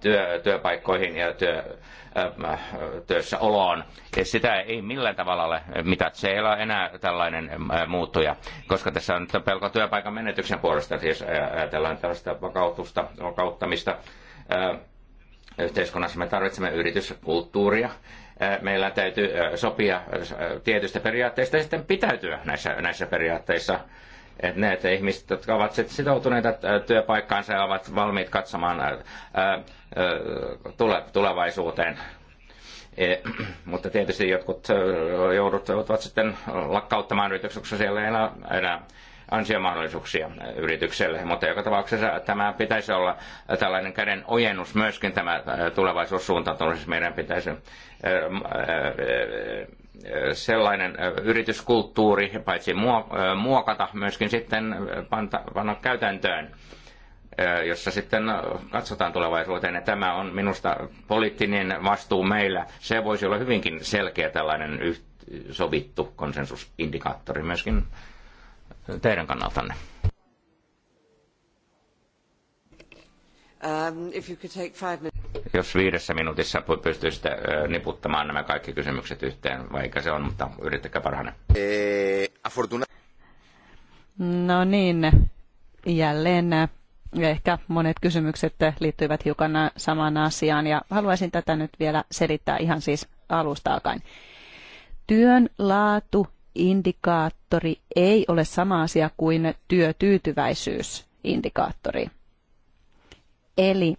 [SPEAKER 5] työ, työpaikkoihin ja työ, työssä oloon. Sitä ei millään tavalla ole mitä Se ei ole enää tällainen muuttuja, koska tässä on nyt pelko työpaikan menetyksen puolesta, siis ajatellaan tällaista vakautusta, vakauttamista yhteiskunnassa. Me tarvitsemme yrityskulttuuria, meillä täytyy sopia tietystä periaatteista ja sitten pitäytyä näissä, näissä periaatteissa. Että ne että ihmiset, jotka ovat sitoutuneita työpaikkaansa ja ovat valmiit katsomaan tulevaisuuteen. E, mutta tietysti jotkut joudut, joutuvat sitten lakkauttamaan yrityksessä, siellä ei enää, enää ansiomahdollisuuksia yritykselle, mutta joka tapauksessa tämä pitäisi olla tällainen käden ojennus myöskin tämä äh, tulevaisuussuuntautumisessa. Meidän pitäisi äh, äh, sellainen yrityskulttuuri paitsi muokata, myöskin sitten panna käytäntöön jossa sitten katsotaan tulevaisuuteen, ja tämä on minusta poliittinen vastuu meillä. Se voisi olla hyvinkin selkeä tällainen sovittu konsensusindikaattori myöskin teidän kannaltanne?
[SPEAKER 1] Um, if you could take five minutes.
[SPEAKER 5] Jos viidessä minuutissa pystyisitte niputtamaan nämä kaikki kysymykset yhteen, vaikka se on, mutta yrittäkää parhaana. Eh,
[SPEAKER 6] no niin, jälleen ehkä monet kysymykset liittyvät hiukan samaan asiaan ja haluaisin tätä nyt vielä selittää ihan siis alusta alkaen. Työn laatu indikaattori ei ole sama asia kuin työtyytyväisyysindikaattori. Eli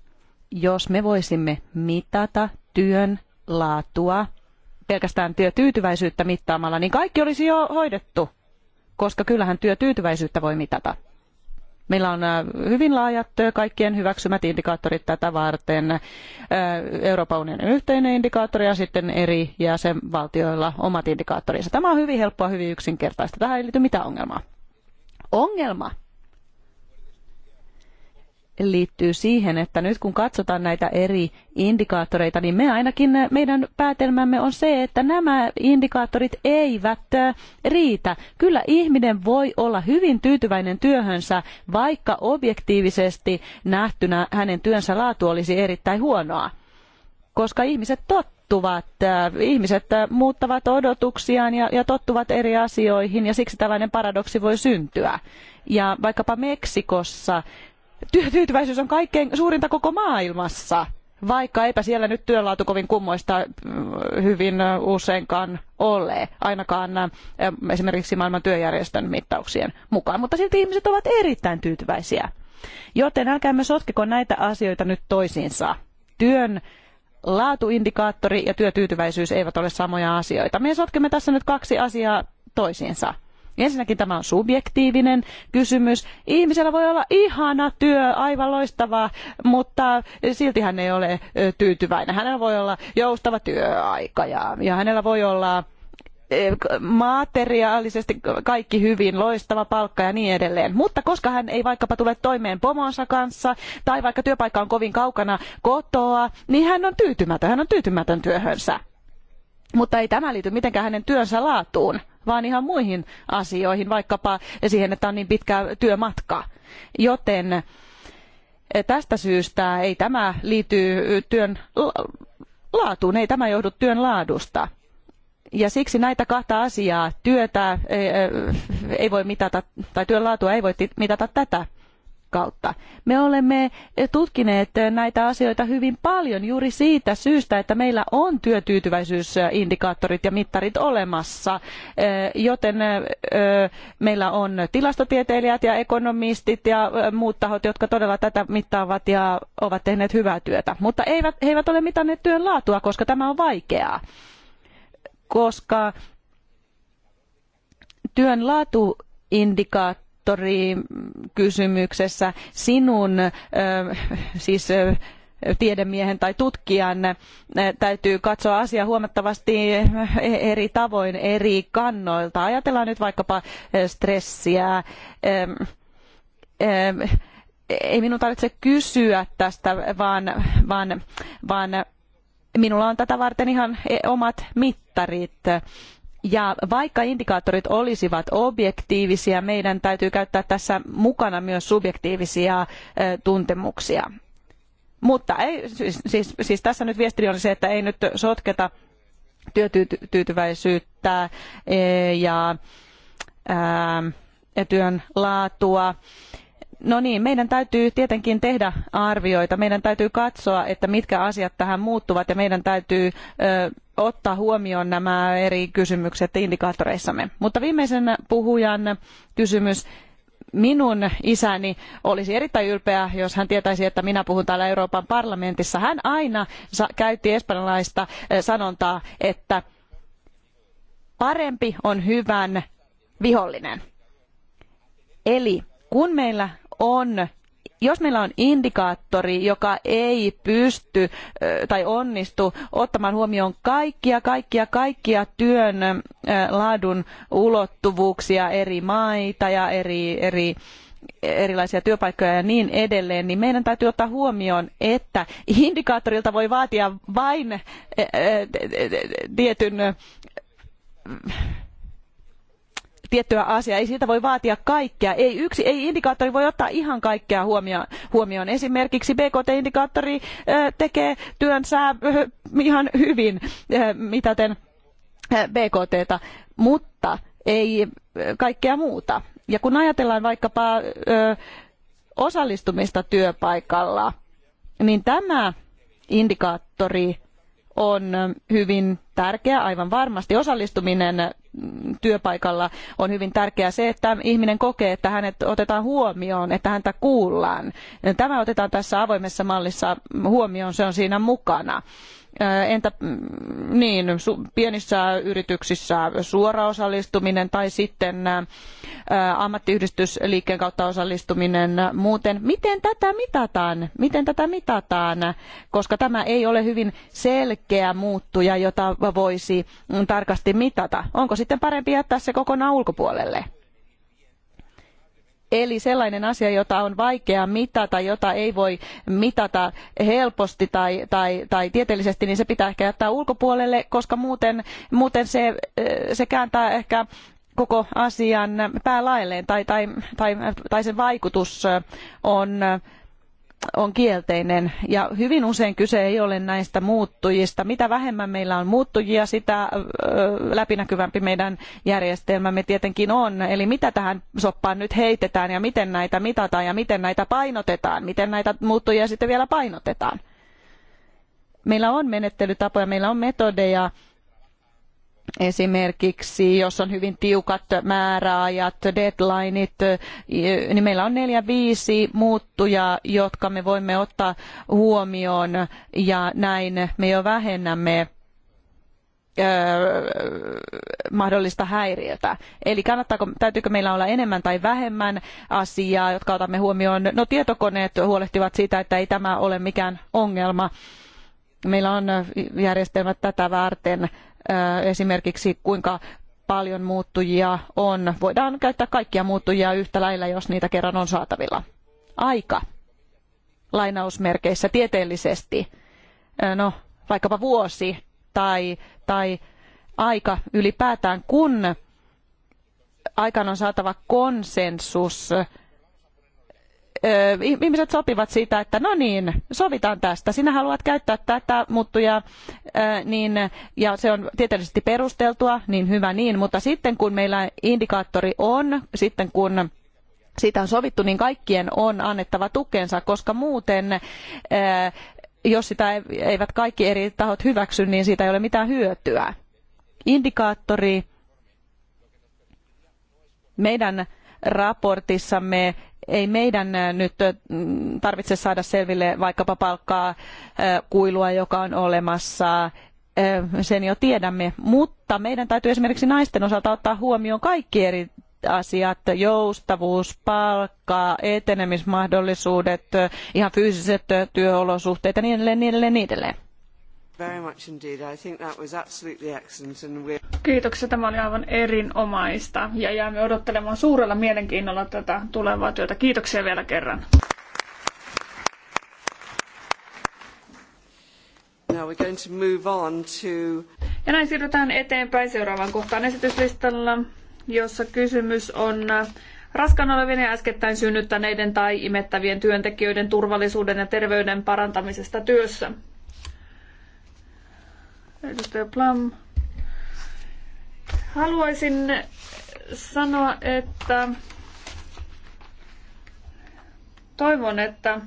[SPEAKER 6] jos me voisimme mitata työn laatua pelkästään työtyytyväisyyttä mittaamalla, niin kaikki olisi jo hoidettu, koska kyllähän työtyytyväisyyttä voi mitata. Meillä on äh, hyvin laajat äh, kaikkien hyväksymät indikaattorit tätä varten. Äh, Euroopan unionin yhteinen indikaattori ja sitten eri jäsenvaltioilla omat indikaattorinsa. Tämä on hyvin helppoa, hyvin yksinkertaista. Tähän ei liity mitään ongelmaa. Ongelma liittyy siihen, että nyt kun katsotaan näitä eri indikaattoreita, niin me ainakin eh, meidän päätelmämme on se, että nämä indikaattorit eivät eh, riitä. Kyllä ihminen voi olla hyvin tyytyväinen työhönsä, vaikka objektiivisesti nähtynä hänen työnsä laatu olisi erittäin huonoa. Koska ihmiset tottuvat, eh, ihmiset muuttavat odotuksiaan ja, ja tottuvat eri asioihin ja siksi tällainen paradoksi voi syntyä. Ja vaikkapa Meksikossa työtyytyväisyys on kaikkein suurinta koko maailmassa, vaikka eipä siellä nyt työnlaatu kovin kummoista mm, hyvin useinkaan ole, ainakaan esimerkiksi maailman työjärjestön mittauksien mukaan, mutta silti ihmiset ovat erittäin tyytyväisiä. Joten älkäämme sotkeko näitä asioita nyt toisiinsa. Työn laatuindikaattori ja työtyytyväisyys eivät ole samoja asioita. Me sotkemme tässä nyt kaksi asiaa toisiinsa. Ensinnäkin tämä on subjektiivinen kysymys. Ihmisellä voi olla ihana työ, aivan loistavaa, mutta silti hän ei ole tyytyväinen. Hänellä voi olla joustava työaika ja, ja hänellä voi olla materiaalisesti kaikki hyvin, loistava palkka ja niin edelleen. Mutta koska hän ei vaikkapa tule toimeen pomonsa kanssa tai vaikka työpaikka on kovin kaukana kotoa, niin hän on tyytymätön, hän on tyytymätön työhönsä. Mutta ei tämä liity mitenkään hänen työnsä laatuun vaan ihan muihin asioihin, vaikkapa siihen, että on niin pitkä työmatka. Joten eh, tästä syystä ei tämä liity eh, työn laatuun, ei tämä johdu työn laadusta. Ja siksi näitä kahta asiaa, työtä eh, ei voi mitata, tai työn laatua ei voi mitata tätä kautta. Me olemme tutkineet näitä asioita hyvin paljon juuri siitä syystä, että meillä on työtyytyväisyysindikaattorit ja mittarit olemassa, eh, joten eh, meillä on tilastotieteilijät ja ekonomistit ja eh, muut tahot, jotka todella tätä mittaavat ja ovat tehneet hyvää työtä, mutta eivät, he eivät ole mitanneet työn laatua, koska tämä on vaikeaa koska työn laatuindikaattori tohtori kysymyksessä sinun siis tiedemiehen tai tutkijan täytyy katsoa asiaa huomattavasti eri tavoin eri kannoilta. Ajatellaan nyt vaikkapa stressiä. Ei minun tarvitse kysyä tästä, vaan, vaan, vaan minulla on tätä varten ihan e, omat mittarit. Ja vaikka indikaattorit olisivat objektiivisia, meidän täytyy käyttää tässä mukana myös subjektiivisia tuntemuksia. Mutta ei, siis, siis, siis tässä nyt viestini on se, että ei nyt sotketa työtyytyväisyyttä ja työn laatua No niin, meidän täytyy tietenkin tehdä arvioita. Meidän täytyy katsoa, että mitkä asiat tähän muuttuvat ja meidän täytyy ottaa huomioon nämä eri kysymykset indikaattoreissamme. Mutta viimeisen puhujan kysymys. Minun isäni olisi erittäin ylpeä, jos hän tietäisi, että minä puhun täällä Euroopan parlamentissa. Hän aina käytti espanjalaista sanontaa, että parempi on hyvän vihollinen. Eli kun meillä on jos meillä on indikaattori, joka ei pysty tai onnistu ottamaan huomioon kaikkia, kaikkia, kaikkia työn laadun ulottuvuuksia eri maita ja eri, eri erilaisia työpaikkoja ja niin edelleen, niin meidän täytyy ottaa huomioon, että indikaattorilta voi vaatia vain tietyn tiettyä asiaa. Ei siitä voi vaatia kaikkea. Ei, yksi, ei indikaattori voi ottaa ihan kaikkea huomioon. Esimerkiksi BKT-indikaattori tekee työnsä ihan hyvin, mitaten BKTtä, mutta ei kaikkea muuta. Ja kun ajatellaan vaikkapa osallistumista työpaikalla, niin tämä indikaattori on hyvin tärkeä aivan varmasti. Osallistuminen työpaikalla on hyvin tärkeää se, että ihminen kokee, että hänet otetaan huomioon, että häntä kuullaan. Tämä otetaan tässä avoimessa mallissa huomioon, se on siinä mukana. Äh, entä mm, niin, pienissä yrityksissä suora osallistuminen tai sitten äh, äh, ammattiyhdistysliikkeen kautta osallistuminen muuten? Miten tätä mitataan? Miten tätä mitataan? Koska tämä ei ole hyvin selkeä muuttuja, jota voisi tarkasti mitata. Onko sitten parempi jättää se kokonaan ulkopuolelle? Eli sellainen asia, jota on vaikea mitata, jota ei voi mitata helposti tai, tai, tai tieteellisesti, niin se pitää ehkä jättää ulkopuolelle, koska muuten, muuten se, eh, se kääntää ehkä koko asian päälaelleen tai, tai, tai, tai sen vaikutus eh, on on kielteinen ja hyvin usein kyse ei ole näistä muuttujista. Mitä vähemmän meillä on muuttujia, sitä läpinäkyvämpi meidän järjestelmämme tietenkin on. Eli mitä tähän soppaan nyt heitetään ja miten näitä mitataan ja miten näitä painotetaan, miten näitä muuttujia sitten vielä painotetaan. Meillä on menettelytapoja, meillä on metodeja, Esimerkiksi jos on hyvin tiukat määräajat, deadlineit, niin meillä on neljä viisi muuttujaa, jotka me voimme ottaa huomioon ja näin me jo vähennämme mahdollista häiriötä. Eli kannattaako, täytyykö meillä olla enemmän tai vähemmän asiaa, jotka otamme huomioon. No tietokoneet huolehtivat siitä, että ei tämä ole mikään ongelma. Meillä on järjestelmät tätä varten, esimerkiksi kuinka paljon muuttujia on. Voidaan käyttää kaikkia muuttujia yhtä lailla, jos niitä kerran on saatavilla. Aika lainausmerkeissä tieteellisesti, no vaikkapa vuosi tai, tai aika ylipäätään, kun aikaan on saatava konsensus ihmiset sopivat siitä, että no niin, sovitaan tästä, sinä haluat käyttää tätä muuttuja, niin, ja se on tieteellisesti perusteltua, niin hyvä niin, mutta sitten kun meillä indikaattori on, sitten kun siitä on sovittu, niin kaikkien on annettava tukensa, koska muuten jos sitä eivät kaikki eri tahot hyväksy, niin siitä ei ole mitään hyötyä. Indikaattori meidän raportissamme ei meidän nyt tarvitse saada selville vaikkapa palkkakuilua kuilua, joka on olemassa, sen jo tiedämme, mutta meidän täytyy esimerkiksi naisten osalta ottaa huomioon kaikki eri asiat, joustavuus, palkka, etenemismahdollisuudet, ihan fyysiset työolosuhteet ja niin edelleen, niin edelleen, niin edelleen.
[SPEAKER 1] Very much indeed. I think that was absolutely excellent and
[SPEAKER 2] we're... Kiitoksia, tämä oli aivan erinomaista ja jäämme odottelemaan suurella mielenkiinnolla tätä
[SPEAKER 1] tulevaa työtä. Kiitoksia vielä kerran. Now we're going to move on to...
[SPEAKER 2] Ja näin siirrytään eteenpäin seuraavaan kohtaan esityslistalla, jossa kysymys on äh, raskaan olevien ja äskettäin synnyttäneiden tai imettävien työntekijöiden turvallisuuden ja terveyden parantamisesta työssä edustaja Plam. Haluaisin sanoa, että toivon, että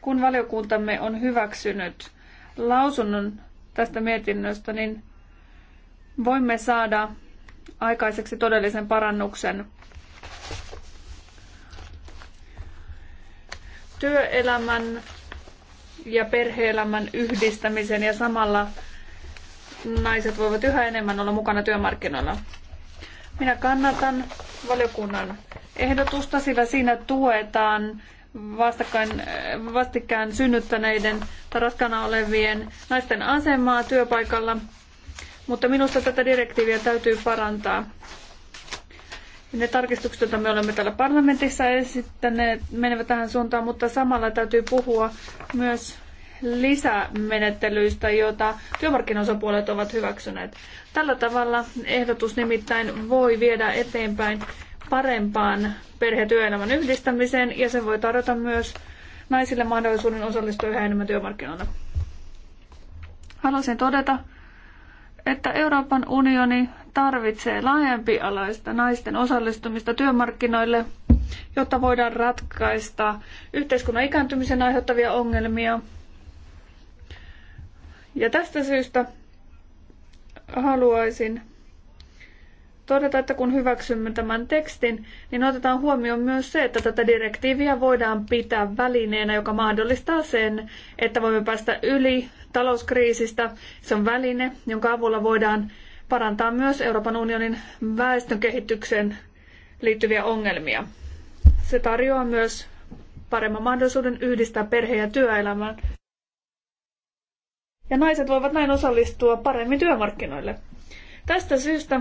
[SPEAKER 2] kun valiokuntamme on hyväksynyt lausunnon tästä mietinnöstä, niin voimme saada aikaiseksi todellisen parannuksen työelämän ja perheelämän yhdistämisen ja samalla naiset voivat yhä enemmän olla mukana työmarkkinoilla. Minä kannatan valiokunnan ehdotusta, sillä siinä tuetaan vastakkain, vastikään synnyttäneiden tai raskana olevien naisten asemaa työpaikalla, mutta minusta tätä direktiiviä täytyy parantaa. Ne tarkistukset, joita me olemme täällä parlamentissa esittäneet, menevät tähän suuntaan, mutta samalla täytyy puhua myös lisämenettelyistä, joita työmarkkinaosapuolet ovat hyväksyneet. Tällä tavalla ehdotus nimittäin voi viedä eteenpäin parempaan perhe- ja työelämän yhdistämiseen ja se voi tarjota myös naisille mahdollisuuden osallistua yhä enemmän työmarkkinoilla. Haluaisin todeta, että Euroopan unioni tarvitsee laajempialaista naisten osallistumista työmarkkinoille, jotta voidaan ratkaista yhteiskunnan ikääntymisen aiheuttavia ongelmia ja tästä syystä haluaisin todeta, että kun hyväksymme tämän tekstin, niin otetaan huomioon myös se, että tätä direktiiviä voidaan pitää välineenä, joka mahdollistaa sen, että voimme päästä yli talouskriisistä. Se on väline, jonka avulla voidaan parantaa myös Euroopan unionin väestönkehitykseen liittyviä ongelmia. Se tarjoaa myös paremman mahdollisuuden yhdistää perhe- ja työelämään ja naiset voivat näin osallistua paremmin työmarkkinoille. Tästä syystä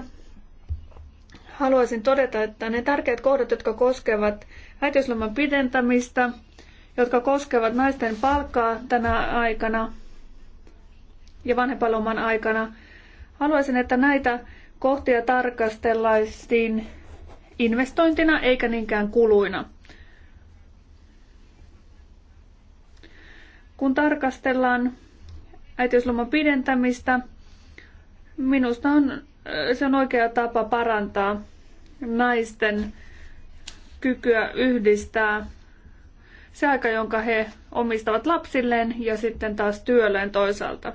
[SPEAKER 2] haluaisin todeta, että ne tärkeät kohdat, jotka koskevat äitiysloman pidentämistä, jotka koskevat naisten palkkaa tänä aikana ja vanhempaloman aikana, haluaisin, että näitä kohtia tarkastellaisiin investointina eikä niinkään kuluina. Kun tarkastellaan äitiysloman pidentämistä. Minusta on, se on oikea tapa parantaa naisten kykyä yhdistää se aika, jonka he omistavat lapsilleen ja sitten taas työlleen toisaalta.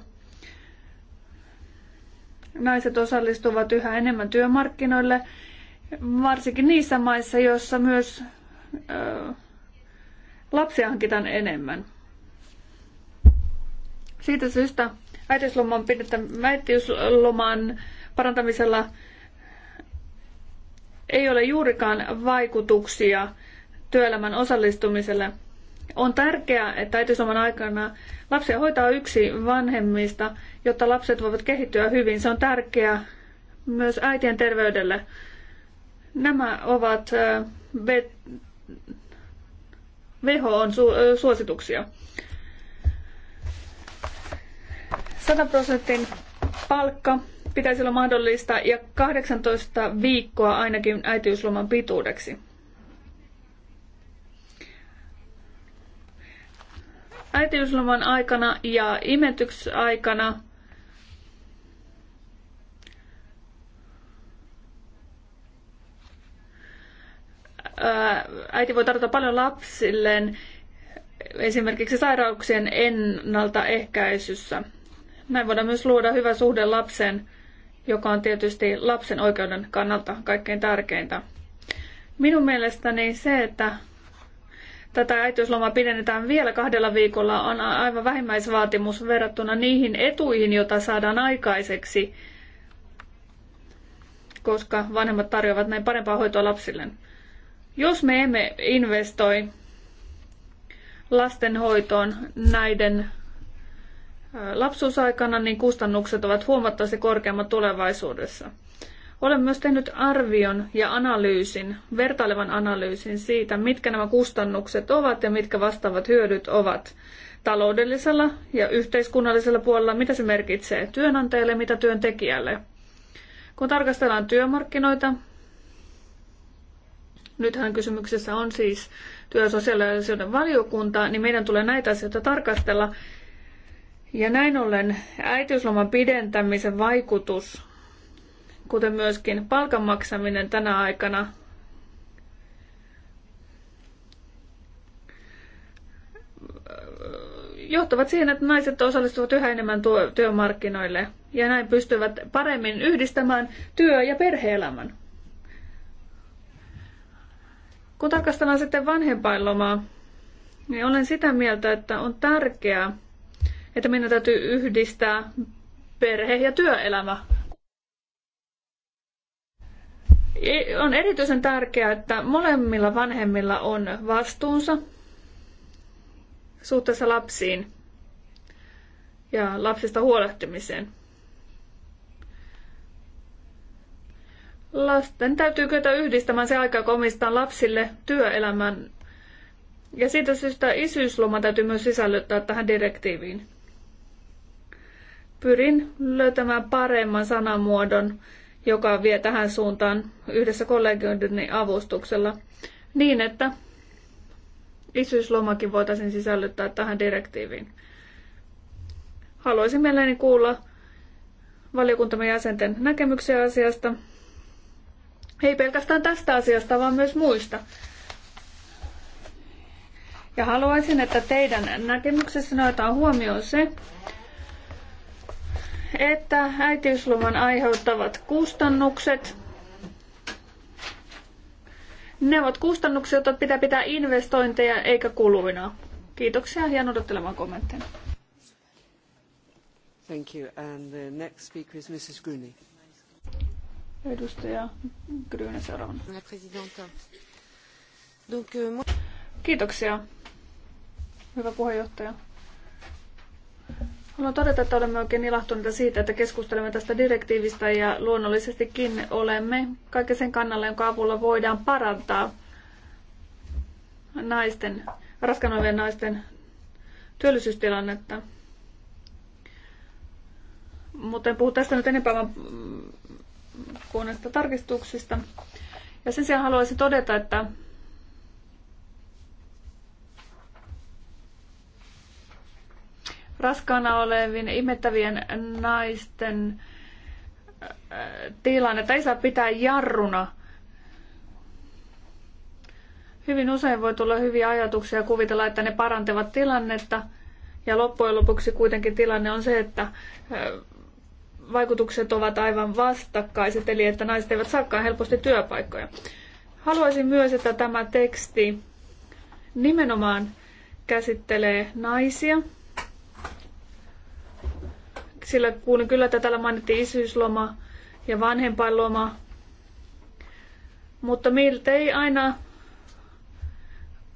[SPEAKER 2] Naiset osallistuvat yhä enemmän työmarkkinoille, varsinkin niissä maissa, joissa myös ö, lapsia hankitaan enemmän. Siitä syystä äitiysloman, pidettä, äitiysloman parantamisella ei ole juurikaan vaikutuksia työelämän osallistumiselle. On tärkeää, että äitiysloman aikana lapsia hoitaa yksi vanhemmista, jotta lapset voivat kehittyä hyvin. Se on tärkeää myös äitien terveydelle. Nämä ovat WHO suosituksia. 100 prosentin palkka pitäisi olla mahdollista ja 18 viikkoa ainakin äitiysloman pituudeksi. Äitiysloman aikana ja imetyksaikana äiti voi tarjota paljon lapsilleen esimerkiksi sairauksien ennaltaehkäisyssä – näin voidaan myös luoda hyvä suhde lapsen, joka on tietysti lapsen oikeuden kannalta kaikkein tärkeintä. Minun mielestäni se, että tätä äitiyslomaa pidennetään vielä kahdella viikolla, on aivan vähimmäisvaatimus verrattuna niihin etuihin, joita saadaan aikaiseksi, koska vanhemmat tarjoavat näin parempaa hoitoa lapsille. Jos me emme investoi lastenhoitoon näiden lapsuusaikana, niin kustannukset ovat huomattavasti korkeammat tulevaisuudessa. Olen myös tehnyt arvion ja analyysin, vertailevan analyysin siitä, mitkä nämä kustannukset ovat ja mitkä vastaavat hyödyt ovat taloudellisella ja yhteiskunnallisella puolella, mitä se merkitsee työnantajalle ja mitä työntekijälle. Kun tarkastellaan työmarkkinoita, nythän kysymyksessä on siis työ- ja sosiaalisuuden valiokunta, niin meidän tulee näitä asioita tarkastella ja näin ollen äitiysloman pidentämisen vaikutus, kuten myöskin palkan maksaminen tänä aikana, johtavat siihen, että naiset osallistuvat yhä enemmän työmarkkinoille ja näin pystyvät paremmin yhdistämään työ- ja perheelämän. Kun tarkastellaan sitten vanhempainlomaa, niin olen sitä mieltä, että on tärkeää, että minä täytyy yhdistää perhe- ja työelämä. On erityisen tärkeää, että molemmilla vanhemmilla on vastuunsa suhteessa lapsiin ja lapsista huolehtimiseen. Lasten täytyy kyetä yhdistämään se aika, kun omistaan lapsille työelämän. Ja siitä syystä isyysloma täytyy myös sisällyttää tähän direktiiviin pyrin löytämään paremman sanamuodon, joka vie tähän suuntaan yhdessä kollegioideni avustuksella niin, että isyyslomakin voitaisiin sisällyttää tähän direktiiviin. Haluaisin mielelläni kuulla valiokuntamme jäsenten näkemyksiä asiasta. Ei pelkästään tästä asiasta, vaan myös muista. Ja haluaisin, että teidän näkemyksessä otetaan huomioon se, että äitiysluvan aiheuttavat kustannukset ne ovat kustannuksia, joita pitää pitää investointeja eikä kuluina. Kiitoksia ja odottelemaan kommentteja.
[SPEAKER 1] Thank you. And the next speaker is Mrs. Gruny. Edustaja Gruny seuraavana.
[SPEAKER 2] Euh, Kiitoksia, hyvä puheenjohtaja. Haluan todeta, että olemme oikein ilahtuneita siitä, että keskustelemme tästä direktiivistä ja luonnollisestikin olemme kaiken sen kannalla, jonka avulla voidaan parantaa naisten, raskanoivien naisten työllisyystilannetta. Mutta en puhu tästä nyt enempää, vaan kuin näistä tarkistuksista. Ja sen sijaan haluaisin todeta, että raskaana olevien imettävien naisten äh, tilannetta ei saa pitää jarruna. Hyvin usein voi tulla hyviä ajatuksia ja kuvitella, että ne parantavat tilannetta. Ja loppujen lopuksi kuitenkin tilanne on se, että äh, vaikutukset ovat aivan vastakkaiset, eli että naiset eivät saakaan helposti työpaikkoja. Haluaisin myös, että tämä teksti nimenomaan käsittelee naisia sillä kuulin kyllä, että täällä mainittiin isyysloma ja vanhempainloma, mutta miltei aina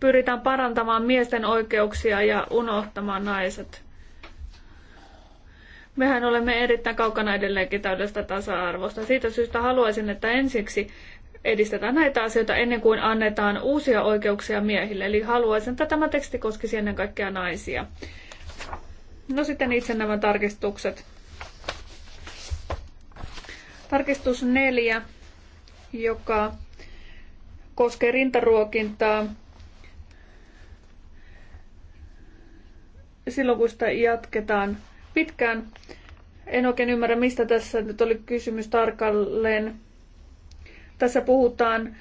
[SPEAKER 2] pyritään parantamaan miesten oikeuksia ja unohtamaan naiset. Mehän olemme erittäin kaukana edelleenkin täydestä tasa-arvosta. Siitä syystä haluaisin, että ensiksi edistetään näitä asioita ennen kuin annetaan uusia oikeuksia miehille. Eli haluaisin, että tämä teksti koskisi ennen kaikkea naisia. No sitten itse nämä tarkistukset. Tarkistus neljä, joka koskee rintaruokintaa. Silloin kun sitä jatketaan pitkään, en oikein ymmärrä mistä tässä nyt oli kysymys tarkalleen. Tässä puhutaan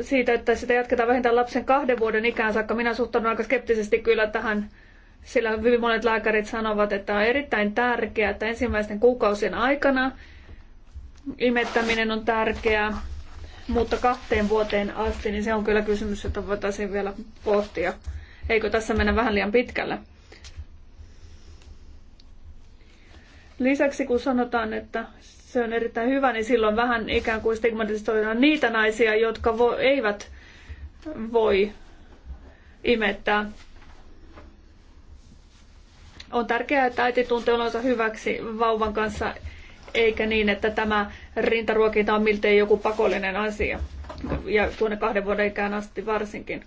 [SPEAKER 2] siitä, että sitä jatketaan vähintään lapsen kahden vuoden ikään saakka. Minä suhtaudun aika skeptisesti kyllä tähän sillä hyvin monet lääkärit sanovat, että on erittäin tärkeää, että ensimmäisten kuukausien aikana imettäminen on tärkeää, mutta kahteen vuoteen asti, niin se on kyllä kysymys, jota voitaisiin vielä pohtia. Eikö tässä mennä vähän liian pitkälle? Lisäksi kun sanotaan, että se on erittäin hyvä, niin silloin vähän ikään kuin stigmatisoidaan niitä naisia, jotka vo- eivät voi imettää on tärkeää, että äiti tuntee olonsa hyväksi vauvan kanssa, eikä niin, että tämä rintaruokinta on miltei joku pakollinen asia. Ja tuonne kahden vuoden ikään asti varsinkin.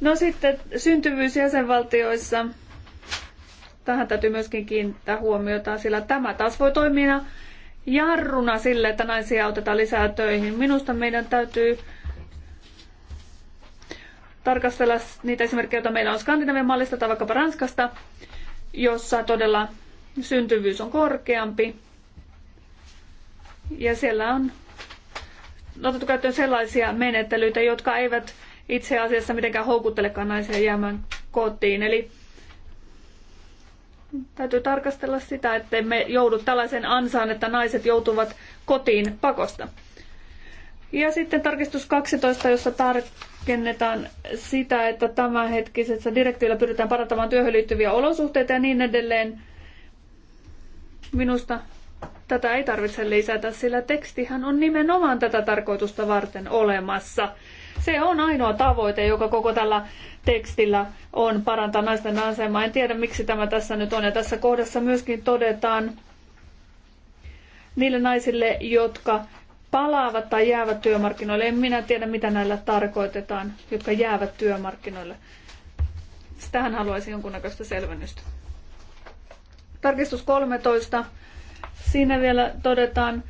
[SPEAKER 2] No sitten syntyvyys jäsenvaltioissa. Tähän täytyy myöskin kiinnittää huomiota, sillä tämä taas voi toimia jarruna sille, että naisia otetaan lisää töihin. Minusta meidän täytyy tarkastella niitä esimerkkejä, joita meillä on Skandinavian mallista tai vaikkapa Ranskasta, jossa todella syntyvyys on korkeampi. Ja siellä on otettu käyttöön sellaisia menettelyitä, jotka eivät itse asiassa mitenkään houkuttelekaan naisia jäämään kotiin. Eli täytyy tarkastella sitä, ettei me joudu tällaisen ansaan, että naiset joutuvat kotiin pakosta. Ja sitten tarkistus 12, jossa tarkennetaan sitä, että tämänhetkisessä direktiivillä pyritään parantamaan työhön liittyviä olosuhteita ja niin edelleen. Minusta tätä ei tarvitse lisätä, sillä tekstihän on nimenomaan tätä tarkoitusta varten olemassa. Se on ainoa tavoite, joka koko tällä tekstillä on parantaa naisten asemaa. En tiedä, miksi tämä tässä nyt on. Ja tässä kohdassa myöskin todetaan niille naisille, jotka palaavat tai jäävät työmarkkinoille. En minä tiedä, mitä näillä tarkoitetaan, jotka jäävät työmarkkinoille. Tähän haluaisin jonkunnäköistä selvennystä. Tarkistus 13. Siinä vielä todetaan,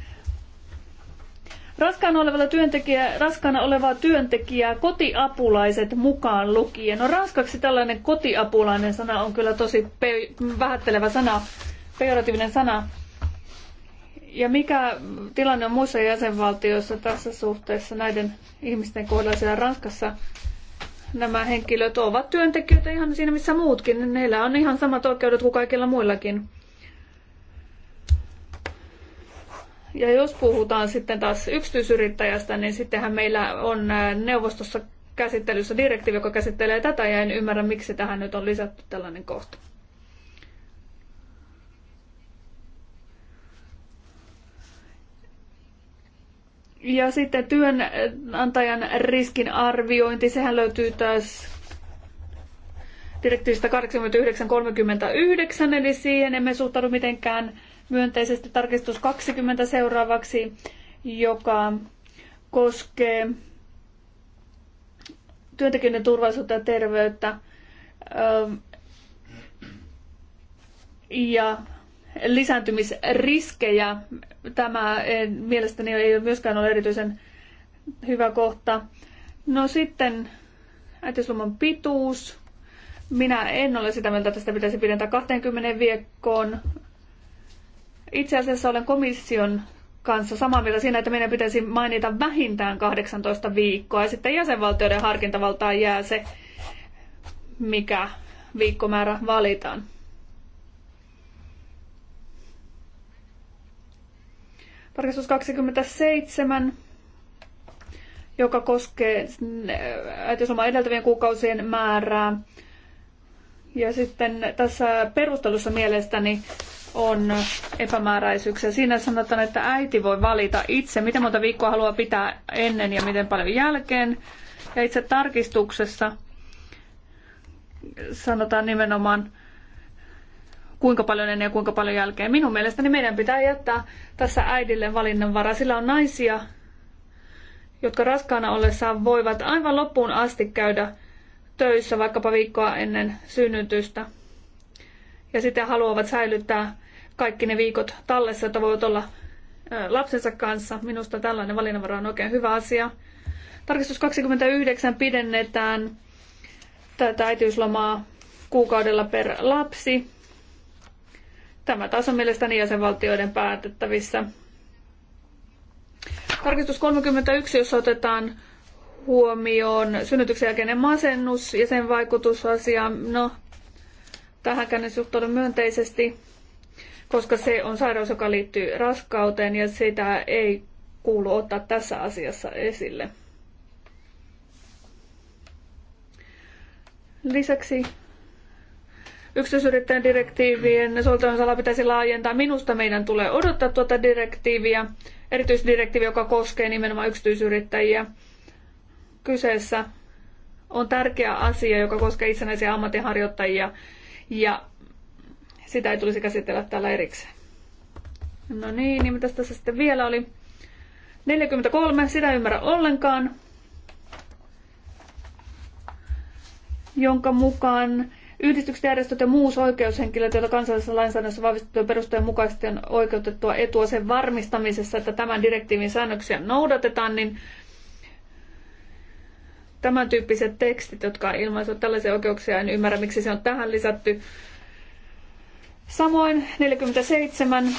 [SPEAKER 2] Raskaana, olevalla työntekijä, raskaana olevaa työntekijää kotiapulaiset mukaan lukien. No raskaksi tällainen kotiapulainen sana on kyllä tosi pe- vähättelevä sana, pejoratiivinen sana. Ja mikä tilanne on muissa jäsenvaltioissa tässä suhteessa näiden ihmisten kohdalla siellä Ranskassa? Nämä henkilöt ovat työntekijöitä ihan siinä missä muutkin. Heillä on ihan samat oikeudet kuin kaikilla muillakin. Ja jos puhutaan sitten taas yksityisyrittäjästä, niin sittenhän meillä on neuvostossa käsittelyssä direktiivi, joka käsittelee tätä, ja en ymmärrä, miksi tähän nyt on lisätty tällainen kohta. Ja sitten työnantajan riskin arviointi, sehän löytyy taas direktiivistä 8939, eli siihen emme suhtaudu mitenkään myönteisesti tarkistus 20 seuraavaksi, joka koskee työntekijöiden turvallisuutta ja terveyttä. Öö, ja lisääntymisriskejä. Tämä eh, mielestäni ei myöskään ole erityisen hyvä kohta. No sitten äitiysloman pituus. Minä en ole sitä mieltä, että sitä pitäisi pidentää 20 viikkoon. Itse asiassa olen komission kanssa samaa mieltä siinä, että meidän pitäisi mainita vähintään 18 viikkoa ja sitten jäsenvaltioiden harkintavaltaan jää se, mikä viikkomäärä valitaan. Tarkistus 27, joka koskee äitiyslomaa edeltävien kuukausien määrää. Ja sitten tässä perustelussa mielestäni on epämääräisyyksiä. Siinä sanotaan, että äiti voi valita itse, miten monta viikkoa haluaa pitää ennen ja miten paljon jälkeen. Ja itse tarkistuksessa sanotaan nimenomaan, kuinka paljon ennen ja kuinka paljon jälkeen. Minun mielestäni meidän pitää jättää tässä äidille valinnanvara, sillä on naisia, jotka raskaana ollessaan voivat aivan loppuun asti käydä töissä vaikkapa viikkoa ennen synnytystä. Ja sitten haluavat säilyttää kaikki ne viikot tallessa, että voivat olla lapsensa kanssa. Minusta tällainen valinnanvara on oikein hyvä asia. Tarkistus 29 pidennetään tätä äitiyslomaa kuukaudella per lapsi. Tämä taas on mielestäni jäsenvaltioiden päätettävissä. Tarkistus 31, jossa otetaan huomioon synnytyksen jälkeinen masennus ja sen vaikutusasia. No, tähänkään en suhtaudun myönteisesti, koska se on sairaus, joka liittyy raskauteen ja sitä ei kuulu ottaa tässä asiassa esille. Lisäksi yksityisyrittäjän direktiivien soveltamisala pitäisi laajentaa. Minusta meidän tulee odottaa tuota direktiiviä, erityisdirektiivi, joka koskee nimenomaan yksityisyrittäjiä. Kyseessä on tärkeä asia, joka koskee itsenäisiä ammatinharjoittajia ja sitä ei tulisi käsitellä täällä erikseen. No niin, niin mitä tässä sitten vielä oli? 43, sitä ymmärrä ollenkaan. jonka mukaan Yhdistykset, järjestöt ja muut oikeushenkilöt, joita kansallisessa lainsäädännössä vahvistettujen perustojen mukaisesti on oikeutettua etua sen varmistamisessa, että tämän direktiivin säännöksiä noudatetaan, niin tämän tyyppiset tekstit, jotka ilmaisivat tällaisia oikeuksia, en ymmärrä, miksi se on tähän lisätty. Samoin 47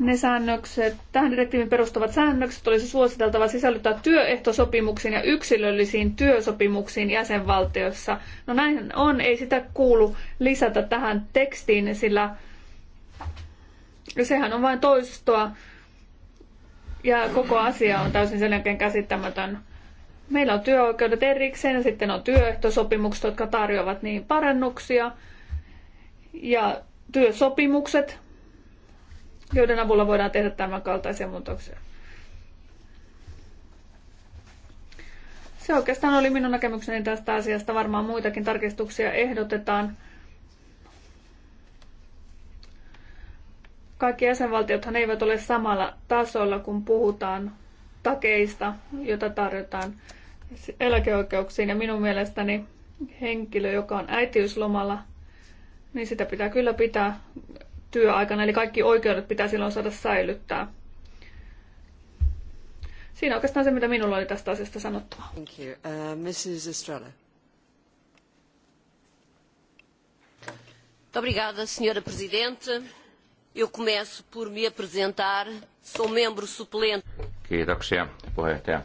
[SPEAKER 2] ne säännökset, tähän direktiivin perustuvat säännökset olisi suositeltava sisällyttää työehtosopimuksiin ja yksilöllisiin työsopimuksiin jäsenvaltioissa. No näin on, ei sitä kuulu lisätä tähän tekstiin, sillä sehän on vain toistoa ja koko asia on täysin sen jälkeen käsittämätön. Meillä on työoikeudet erikseen ja sitten on työehtosopimukset, jotka tarjoavat niin parannuksia ja työsopimukset, joiden avulla voidaan tehdä tämän kaltaisia muutoksia. Se oikeastaan oli minun näkemykseni tästä asiasta. Varmaan muitakin tarkistuksia ehdotetaan. Kaikki jäsenvaltiothan eivät ole samalla tasolla, kun puhutaan takeista, joita tarjotaan eläkeoikeuksiin. Ja minun mielestäni henkilö, joka on äitiyslomalla, niin sitä pitää kyllä pitää työaikana, eli kaikki oikeudet pitää silloin saada säilyttää. Siinä oikeastaan se, mitä minulla oli tästä asiasta sanottua.
[SPEAKER 1] Thank you. Uh, Mrs. Estrella. Obrigada, senhora presidente. Eu começo por me apresentar. Sou membro suplente.
[SPEAKER 5] Kiitoksia, puheenjohtaja.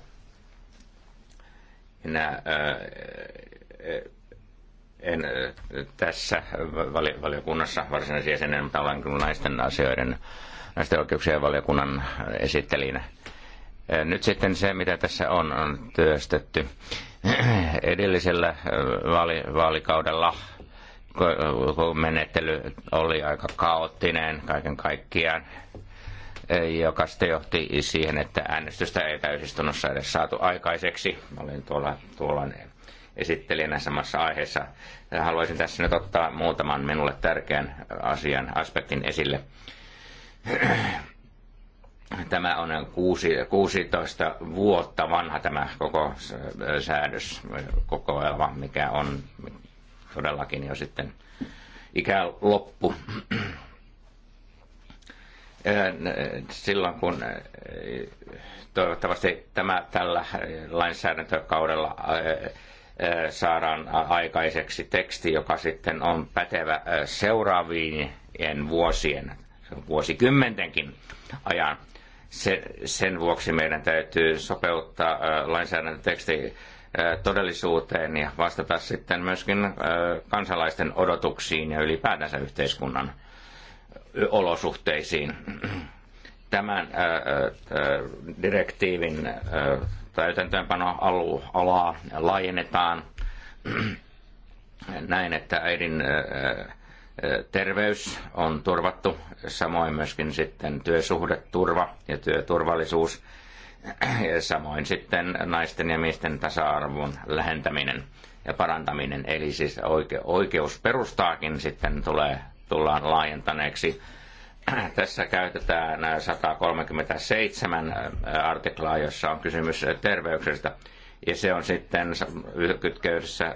[SPEAKER 5] Minä äh, en tässä valiokunnassa varsinaisen jäsenen, mutta olen kyllä naisten asioiden, naisten oikeuksien valiokunnan esittelijänä. Nyt sitten se, mitä tässä on, on työstetty. Edellisellä vaali, vaalikaudella menettely oli aika kaoottinen kaiken kaikkiaan, joka sitten johti siihen, että äänestystä ei täysistunnossa edes saatu aikaiseksi. Olin tuolla, tuollainen esittelijänä samassa aiheessa. Haluaisin tässä nyt ottaa muutaman minulle tärkeän asian aspektin esille. Tämä on 16 vuotta vanha tämä koko säädös, säädöskokoelma, mikä on todellakin jo sitten ikään loppu silloin kun toivottavasti tämä tällä lainsäädäntökaudella saadaan aikaiseksi teksti, joka sitten on pätevä seuraaviin vuosien, vuosikymmentenkin ajan. Se, sen vuoksi meidän täytyy sopeuttaa lainsäädäntöteksti todellisuuteen ja vastata sitten myöskin kansalaisten odotuksiin ja ylipäätänsä yhteiskunnan olosuhteisiin. Tämän direktiivin alaa laajennetaan näin, että äidin terveys on turvattu, samoin myöskin sitten työsuhdeturva ja työturvallisuus, ja samoin sitten naisten ja miesten tasa-arvon lähentäminen ja parantaminen, eli siis oikeus perustaakin sitten tulee, tullaan laajentaneeksi tässä käytetään 137 äh, artiklaa, jossa on kysymys äh, terveyksestä. Ja se on sitten kytköksessä,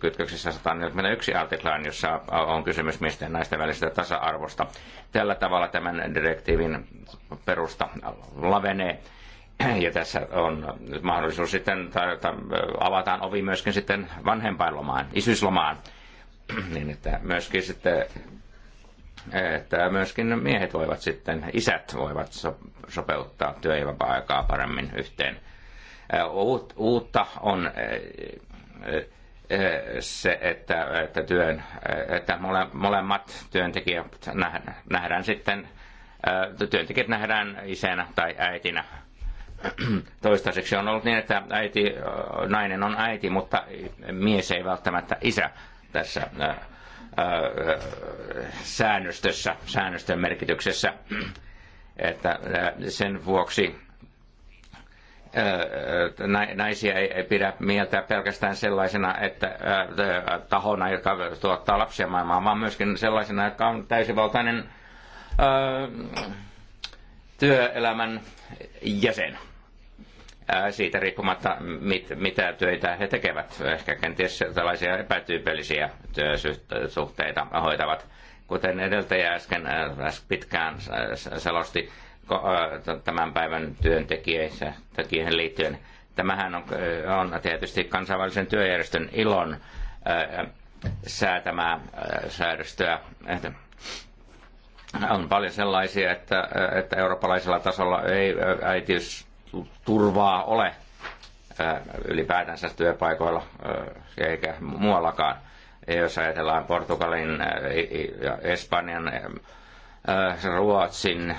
[SPEAKER 5] kytköksessä 141 artiklaan, jossa on kysymys miesten ja naisten välisestä tasa-arvosta. Tällä tavalla tämän direktiivin perusta lavenee. Ja tässä on mahdollisuus sitten, että avataan ovi myöskin sitten vanhempainlomaan, isyyslomaan, niin että myöskin sitten että myöskin miehet voivat sitten, isät voivat sopeuttaa työ- ja vapaa-aikaa paremmin yhteen. Uutta on se, että, että, työn, että molemmat työntekijät nähdään sitten, työntekijät nähdään isänä tai äitinä. Toistaiseksi on ollut niin, että äiti, nainen on äiti, mutta mies ei välttämättä isä tässä säännöstössä, säännöstön merkityksessä, että sen vuoksi naisia ei pidä mieltää pelkästään sellaisena, että tahona, joka tuottaa lapsia maailmaan, vaan myöskin sellaisena, joka on täysivaltainen työelämän jäsen siitä riippumatta, mit, mitä töitä he tekevät. Ehkä kenties tällaisia epätyypillisiä työsuhteita hoitavat. Kuten edeltäjä äsken pitkään selosti tämän päivän työntekijöihin liittyen, tämähän on, on tietysti kansainvälisen työjärjestön ilon säätämää säädöstöä. On paljon sellaisia, että, että eurooppalaisella tasolla ei äitiys turvaa ole ylipäätänsä työpaikoilla eikä muuallakaan. Jos ajatellaan Portugalin, Espanjan, Ruotsin,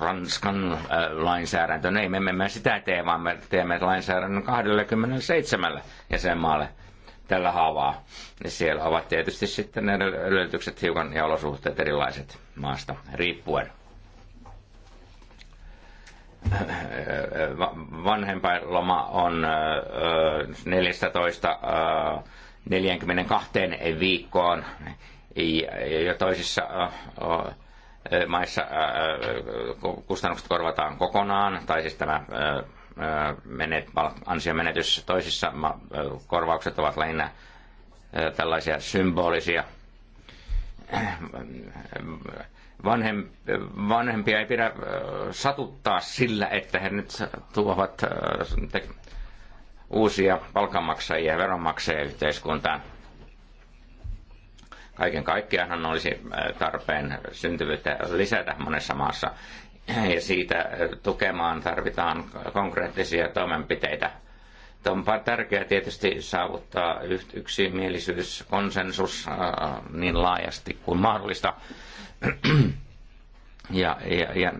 [SPEAKER 5] Ranskan lainsäädäntö, niin me emme sitä tee, vaan me teemme lainsäädännön 27 jäsenmaalle tällä haavaa. Ja siellä ovat tietysti sitten ne edellytykset hiukan ja olosuhteet erilaiset maasta riippuen. Äh, äh, vanhempainloma on 14 äh, 42 viikkoon ja toisissa maissa kustannukset korvataan kokonaan, tai siis tämä ansiomenetys toisissa korvaukset ovat lähinnä tällaisia symbolisia vanhempia ei pidä satuttaa sillä, että he nyt tuovat uusia palkanmaksajia ja veronmaksajia yhteiskuntaan. Kaiken kaikkiaanhan olisi tarpeen syntyvyyttä lisätä monessa maassa ja siitä tukemaan tarvitaan konkreettisia toimenpiteitä. On tärkeää tietysti saavuttaa yksimielisyys, konsensus niin laajasti kuin mahdollista ja, ja, ja,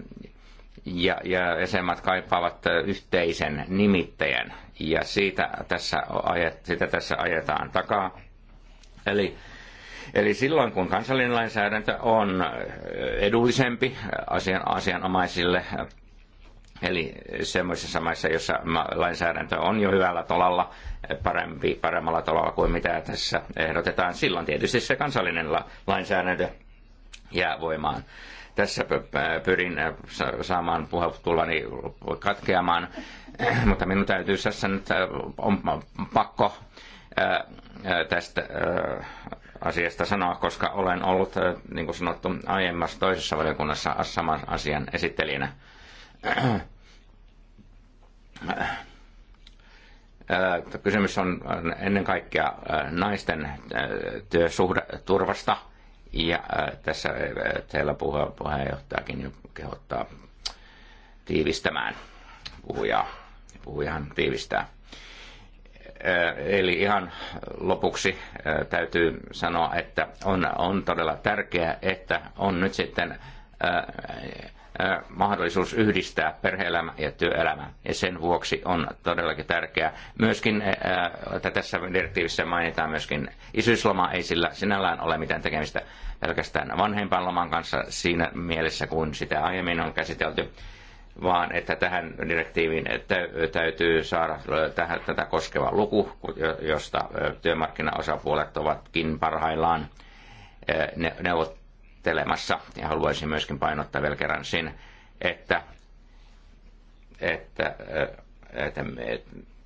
[SPEAKER 5] ja, ja jäsenmaat kaipaavat yhteisen nimittäjän ja siitä tässä, ajet, sitä tässä ajetaan takaa. Eli, eli silloin kun kansallinen lainsäädäntö on edullisempi asian, asianomaisille, eli semmoisissa maissa, joissa lainsäädäntö on jo hyvällä tolalla, parempi, paremmalla tolalla kuin mitä tässä ehdotetaan, silloin tietysti se kansallinen lainsäädäntö jää voimaan. Tässä pyrin äh, saamaan puheenvuoroni katkeamaan, mutta minun täytyy tässä nyt, äh, on pakko äh, tästä asiasta sanoa, koska olen ollut, niin kuin sanottu, aiemmassa toisessa valiokunnassa saman asian esittelijänä. Kysymys on ennen kaikkea naisten työsuhdeturvasta ja tässä teillä puhe, puheenjohtajakin jo kehottaa tiivistämään puhujaa. Puhujahan tiivistää. Eli ihan lopuksi täytyy sanoa, että on, on todella tärkeää, että on nyt sitten mahdollisuus yhdistää perhe-elämä ja työelämä. Ja sen vuoksi on todellakin tärkeää. Myöskin että tässä direktiivissä mainitaan myöskin isyysloma, ei sillä sinällään ole mitään tekemistä pelkästään vanhempainloman kanssa siinä mielessä, kun sitä aiemmin on käsitelty vaan että tähän direktiiviin täytyy saada tähän, tätä koskeva luku, josta työmarkkinaosapuolet ovatkin parhaillaan neuvot, valmistelemassa. Ja haluaisin myöskin painottaa vielä kerran sen, että, että, että,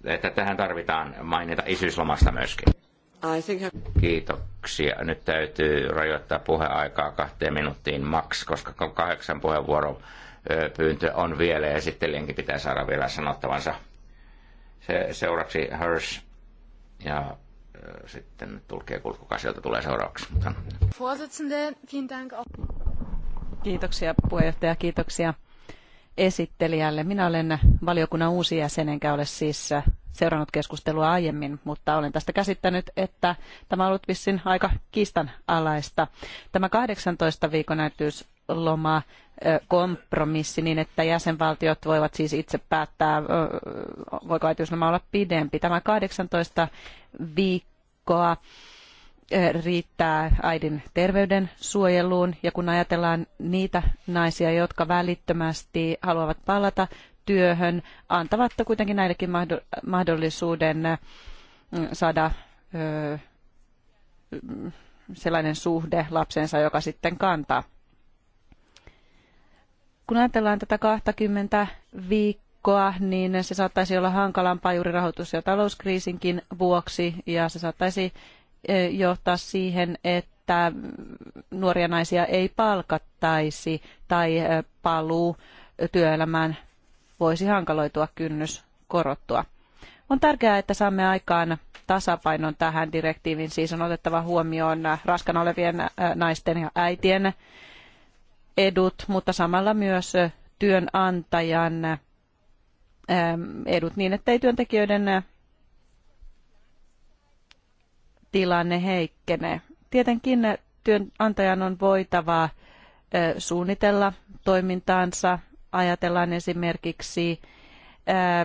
[SPEAKER 5] että tähän tarvitaan mainita isyyslomasta myöskin. Kiitoksia. Nyt täytyy rajoittaa puheaikaa kahteen minuuttiin maks, koska kahdeksan puheenvuoron pyyntö on vielä ja esittelijänkin pitää saada vielä sanottavansa. Se, seuraksi Hirsch ja sitten tulkien sieltä tulee seuraavaksi.
[SPEAKER 6] Kiitoksia puheenjohtaja, kiitoksia esittelijälle. Minä olen valiokunnan uusi jäsen, enkä ole siis seurannut keskustelua aiemmin, mutta olen tästä käsittänyt, että tämä on ollut vissin aika kiistanalaista. Tämä 18 viikon näytysloma kompromissi niin, että jäsenvaltiot voivat siis itse päättää, voiko äitiysloma olla pidempi. Tämä 18 viikkoa viikkoa riittää äidin terveyden suojeluun ja kun ajatellaan niitä naisia, jotka välittömästi haluavat palata työhön, antavat kuitenkin näillekin mahdollisuuden saada sellainen suhde lapsensa, joka sitten kantaa. Kun ajatellaan tätä 20 viikkoa, joukkoa, niin se saattaisi olla hankalampaa juuri rahoitus- ja talouskriisinkin vuoksi, ja se saattaisi eh, johtaa siihen, että nuoria naisia ei palkattaisi tai eh, paluu työelämään voisi hankaloitua kynnys korottua. On tärkeää, että saamme aikaan tasapainon tähän direktiivin, siis on otettava huomioon eh, raskan olevien naisten ja äitien edut, mutta samalla myös työnantajan Ähm, edut niin, ettei työntekijöiden äh, tilanne heikkene. Tietenkin äh, työnantajan on voitava äh, suunnitella toimintaansa. Ajatellaan esimerkiksi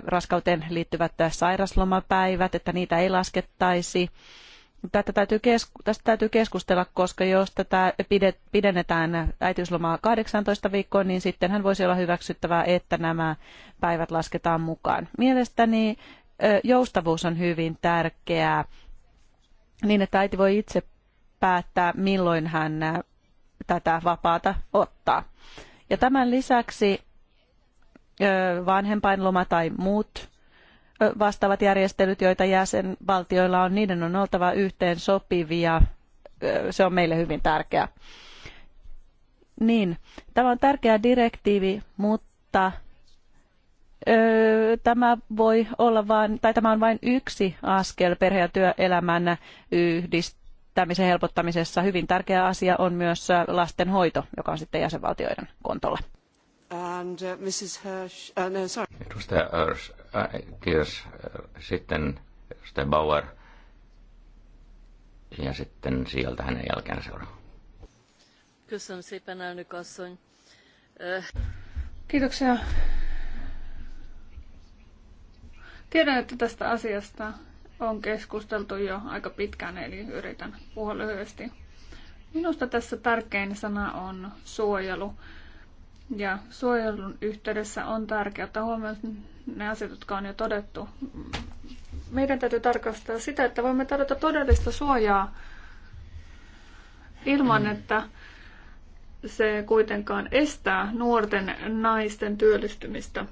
[SPEAKER 6] raskauteen liittyvät sairaslomapäivät, että niitä ei laskettaisi tätä täytyy kesku- tästä täytyy keskustella, koska jos tätä pidennetään äitiyslomaa 18 viikkoa, niin sitten hän voisi olla hyväksyttävää, että nämä päivät lasketaan mukaan. Mielestäni joustavuus on hyvin tärkeää, niin että äiti voi itse päättää, milloin hän tätä vapaata ottaa. Ja tämän lisäksi vanhempainloma tai muut vastaavat järjestelyt, joita jäsenvaltioilla on, niiden on oltava yhteen sopivia. Se on meille hyvin tärkeää. Niin, tämä on tärkeä direktiivi, mutta öö, tämä voi olla vain, tai tämä on vain yksi askel perhe- ja työelämän yhdistämisen helpottamisessa. Hyvin tärkeä asia on myös lasten hoito, joka on sitten jäsenvaltioiden kontolla.
[SPEAKER 1] And, uh, Mrs. Hirsch, uh, no, sorry.
[SPEAKER 5] Edustaja Hirsch, Kiitos. Sitten Sten Bauer. Ja sitten sieltä hänen jälkeen seuraava.
[SPEAKER 1] Köszönöm szépen, elnök
[SPEAKER 2] asszony. Kiitoksia. Tiedän, että tästä asiasta on keskusteltu jo aika pitkään, eli yritän puhua lyhyesti. Minusta tässä tärkein sana on suojelu. Ja suojelun yhteydessä on tärkeää että huomioon ne asiat, jotka on jo todettu. Meidän täytyy tarkastaa sitä, että voimme tarjota todellista suojaa ilman, mm. että se kuitenkaan estää nuorten naisten työllistymistä.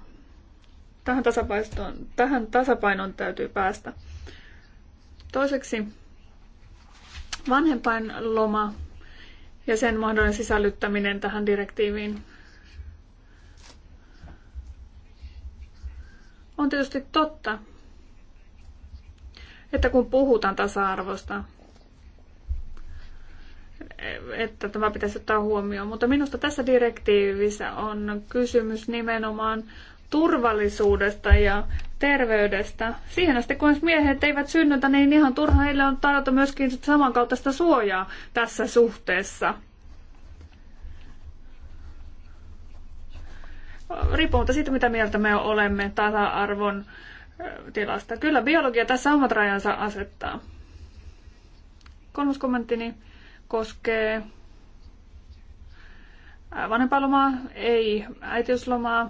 [SPEAKER 2] Tähän tasapainoon, tähän tasapainoon täytyy päästä. Toiseksi vanhempainloma ja sen mahdollinen sisällyttäminen tähän direktiiviin On tietysti totta, että kun puhutaan tasa-arvosta, että tämä pitäisi ottaa huomioon. Mutta minusta tässä direktiivissä on kysymys nimenomaan turvallisuudesta ja terveydestä. Siihen asti, kun miehet eivät synnytä, niin ihan turha heille on tarjota myöskin samankaltaista suojaa tässä suhteessa. riippumatta siitä, mitä mieltä me olemme tasa-arvon tilasta. Kyllä biologia tässä omat rajansa asettaa. Kolmas kommenttini koskee vanhempainlomaa, ei äitiyslomaa.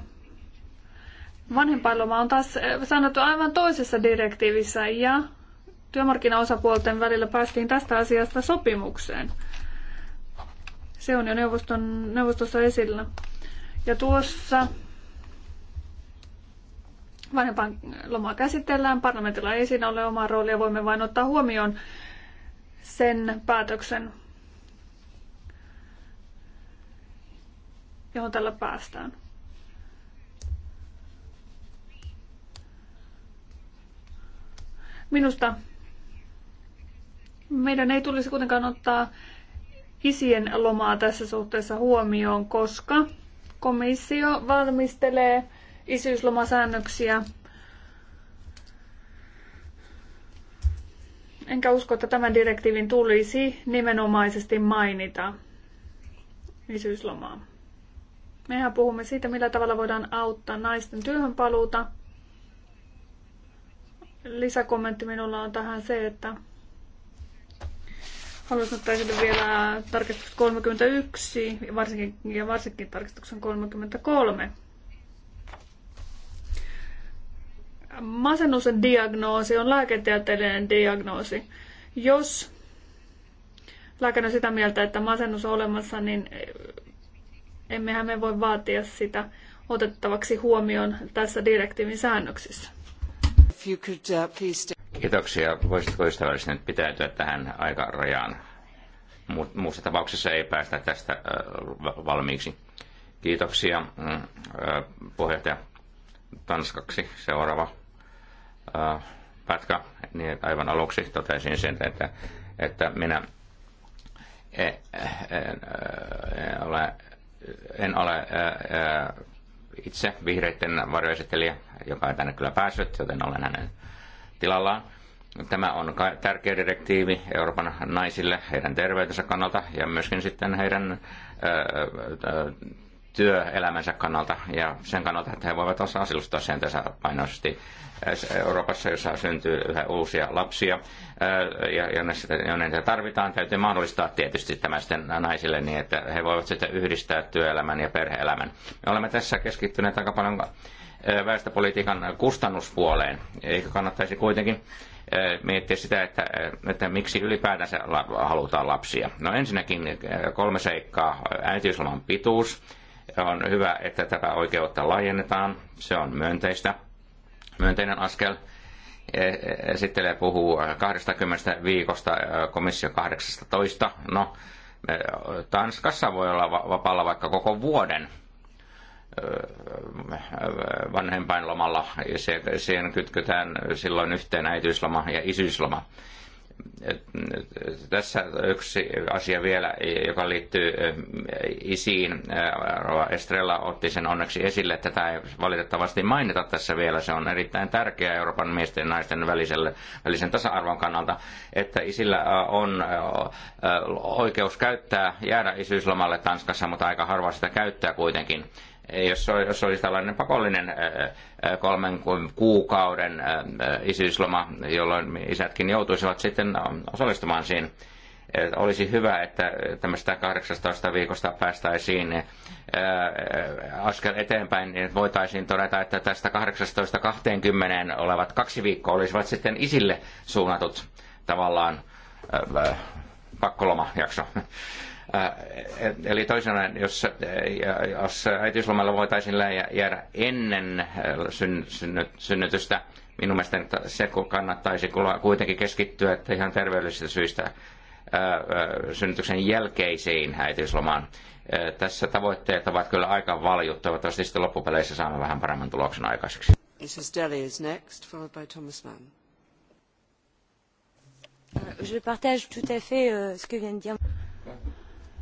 [SPEAKER 2] Vanhempainloma on taas sanottu aivan toisessa direktiivissä ja työmarkkinaosapuolten välillä päästiin tästä asiasta sopimukseen. Se on jo neuvoston, neuvostossa esillä. Ja tuossa vanhempaan lomaa käsitellään. Parlamentilla ei siinä ole omaa roolia. Voimme vain ottaa huomioon sen päätöksen, johon tällä päästään. Minusta meidän ei tulisi kuitenkaan ottaa isien lomaa tässä suhteessa huomioon, koska komissio valmistelee isyyslomasäännöksiä. Enkä usko, että tämän direktiivin tulisi nimenomaisesti mainita isyyslomaa. Mehän puhumme siitä, millä tavalla voidaan auttaa naisten työhönpaluuta. Lisäkommentti minulla on tähän se, että Haluaisin ottaa esille vielä tarkistuksen 31 ja varsinkin, ja varsinkin tarkistuksen 33. Masennuksen diagnoosi on lääketieteellinen diagnoosi. Jos lääkäri on sitä mieltä, että masennus on olemassa, niin emmehän me voi vaatia sitä otettavaksi huomioon tässä direktiivin säännöksissä.
[SPEAKER 1] If you could, uh,
[SPEAKER 5] Kiitoksia. Voisitko ystävällisesti nyt pitäytyä tähän aikarajaan? Muussa tapauksessa ei päästä tästä valmiiksi. Kiitoksia mm, puheenjohtaja Tanskaksi. Seuraava pätkä. Niin aivan aluksi totesin sen, että, että minä e, e, en, en, ole, en ole itse vihreiden varjoesittelijä, joka ei tänne kyllä päässyt, joten olen hänen tilallaan. Tämä on tärkeä direktiivi Euroopan naisille heidän terveytensä kannalta ja myöskin sitten heidän työelämänsä kannalta ja sen kannalta, että he voivat osaa asiallistaa sen tasapainoisesti Euroopassa, jossa syntyy yhä uusia lapsia ja jonne niitä tarvitaan. Täytyy mahdollistaa tietysti tämä sitten naisille niin, että he voivat sitten yhdistää työelämän ja perheelämän. Me olemme tässä keskittyneet aika paljon väestöpolitiikan kustannuspuoleen. Eikö kannattaisi kuitenkin miettiä sitä, että, että miksi ylipäätänsä halutaan lapsia. No ensinnäkin kolme seikkaa. Äitiysloman pituus. On hyvä, että tätä oikeutta laajennetaan. Se on myönteistä. Myönteinen askel. E, esittelee puhuu 20 viikosta, komissio 18. No, Tanskassa voi olla vapaalla vaikka koko vuoden vanhempainlomalla ja siihen kytketään silloin yhteen äitiysloma ja isyysloma. Tässä yksi asia vielä, joka liittyy isiin. Estrella otti sen onneksi esille. Tätä ei valitettavasti mainita tässä vielä. Se on erittäin tärkeää Euroopan miesten ja naisten väliselle, välisen tasa-arvon kannalta, että isillä on oikeus käyttää, jäädä isyyslomalle Tanskassa, mutta aika harva sitä käyttää kuitenkin jos, jos olisi tällainen pakollinen kolmen kuukauden isyysloma, jolloin isätkin joutuisivat sitten osallistumaan siihen. Olisi hyvä, että tämmöistä 18 viikosta päästäisiin askel eteenpäin, niin voitaisiin todeta, että tästä 18-20 olevat kaksi viikkoa olisivat sitten isille suunnatut tavallaan pakkolomajakso. jakso Eli toisena, jos, jos äitiyslomalla voitaisiin jäädä ennen synnytystä, minun mielestäni se kannattaisi kuitenkin keskittyä että ihan terveydellisistä syistä synnytyksen jälkeisiin äitiyslomaan. Tässä tavoitteet ovat kyllä aika valjut. Toivottavasti sitten loppupeleissä saamme vähän paremman tuloksen aikaiseksi.
[SPEAKER 1] Euh, je partage tout à fait euh, ce que vient de dire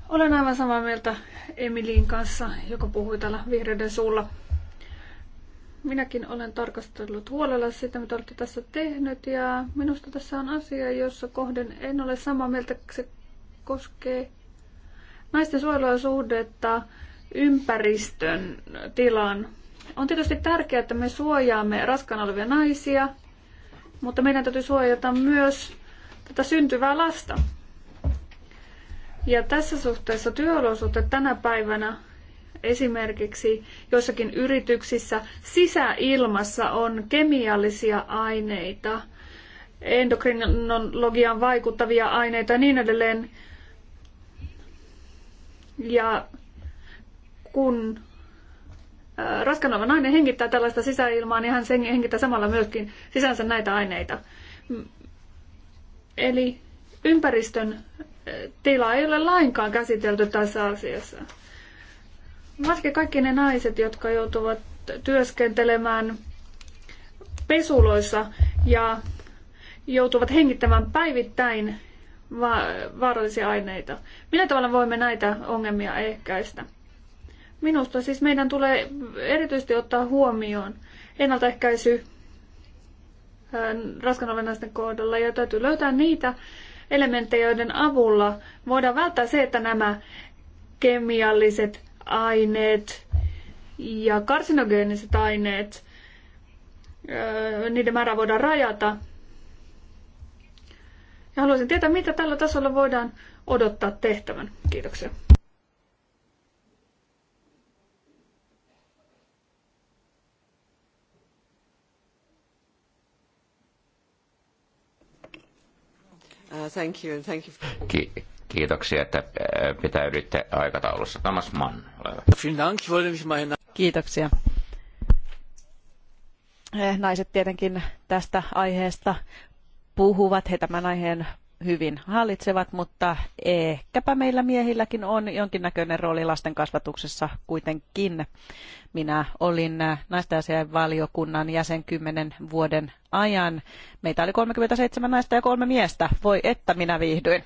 [SPEAKER 1] olen aivan samaa mieltä Emilin kanssa,
[SPEAKER 2] joka puhui täällä vihreiden suulla. Minäkin olen tarkastellut huolella sitä, mitä olette tässä tehnyt, ja minusta tässä on asia, jossa kohden en ole samaa mieltä, se koskee naisten suojelua suhdetta ympäristön tilaan. On tietysti tärkeää, että me suojaamme raskaana olevia naisia, mutta meidän täytyy suojata myös tätä syntyvää lasta. Ja tässä suhteessa työolosuhteet tänä päivänä esimerkiksi joissakin yrityksissä sisäilmassa on kemiallisia aineita, endokrinologiaan vaikuttavia aineita ja niin edelleen. Ja kun raskanova nainen hengittää tällaista sisäilmaa, niin hän hengittää samalla myöskin sisänsä näitä aineita. Eli ympäristön tila ei ole lainkaan käsitelty tässä asiassa. Varsinkin kaikki ne naiset, jotka joutuvat työskentelemään pesuloissa ja joutuvat hengittämään päivittäin va- vaarallisia aineita. Millä tavalla voimme näitä ongelmia ehkäistä? Minusta siis meidän tulee erityisesti ottaa huomioon ennaltaehkäisy äh, raskanolennaisten kohdalla ja täytyy löytää niitä elementtejä, joiden avulla voidaan välttää se, että nämä kemialliset aineet ja karsinogeeniset aineet, niiden määrä voidaan rajata. Ja haluaisin tietää, mitä tällä tasolla voidaan odottaa tehtävän. Kiitoksia.
[SPEAKER 1] Uh, thank you and
[SPEAKER 6] thank you.
[SPEAKER 5] Ki- kiitoksia, että äh, pitäydytte aikataulussa. Thomas Mann, ole
[SPEAKER 6] hyvä. Kiitoksia. Eh, naiset tietenkin tästä aiheesta puhuvat. He tämän aiheen hyvin hallitsevat, mutta ehkäpä meillä miehilläkin on jonkinnäköinen rooli lasten kasvatuksessa kuitenkin. Minä olin äh, naisten valiokunnan jäsen kymmenen vuoden ajan. Meitä oli 37 naista ja kolme miestä. Voi että minä viihdyin.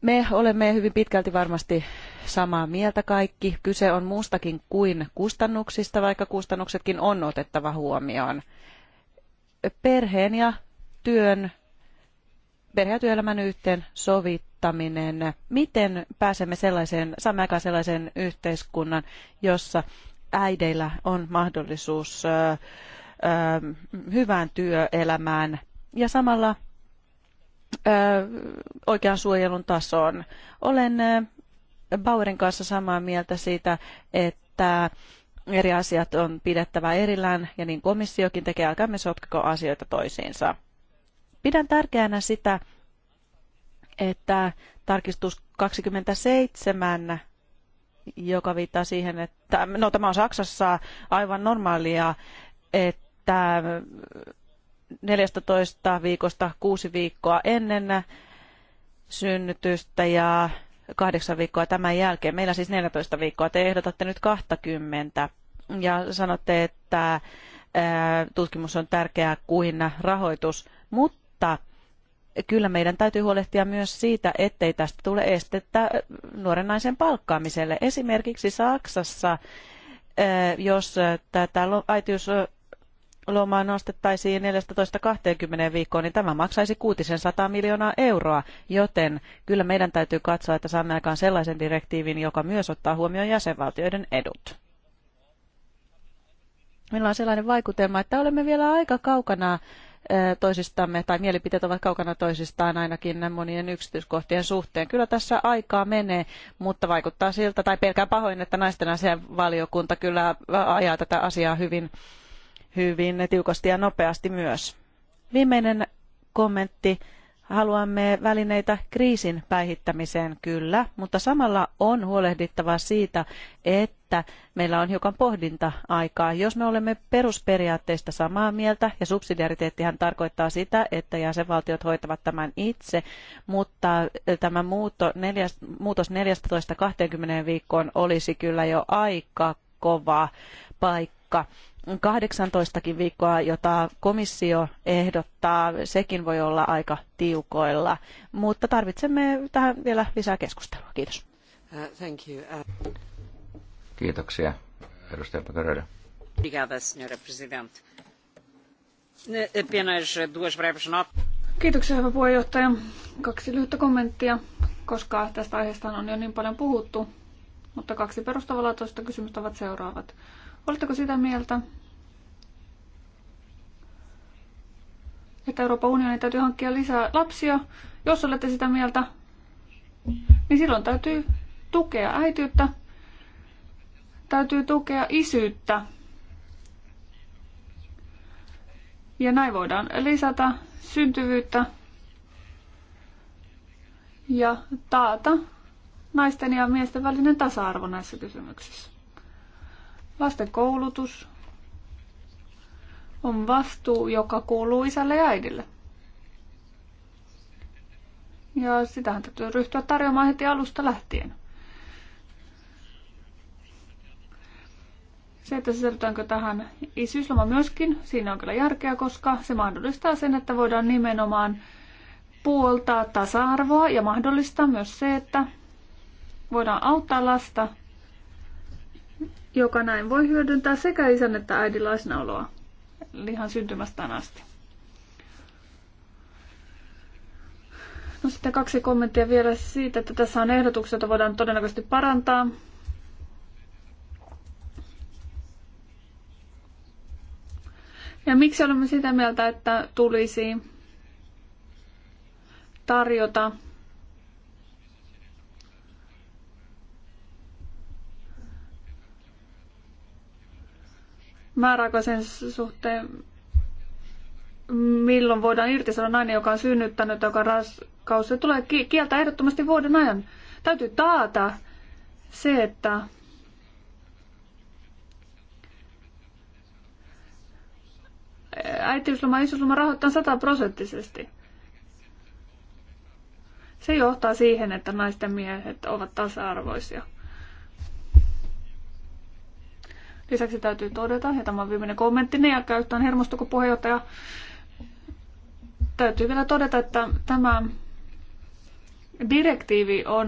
[SPEAKER 6] Me olemme hyvin pitkälti varmasti samaa mieltä kaikki. Kyse on muustakin kuin kustannuksista, vaikka kustannuksetkin on otettava huomioon. Perheen ja työn perhe- ja työelämän yhteen sovittaminen. Miten pääsemme sellaiseen, saamme aikaan sellaisen yhteiskunnan, jossa äideillä on mahdollisuus hyvään työelämään ja samalla oikean suojelun tasoon. Olen Bauerin kanssa samaa mieltä siitä, että eri asiat on pidettävä erillään ja niin komissiokin tekee, älkäämme sotkeko asioita toisiinsa. Pidän tärkeänä sitä, että tarkistus 27 joka viittaa siihen, että no tämä on Saksassa aivan normaalia, että 14 viikosta 6 viikkoa ennen synnytystä ja 8 viikkoa tämän jälkeen. Meillä siis 14 viikkoa. Te ehdotatte nyt 20 ja sanotte, että tutkimus on tärkeää kuin rahoitus, mutta mutta kyllä meidän täytyy huolehtia myös siitä, ettei tästä tule estettä nuoren naisen palkkaamiselle. Esimerkiksi Saksassa, jos tätä äitiyslomaa nostettaisiin 14-20 viikkoon, niin tämä maksaisi kuutisen 600 miljoonaa euroa, joten kyllä meidän täytyy katsoa, että saamme aikaan sellaisen direktiivin, joka myös ottaa huomioon jäsenvaltioiden edut. Meillä on sellainen vaikutelma, että olemme vielä aika kaukana toisistamme tai mielipiteet ovat kaukana toisistaan ainakin monien yksityiskohtien suhteen. Kyllä tässä aikaa menee, mutta vaikuttaa siltä tai pelkään pahoin, että naisten asian valiokunta kyllä ajaa tätä asiaa hyvin, hyvin tiukasti ja nopeasti myös. Viimeinen kommentti Haluamme välineitä kriisin päihittämiseen kyllä, mutta samalla on huolehdittava siitä, että meillä on hiukan pohdinta-aikaa. Jos me olemme perusperiaatteista samaa mieltä, ja subsidiariteettihan tarkoittaa sitä, että jäsenvaltiot hoitavat tämän itse, mutta tämä muutos 14-20 viikkoon olisi kyllä jo aika kova paikka paikka 18 viikkoa, jota komissio ehdottaa, sekin voi olla aika tiukoilla, mutta tarvitsemme tähän vielä lisää keskustelua. Kiitos.
[SPEAKER 1] Uh, thank you. Uh...
[SPEAKER 5] Kiitoksia, edustaja Pakaröydä.
[SPEAKER 7] Eh,
[SPEAKER 2] Kiitoksia, hyvä puheenjohtaja. Kaksi lyhyttä kommenttia, koska tästä aiheesta on jo niin paljon puhuttu, mutta kaksi perustavanlaatuista kysymystä ovat seuraavat. Oletteko sitä mieltä, että Euroopan unionin täytyy hankkia lisää lapsia? Jos olette sitä mieltä, niin silloin täytyy tukea äitiyttä, täytyy tukea isyyttä. Ja näin voidaan lisätä syntyvyyttä ja taata naisten ja miesten välinen tasa-arvo näissä kysymyksissä. Lasten koulutus on vastuu, joka kuuluu isälle ja äidille. Ja sitähän täytyy ryhtyä tarjoamaan heti alusta lähtien. Se, että sisällytäänkö tähän isyysloma myöskin, siinä on kyllä järkeä, koska se mahdollistaa sen, että voidaan nimenomaan puoltaa tasa-arvoa ja mahdollistaa myös se, että voidaan auttaa lasta joka näin voi hyödyntää sekä isän että äidin läsnäoloa lihan syntymästään asti. No sitten kaksi kommenttia vielä siitä, että tässä on ehdotuksia, joita voidaan todennäköisesti parantaa. Ja miksi olemme sitä mieltä, että tulisi tarjota määrääkö sen suhteen, milloin voidaan irtisanoa nainen, joka on synnyttänyt, joka on raskaus. Se tulee kieltää ehdottomasti vuoden ajan. Täytyy taata se, että äitiysloma ja isyysloma rahoittaa sataprosenttisesti. Se johtaa siihen, että naisten miehet ovat tasa-arvoisia. Lisäksi täytyy todeta, ja tämä on viimeinen kommentti, ne jälkeen yhtään hermostuko puheenjohtaja. Täytyy vielä todeta, että tämä direktiivi on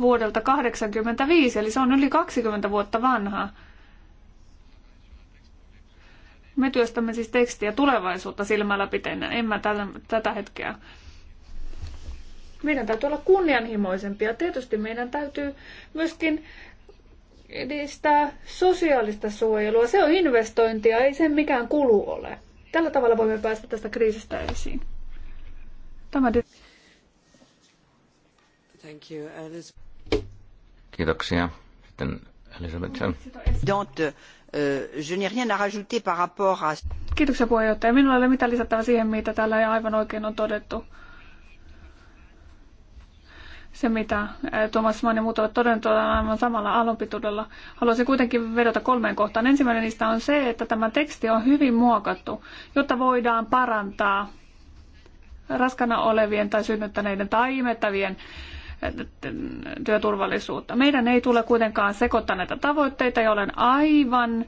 [SPEAKER 2] vuodelta 1985, eli se on yli 20 vuotta vanha. Me työstämme siis tekstiä tulevaisuutta silmällä pitenä, tätä, tätä hetkeä. Meidän täytyy olla kunnianhimoisempia. Tietysti meidän täytyy myöskin edistää sosiaalista suojelua. Se on investointia, ei sen mikään kulu ole. Tällä tavalla voimme päästä tästä kriisistä esiin.
[SPEAKER 1] Tämä
[SPEAKER 7] Thank you, Elis-
[SPEAKER 5] Kiitoksia. Sitten Elisabeth euh,
[SPEAKER 7] à
[SPEAKER 2] Kiitoksia puheenjohtaja. Minulla ei ole mitään lisättävää siihen, mitä täällä aivan oikein on todettu se, mitä Thomas Mann ja muut ovat todenneet, on aivan samalla alonpituudella. Haluaisin kuitenkin vedota kolmeen kohtaan. Ensimmäinen niistä on se, että tämä teksti on hyvin muokattu, jotta voidaan parantaa raskana olevien tai synnyttäneiden tai imettävien työturvallisuutta. Meidän ei tule kuitenkaan sekoittaa näitä tavoitteita, ja olen aivan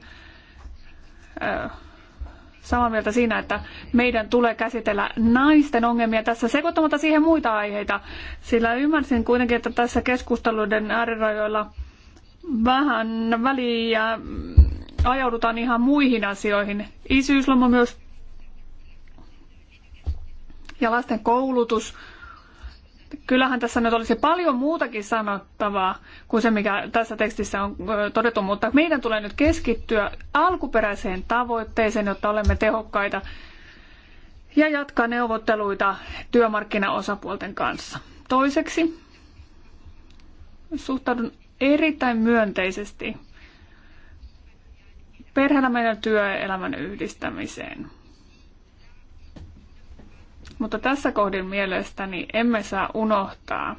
[SPEAKER 2] samaa mieltä siinä, että meidän tulee käsitellä naisten ongelmia tässä sekoittamatta siihen muita aiheita, sillä ymmärsin kuitenkin, että tässä keskusteluiden äärirajoilla vähän väliä ajaudutaan ihan muihin asioihin. Isyysloma myös ja lasten koulutus Kyllähän tässä nyt olisi paljon muutakin sanottavaa kuin se, mikä tässä tekstissä on todettu, mutta meidän tulee nyt keskittyä alkuperäiseen tavoitteeseen, jotta olemme tehokkaita ja jatkaa neuvotteluita työmarkkinaosapuolten kanssa. Toiseksi suhtaudun erittäin myönteisesti perheelämän ja työelämän yhdistämiseen – mutta tässä kohdin mielestäni emme saa unohtaa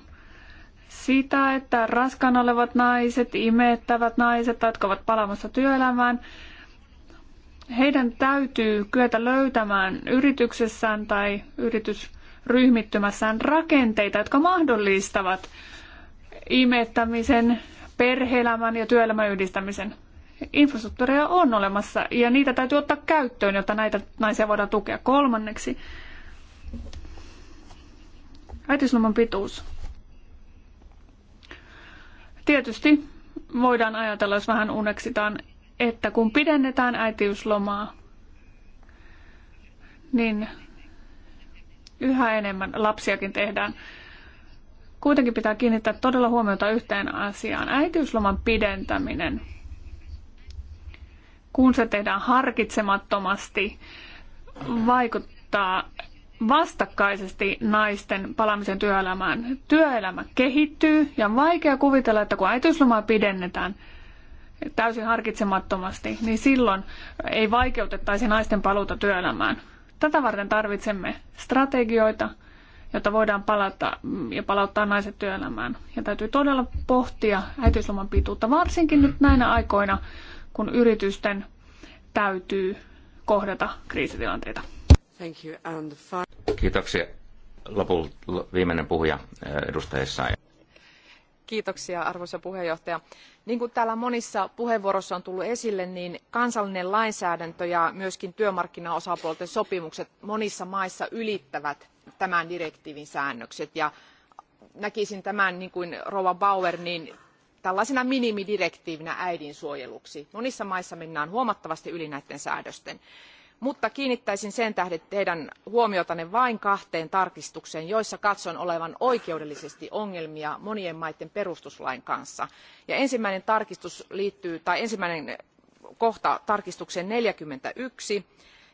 [SPEAKER 2] sitä, että raskaana olevat naiset, imettävät naiset, jotka ovat palaamassa työelämään, heidän täytyy kyetä löytämään yrityksessään tai yritysryhmittymässään rakenteita, jotka mahdollistavat imettämisen, perheelämän ja työelämän yhdistämisen. Infrastruktuuria on olemassa ja niitä täytyy ottaa käyttöön, jotta näitä naisia voidaan tukea. Kolmanneksi, Äitiysloman pituus. Tietysti voidaan ajatella, jos vähän uneksitaan, että kun pidennetään äitiyslomaa, niin yhä enemmän lapsiakin tehdään. Kuitenkin pitää kiinnittää todella huomiota yhteen asiaan. Äitiysloman pidentäminen, kun se tehdään harkitsemattomasti, vaikuttaa vastakkaisesti naisten palaamisen työelämään. Työelämä kehittyy ja on vaikea kuvitella, että kun äitiyslomaa pidennetään täysin harkitsemattomasti, niin silloin ei vaikeutettaisi naisten paluuta työelämään. Tätä varten tarvitsemme strategioita, jotta voidaan palata ja palauttaa naiset työelämään. Ja täytyy todella pohtia äitiysloman pituutta, varsinkin nyt näinä aikoina, kun yritysten täytyy kohdata kriisitilanteita.
[SPEAKER 8] Thank you. And
[SPEAKER 5] Kiitoksia. Lopulta viimeinen puhuja eh, edustajissa.
[SPEAKER 8] Kiitoksia arvoisa puheenjohtaja. Niin kuin täällä monissa puheenvuoroissa on tullut esille, niin kansallinen lainsäädäntö ja myöskin työmarkkinaosapuolten sopimukset monissa maissa ylittävät tämän direktiivin säännökset. Ja näkisin tämän, niin kuin Rova Bauer, niin tällaisena minimidirektiivinä äidin suojeluksi. Monissa maissa mennään huomattavasti yli näiden säädösten mutta kiinnittäisin sen tähden teidän huomiotanne vain kahteen tarkistukseen joissa katson olevan oikeudellisesti ongelmia monien maiden perustuslain kanssa. Ja ensimmäinen, tarkistus liittyy, tai ensimmäinen kohta tarkistukseen neljäkymmentäyksi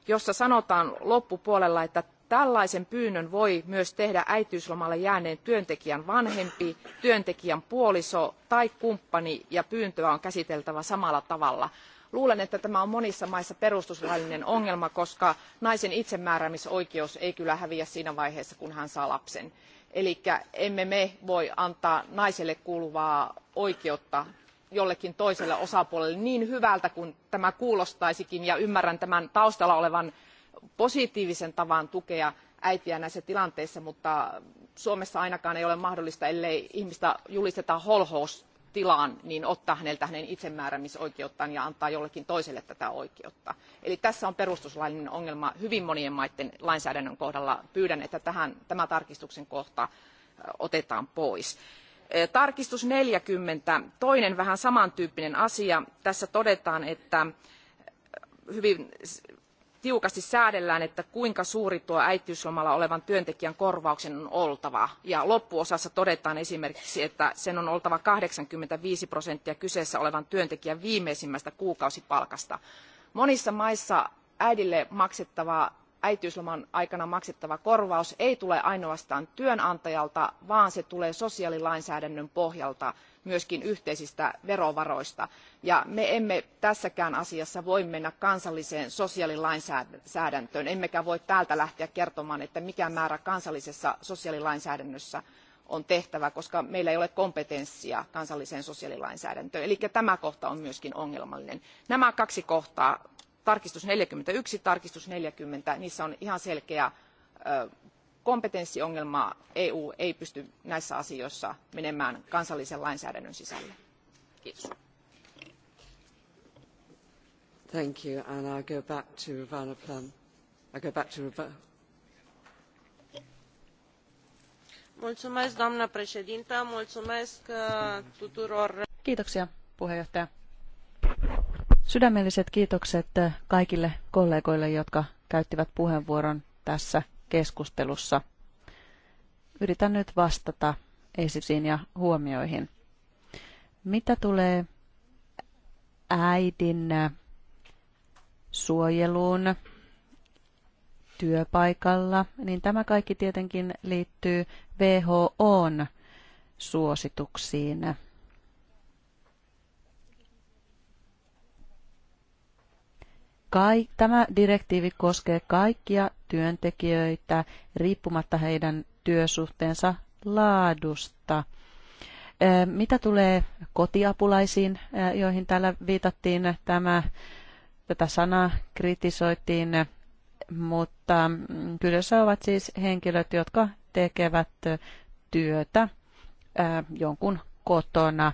[SPEAKER 8] jossa sanotaan loppupuolella että tällaisen pyynnön voi myös tehdä äitiyslomalle jääneen työntekijän vanhempi työntekijän puoliso tai kumppani ja pyyntöä on käsiteltävä samalla tavalla luulen että tämä on monissa maissa perustuslaillinen ongelma koska naisen itsemääräämisoikeus ei kyllä häviä siinä vaiheessa kun hän saa lapsen eli emme me voi antaa naiselle kuuluvaa oikeutta jollekin toiselle osapuolelle niin hyvältä kuin tämä kuulostaisikin ja ymmärrän tämän taustalla olevan positiivisen tavan tukea äitiä näissä tilanteissa mutta suomessa ainakaan ei ole mahdollista ellei ihmistä julisteta holhous tilaan niin ottaa häneltä hänen itsemääräämisoikeuttaan ja antaa jollekin toiselle tätä oikeutta. eli tässä on perustuslaillinen ongelma hyvin monien maiden lainsäädännön kohdalla. pyydän että tähän, tämä tarkistuksen kohta otetaan pois. tarkistus neljäkymmentä toinen vähän samantyyppinen asia. tässä todetaan että hyvin tiukasti säädellään että kuinka suuri tuo äitiyslomalla olevan työntekijän korvauksen on oltava ja loppuosassa todetaan esimerkiksi että sen on oltava kahdeksankymmentäviisi prosenttia kyseessä olevan työntekijän viimeisimmästä kuukausipalkasta. monissa maissa äidille maksettava äitiysloman aikana maksettava korvaus ei tule ainoastaan työnantajalta vaan se tulee sosiaalilainsäädännön pohjalta myös yhteisistä verovaroista ja me emme tässäkään asiassa voi mennä kansalliseen sosiaalilainsäädäntöön emmekä voi täältä lähteä kertomaan että mikä määrä kansallisessa sosiaalilainsäädännössä on tehtävä koska meillä ei ole kompetenssia kansalliseen sosiaalilainsäädäntöön eli tämä kohta on myös ongelmallinen. nämä kaksi kohtaa tarkistus neljäkymmentäyksi tarkistus neljäkymmentä niissä on ihan selkeä kompetenssiongelma eu ei pysty näissä asioissa menemään kansallisen lainsäädännön sisälle. Kiitos.
[SPEAKER 1] Thank you, and go back to go back to
[SPEAKER 6] uh, tuturor. Kiitoksia, puheenjohtaja. Sydämelliset kiitokset eh, kaikille kollegoille, jotka käyttivät puheenvuoron tässä keskustelussa. Yritän nyt vastata esityksiin ja huomioihin. Mitä tulee äidin eh, suojeluun työpaikalla, niin tämä kaikki tietenkin liittyy WHOn suosituksiin Kaik, tämä direktiivi koskee kaikkia työntekijöitä riippumatta heidän työsuhteensa laadusta. Mitä tulee kotiapulaisiin, joihin täällä viitattiin, tämä, tätä sanaa kritisoitiin, mutta mm, kyseessä ovat siis henkilöt, jotka tekevät työtä jonkun kotona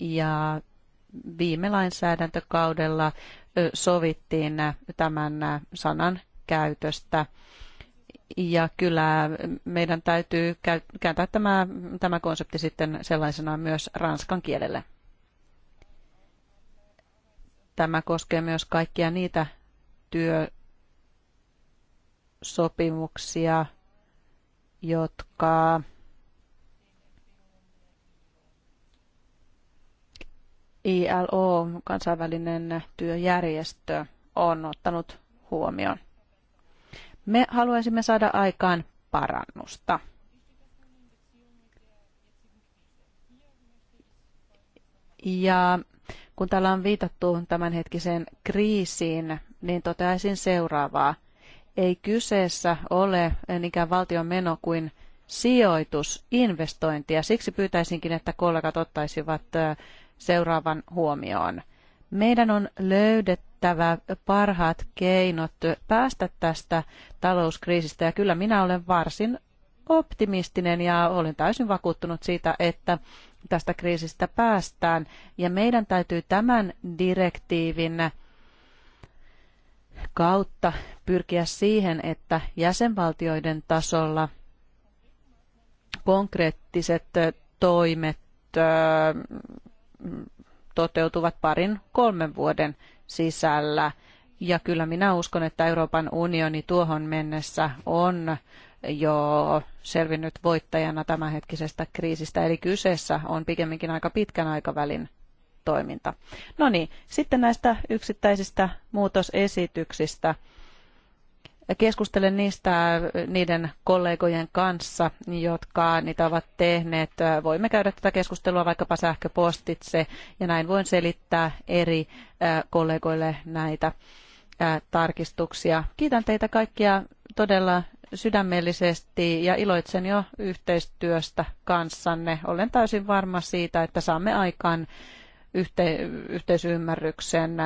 [SPEAKER 6] ja viime lainsäädäntökaudella sovittiin tämän sanan käytöstä. Ja kyllä meidän täytyy kääntää tämä, tämä konsepti sitten sellaisena myös ranskan kielelle. Tämä koskee myös kaikkia niitä työsopimuksia, jotka ILO, kansainvälinen työjärjestö, on ottanut huomioon. Me haluaisimme saada aikaan parannusta. Ja kun täällä on viitattu tämänhetkiseen kriisiin, niin toteaisin seuraavaa. Ei kyseessä ole niinkään valtion meno kuin sijoitusinvestointia. siksi pyytäisinkin, että kollegat ottaisivat seuraavan huomioon. Meidän on löydettävä parhaat keinot päästä tästä talouskriisistä ja kyllä minä olen varsin optimistinen ja olen täysin vakuuttunut siitä, että tästä kriisistä päästään. Ja meidän täytyy tämän direktiivin kautta pyrkiä siihen, että jäsenvaltioiden tasolla konkreettiset toimet toteutuvat parin kolmen vuoden sisällä. Ja kyllä minä uskon, että Euroopan unioni tuohon mennessä on jo selvinnyt voittajana tämänhetkisestä kriisistä. Eli kyseessä on pikemminkin aika pitkän aikavälin toiminta. No niin, sitten näistä yksittäisistä muutosesityksistä. Keskustelen niistä niiden kollegojen kanssa, jotka niitä ovat tehneet. Voimme käydä tätä keskustelua vaikkapa sähköpostitse ja näin voin selittää eri kollegoille näitä tarkistuksia. Kiitän teitä kaikkia todella sydämellisesti ja iloitsen jo yhteistyöstä kanssanne. Olen täysin varma siitä, että saamme aikaan yhte- yhteisymmärryksen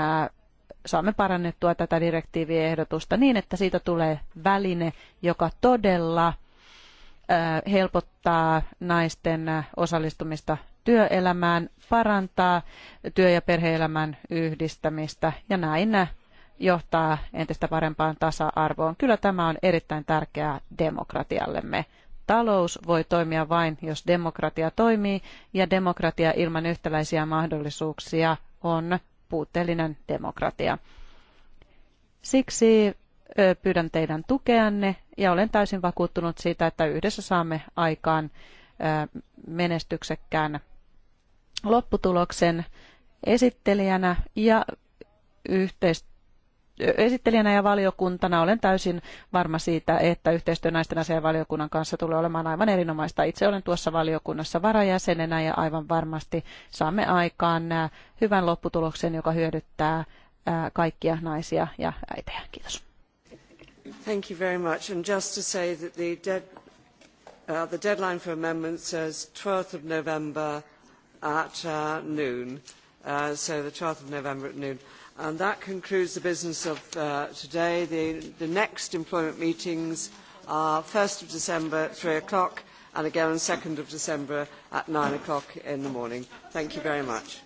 [SPEAKER 6] saamme parannettua tätä direktiiviehdotusta niin, että siitä tulee väline, joka todella helpottaa naisten osallistumista työelämään, parantaa työ- ja perheelämän yhdistämistä ja näin johtaa entistä parempaan tasa-arvoon. Kyllä tämä on erittäin tärkeää demokratiallemme. Talous voi toimia vain, jos demokratia toimii, ja demokratia ilman yhtäläisiä mahdollisuuksia on puutteellinen demokratia. Siksi pyydän teidän tukeanne ja olen täysin vakuuttunut siitä, että yhdessä saamme aikaan menestyksekkään lopputuloksen esittelijänä ja yhteistyössä esittelijänä ja valiokuntana olen täysin varma siitä, että yhteistyö naisten asian valiokunnan kanssa tulee olemaan aivan erinomaista. Itse olen tuossa valiokunnassa varajäsenenä ja aivan varmasti saamme aikaan äh, hyvän lopputuloksen, joka hyödyttää äh, kaikkia naisia ja äitejä. Kiitos.
[SPEAKER 1] Thank you very much. And just to say that the, dead, uh, the deadline for amendments is 12th of November at uh, noon. Uh, so the 12th of November at noon. And that concludes the business of uh, today. The, the next employment meetings are 1st of December, 3 o'clock, and again on 2nd of December at 9 o'clock in the morning. Thank you very much.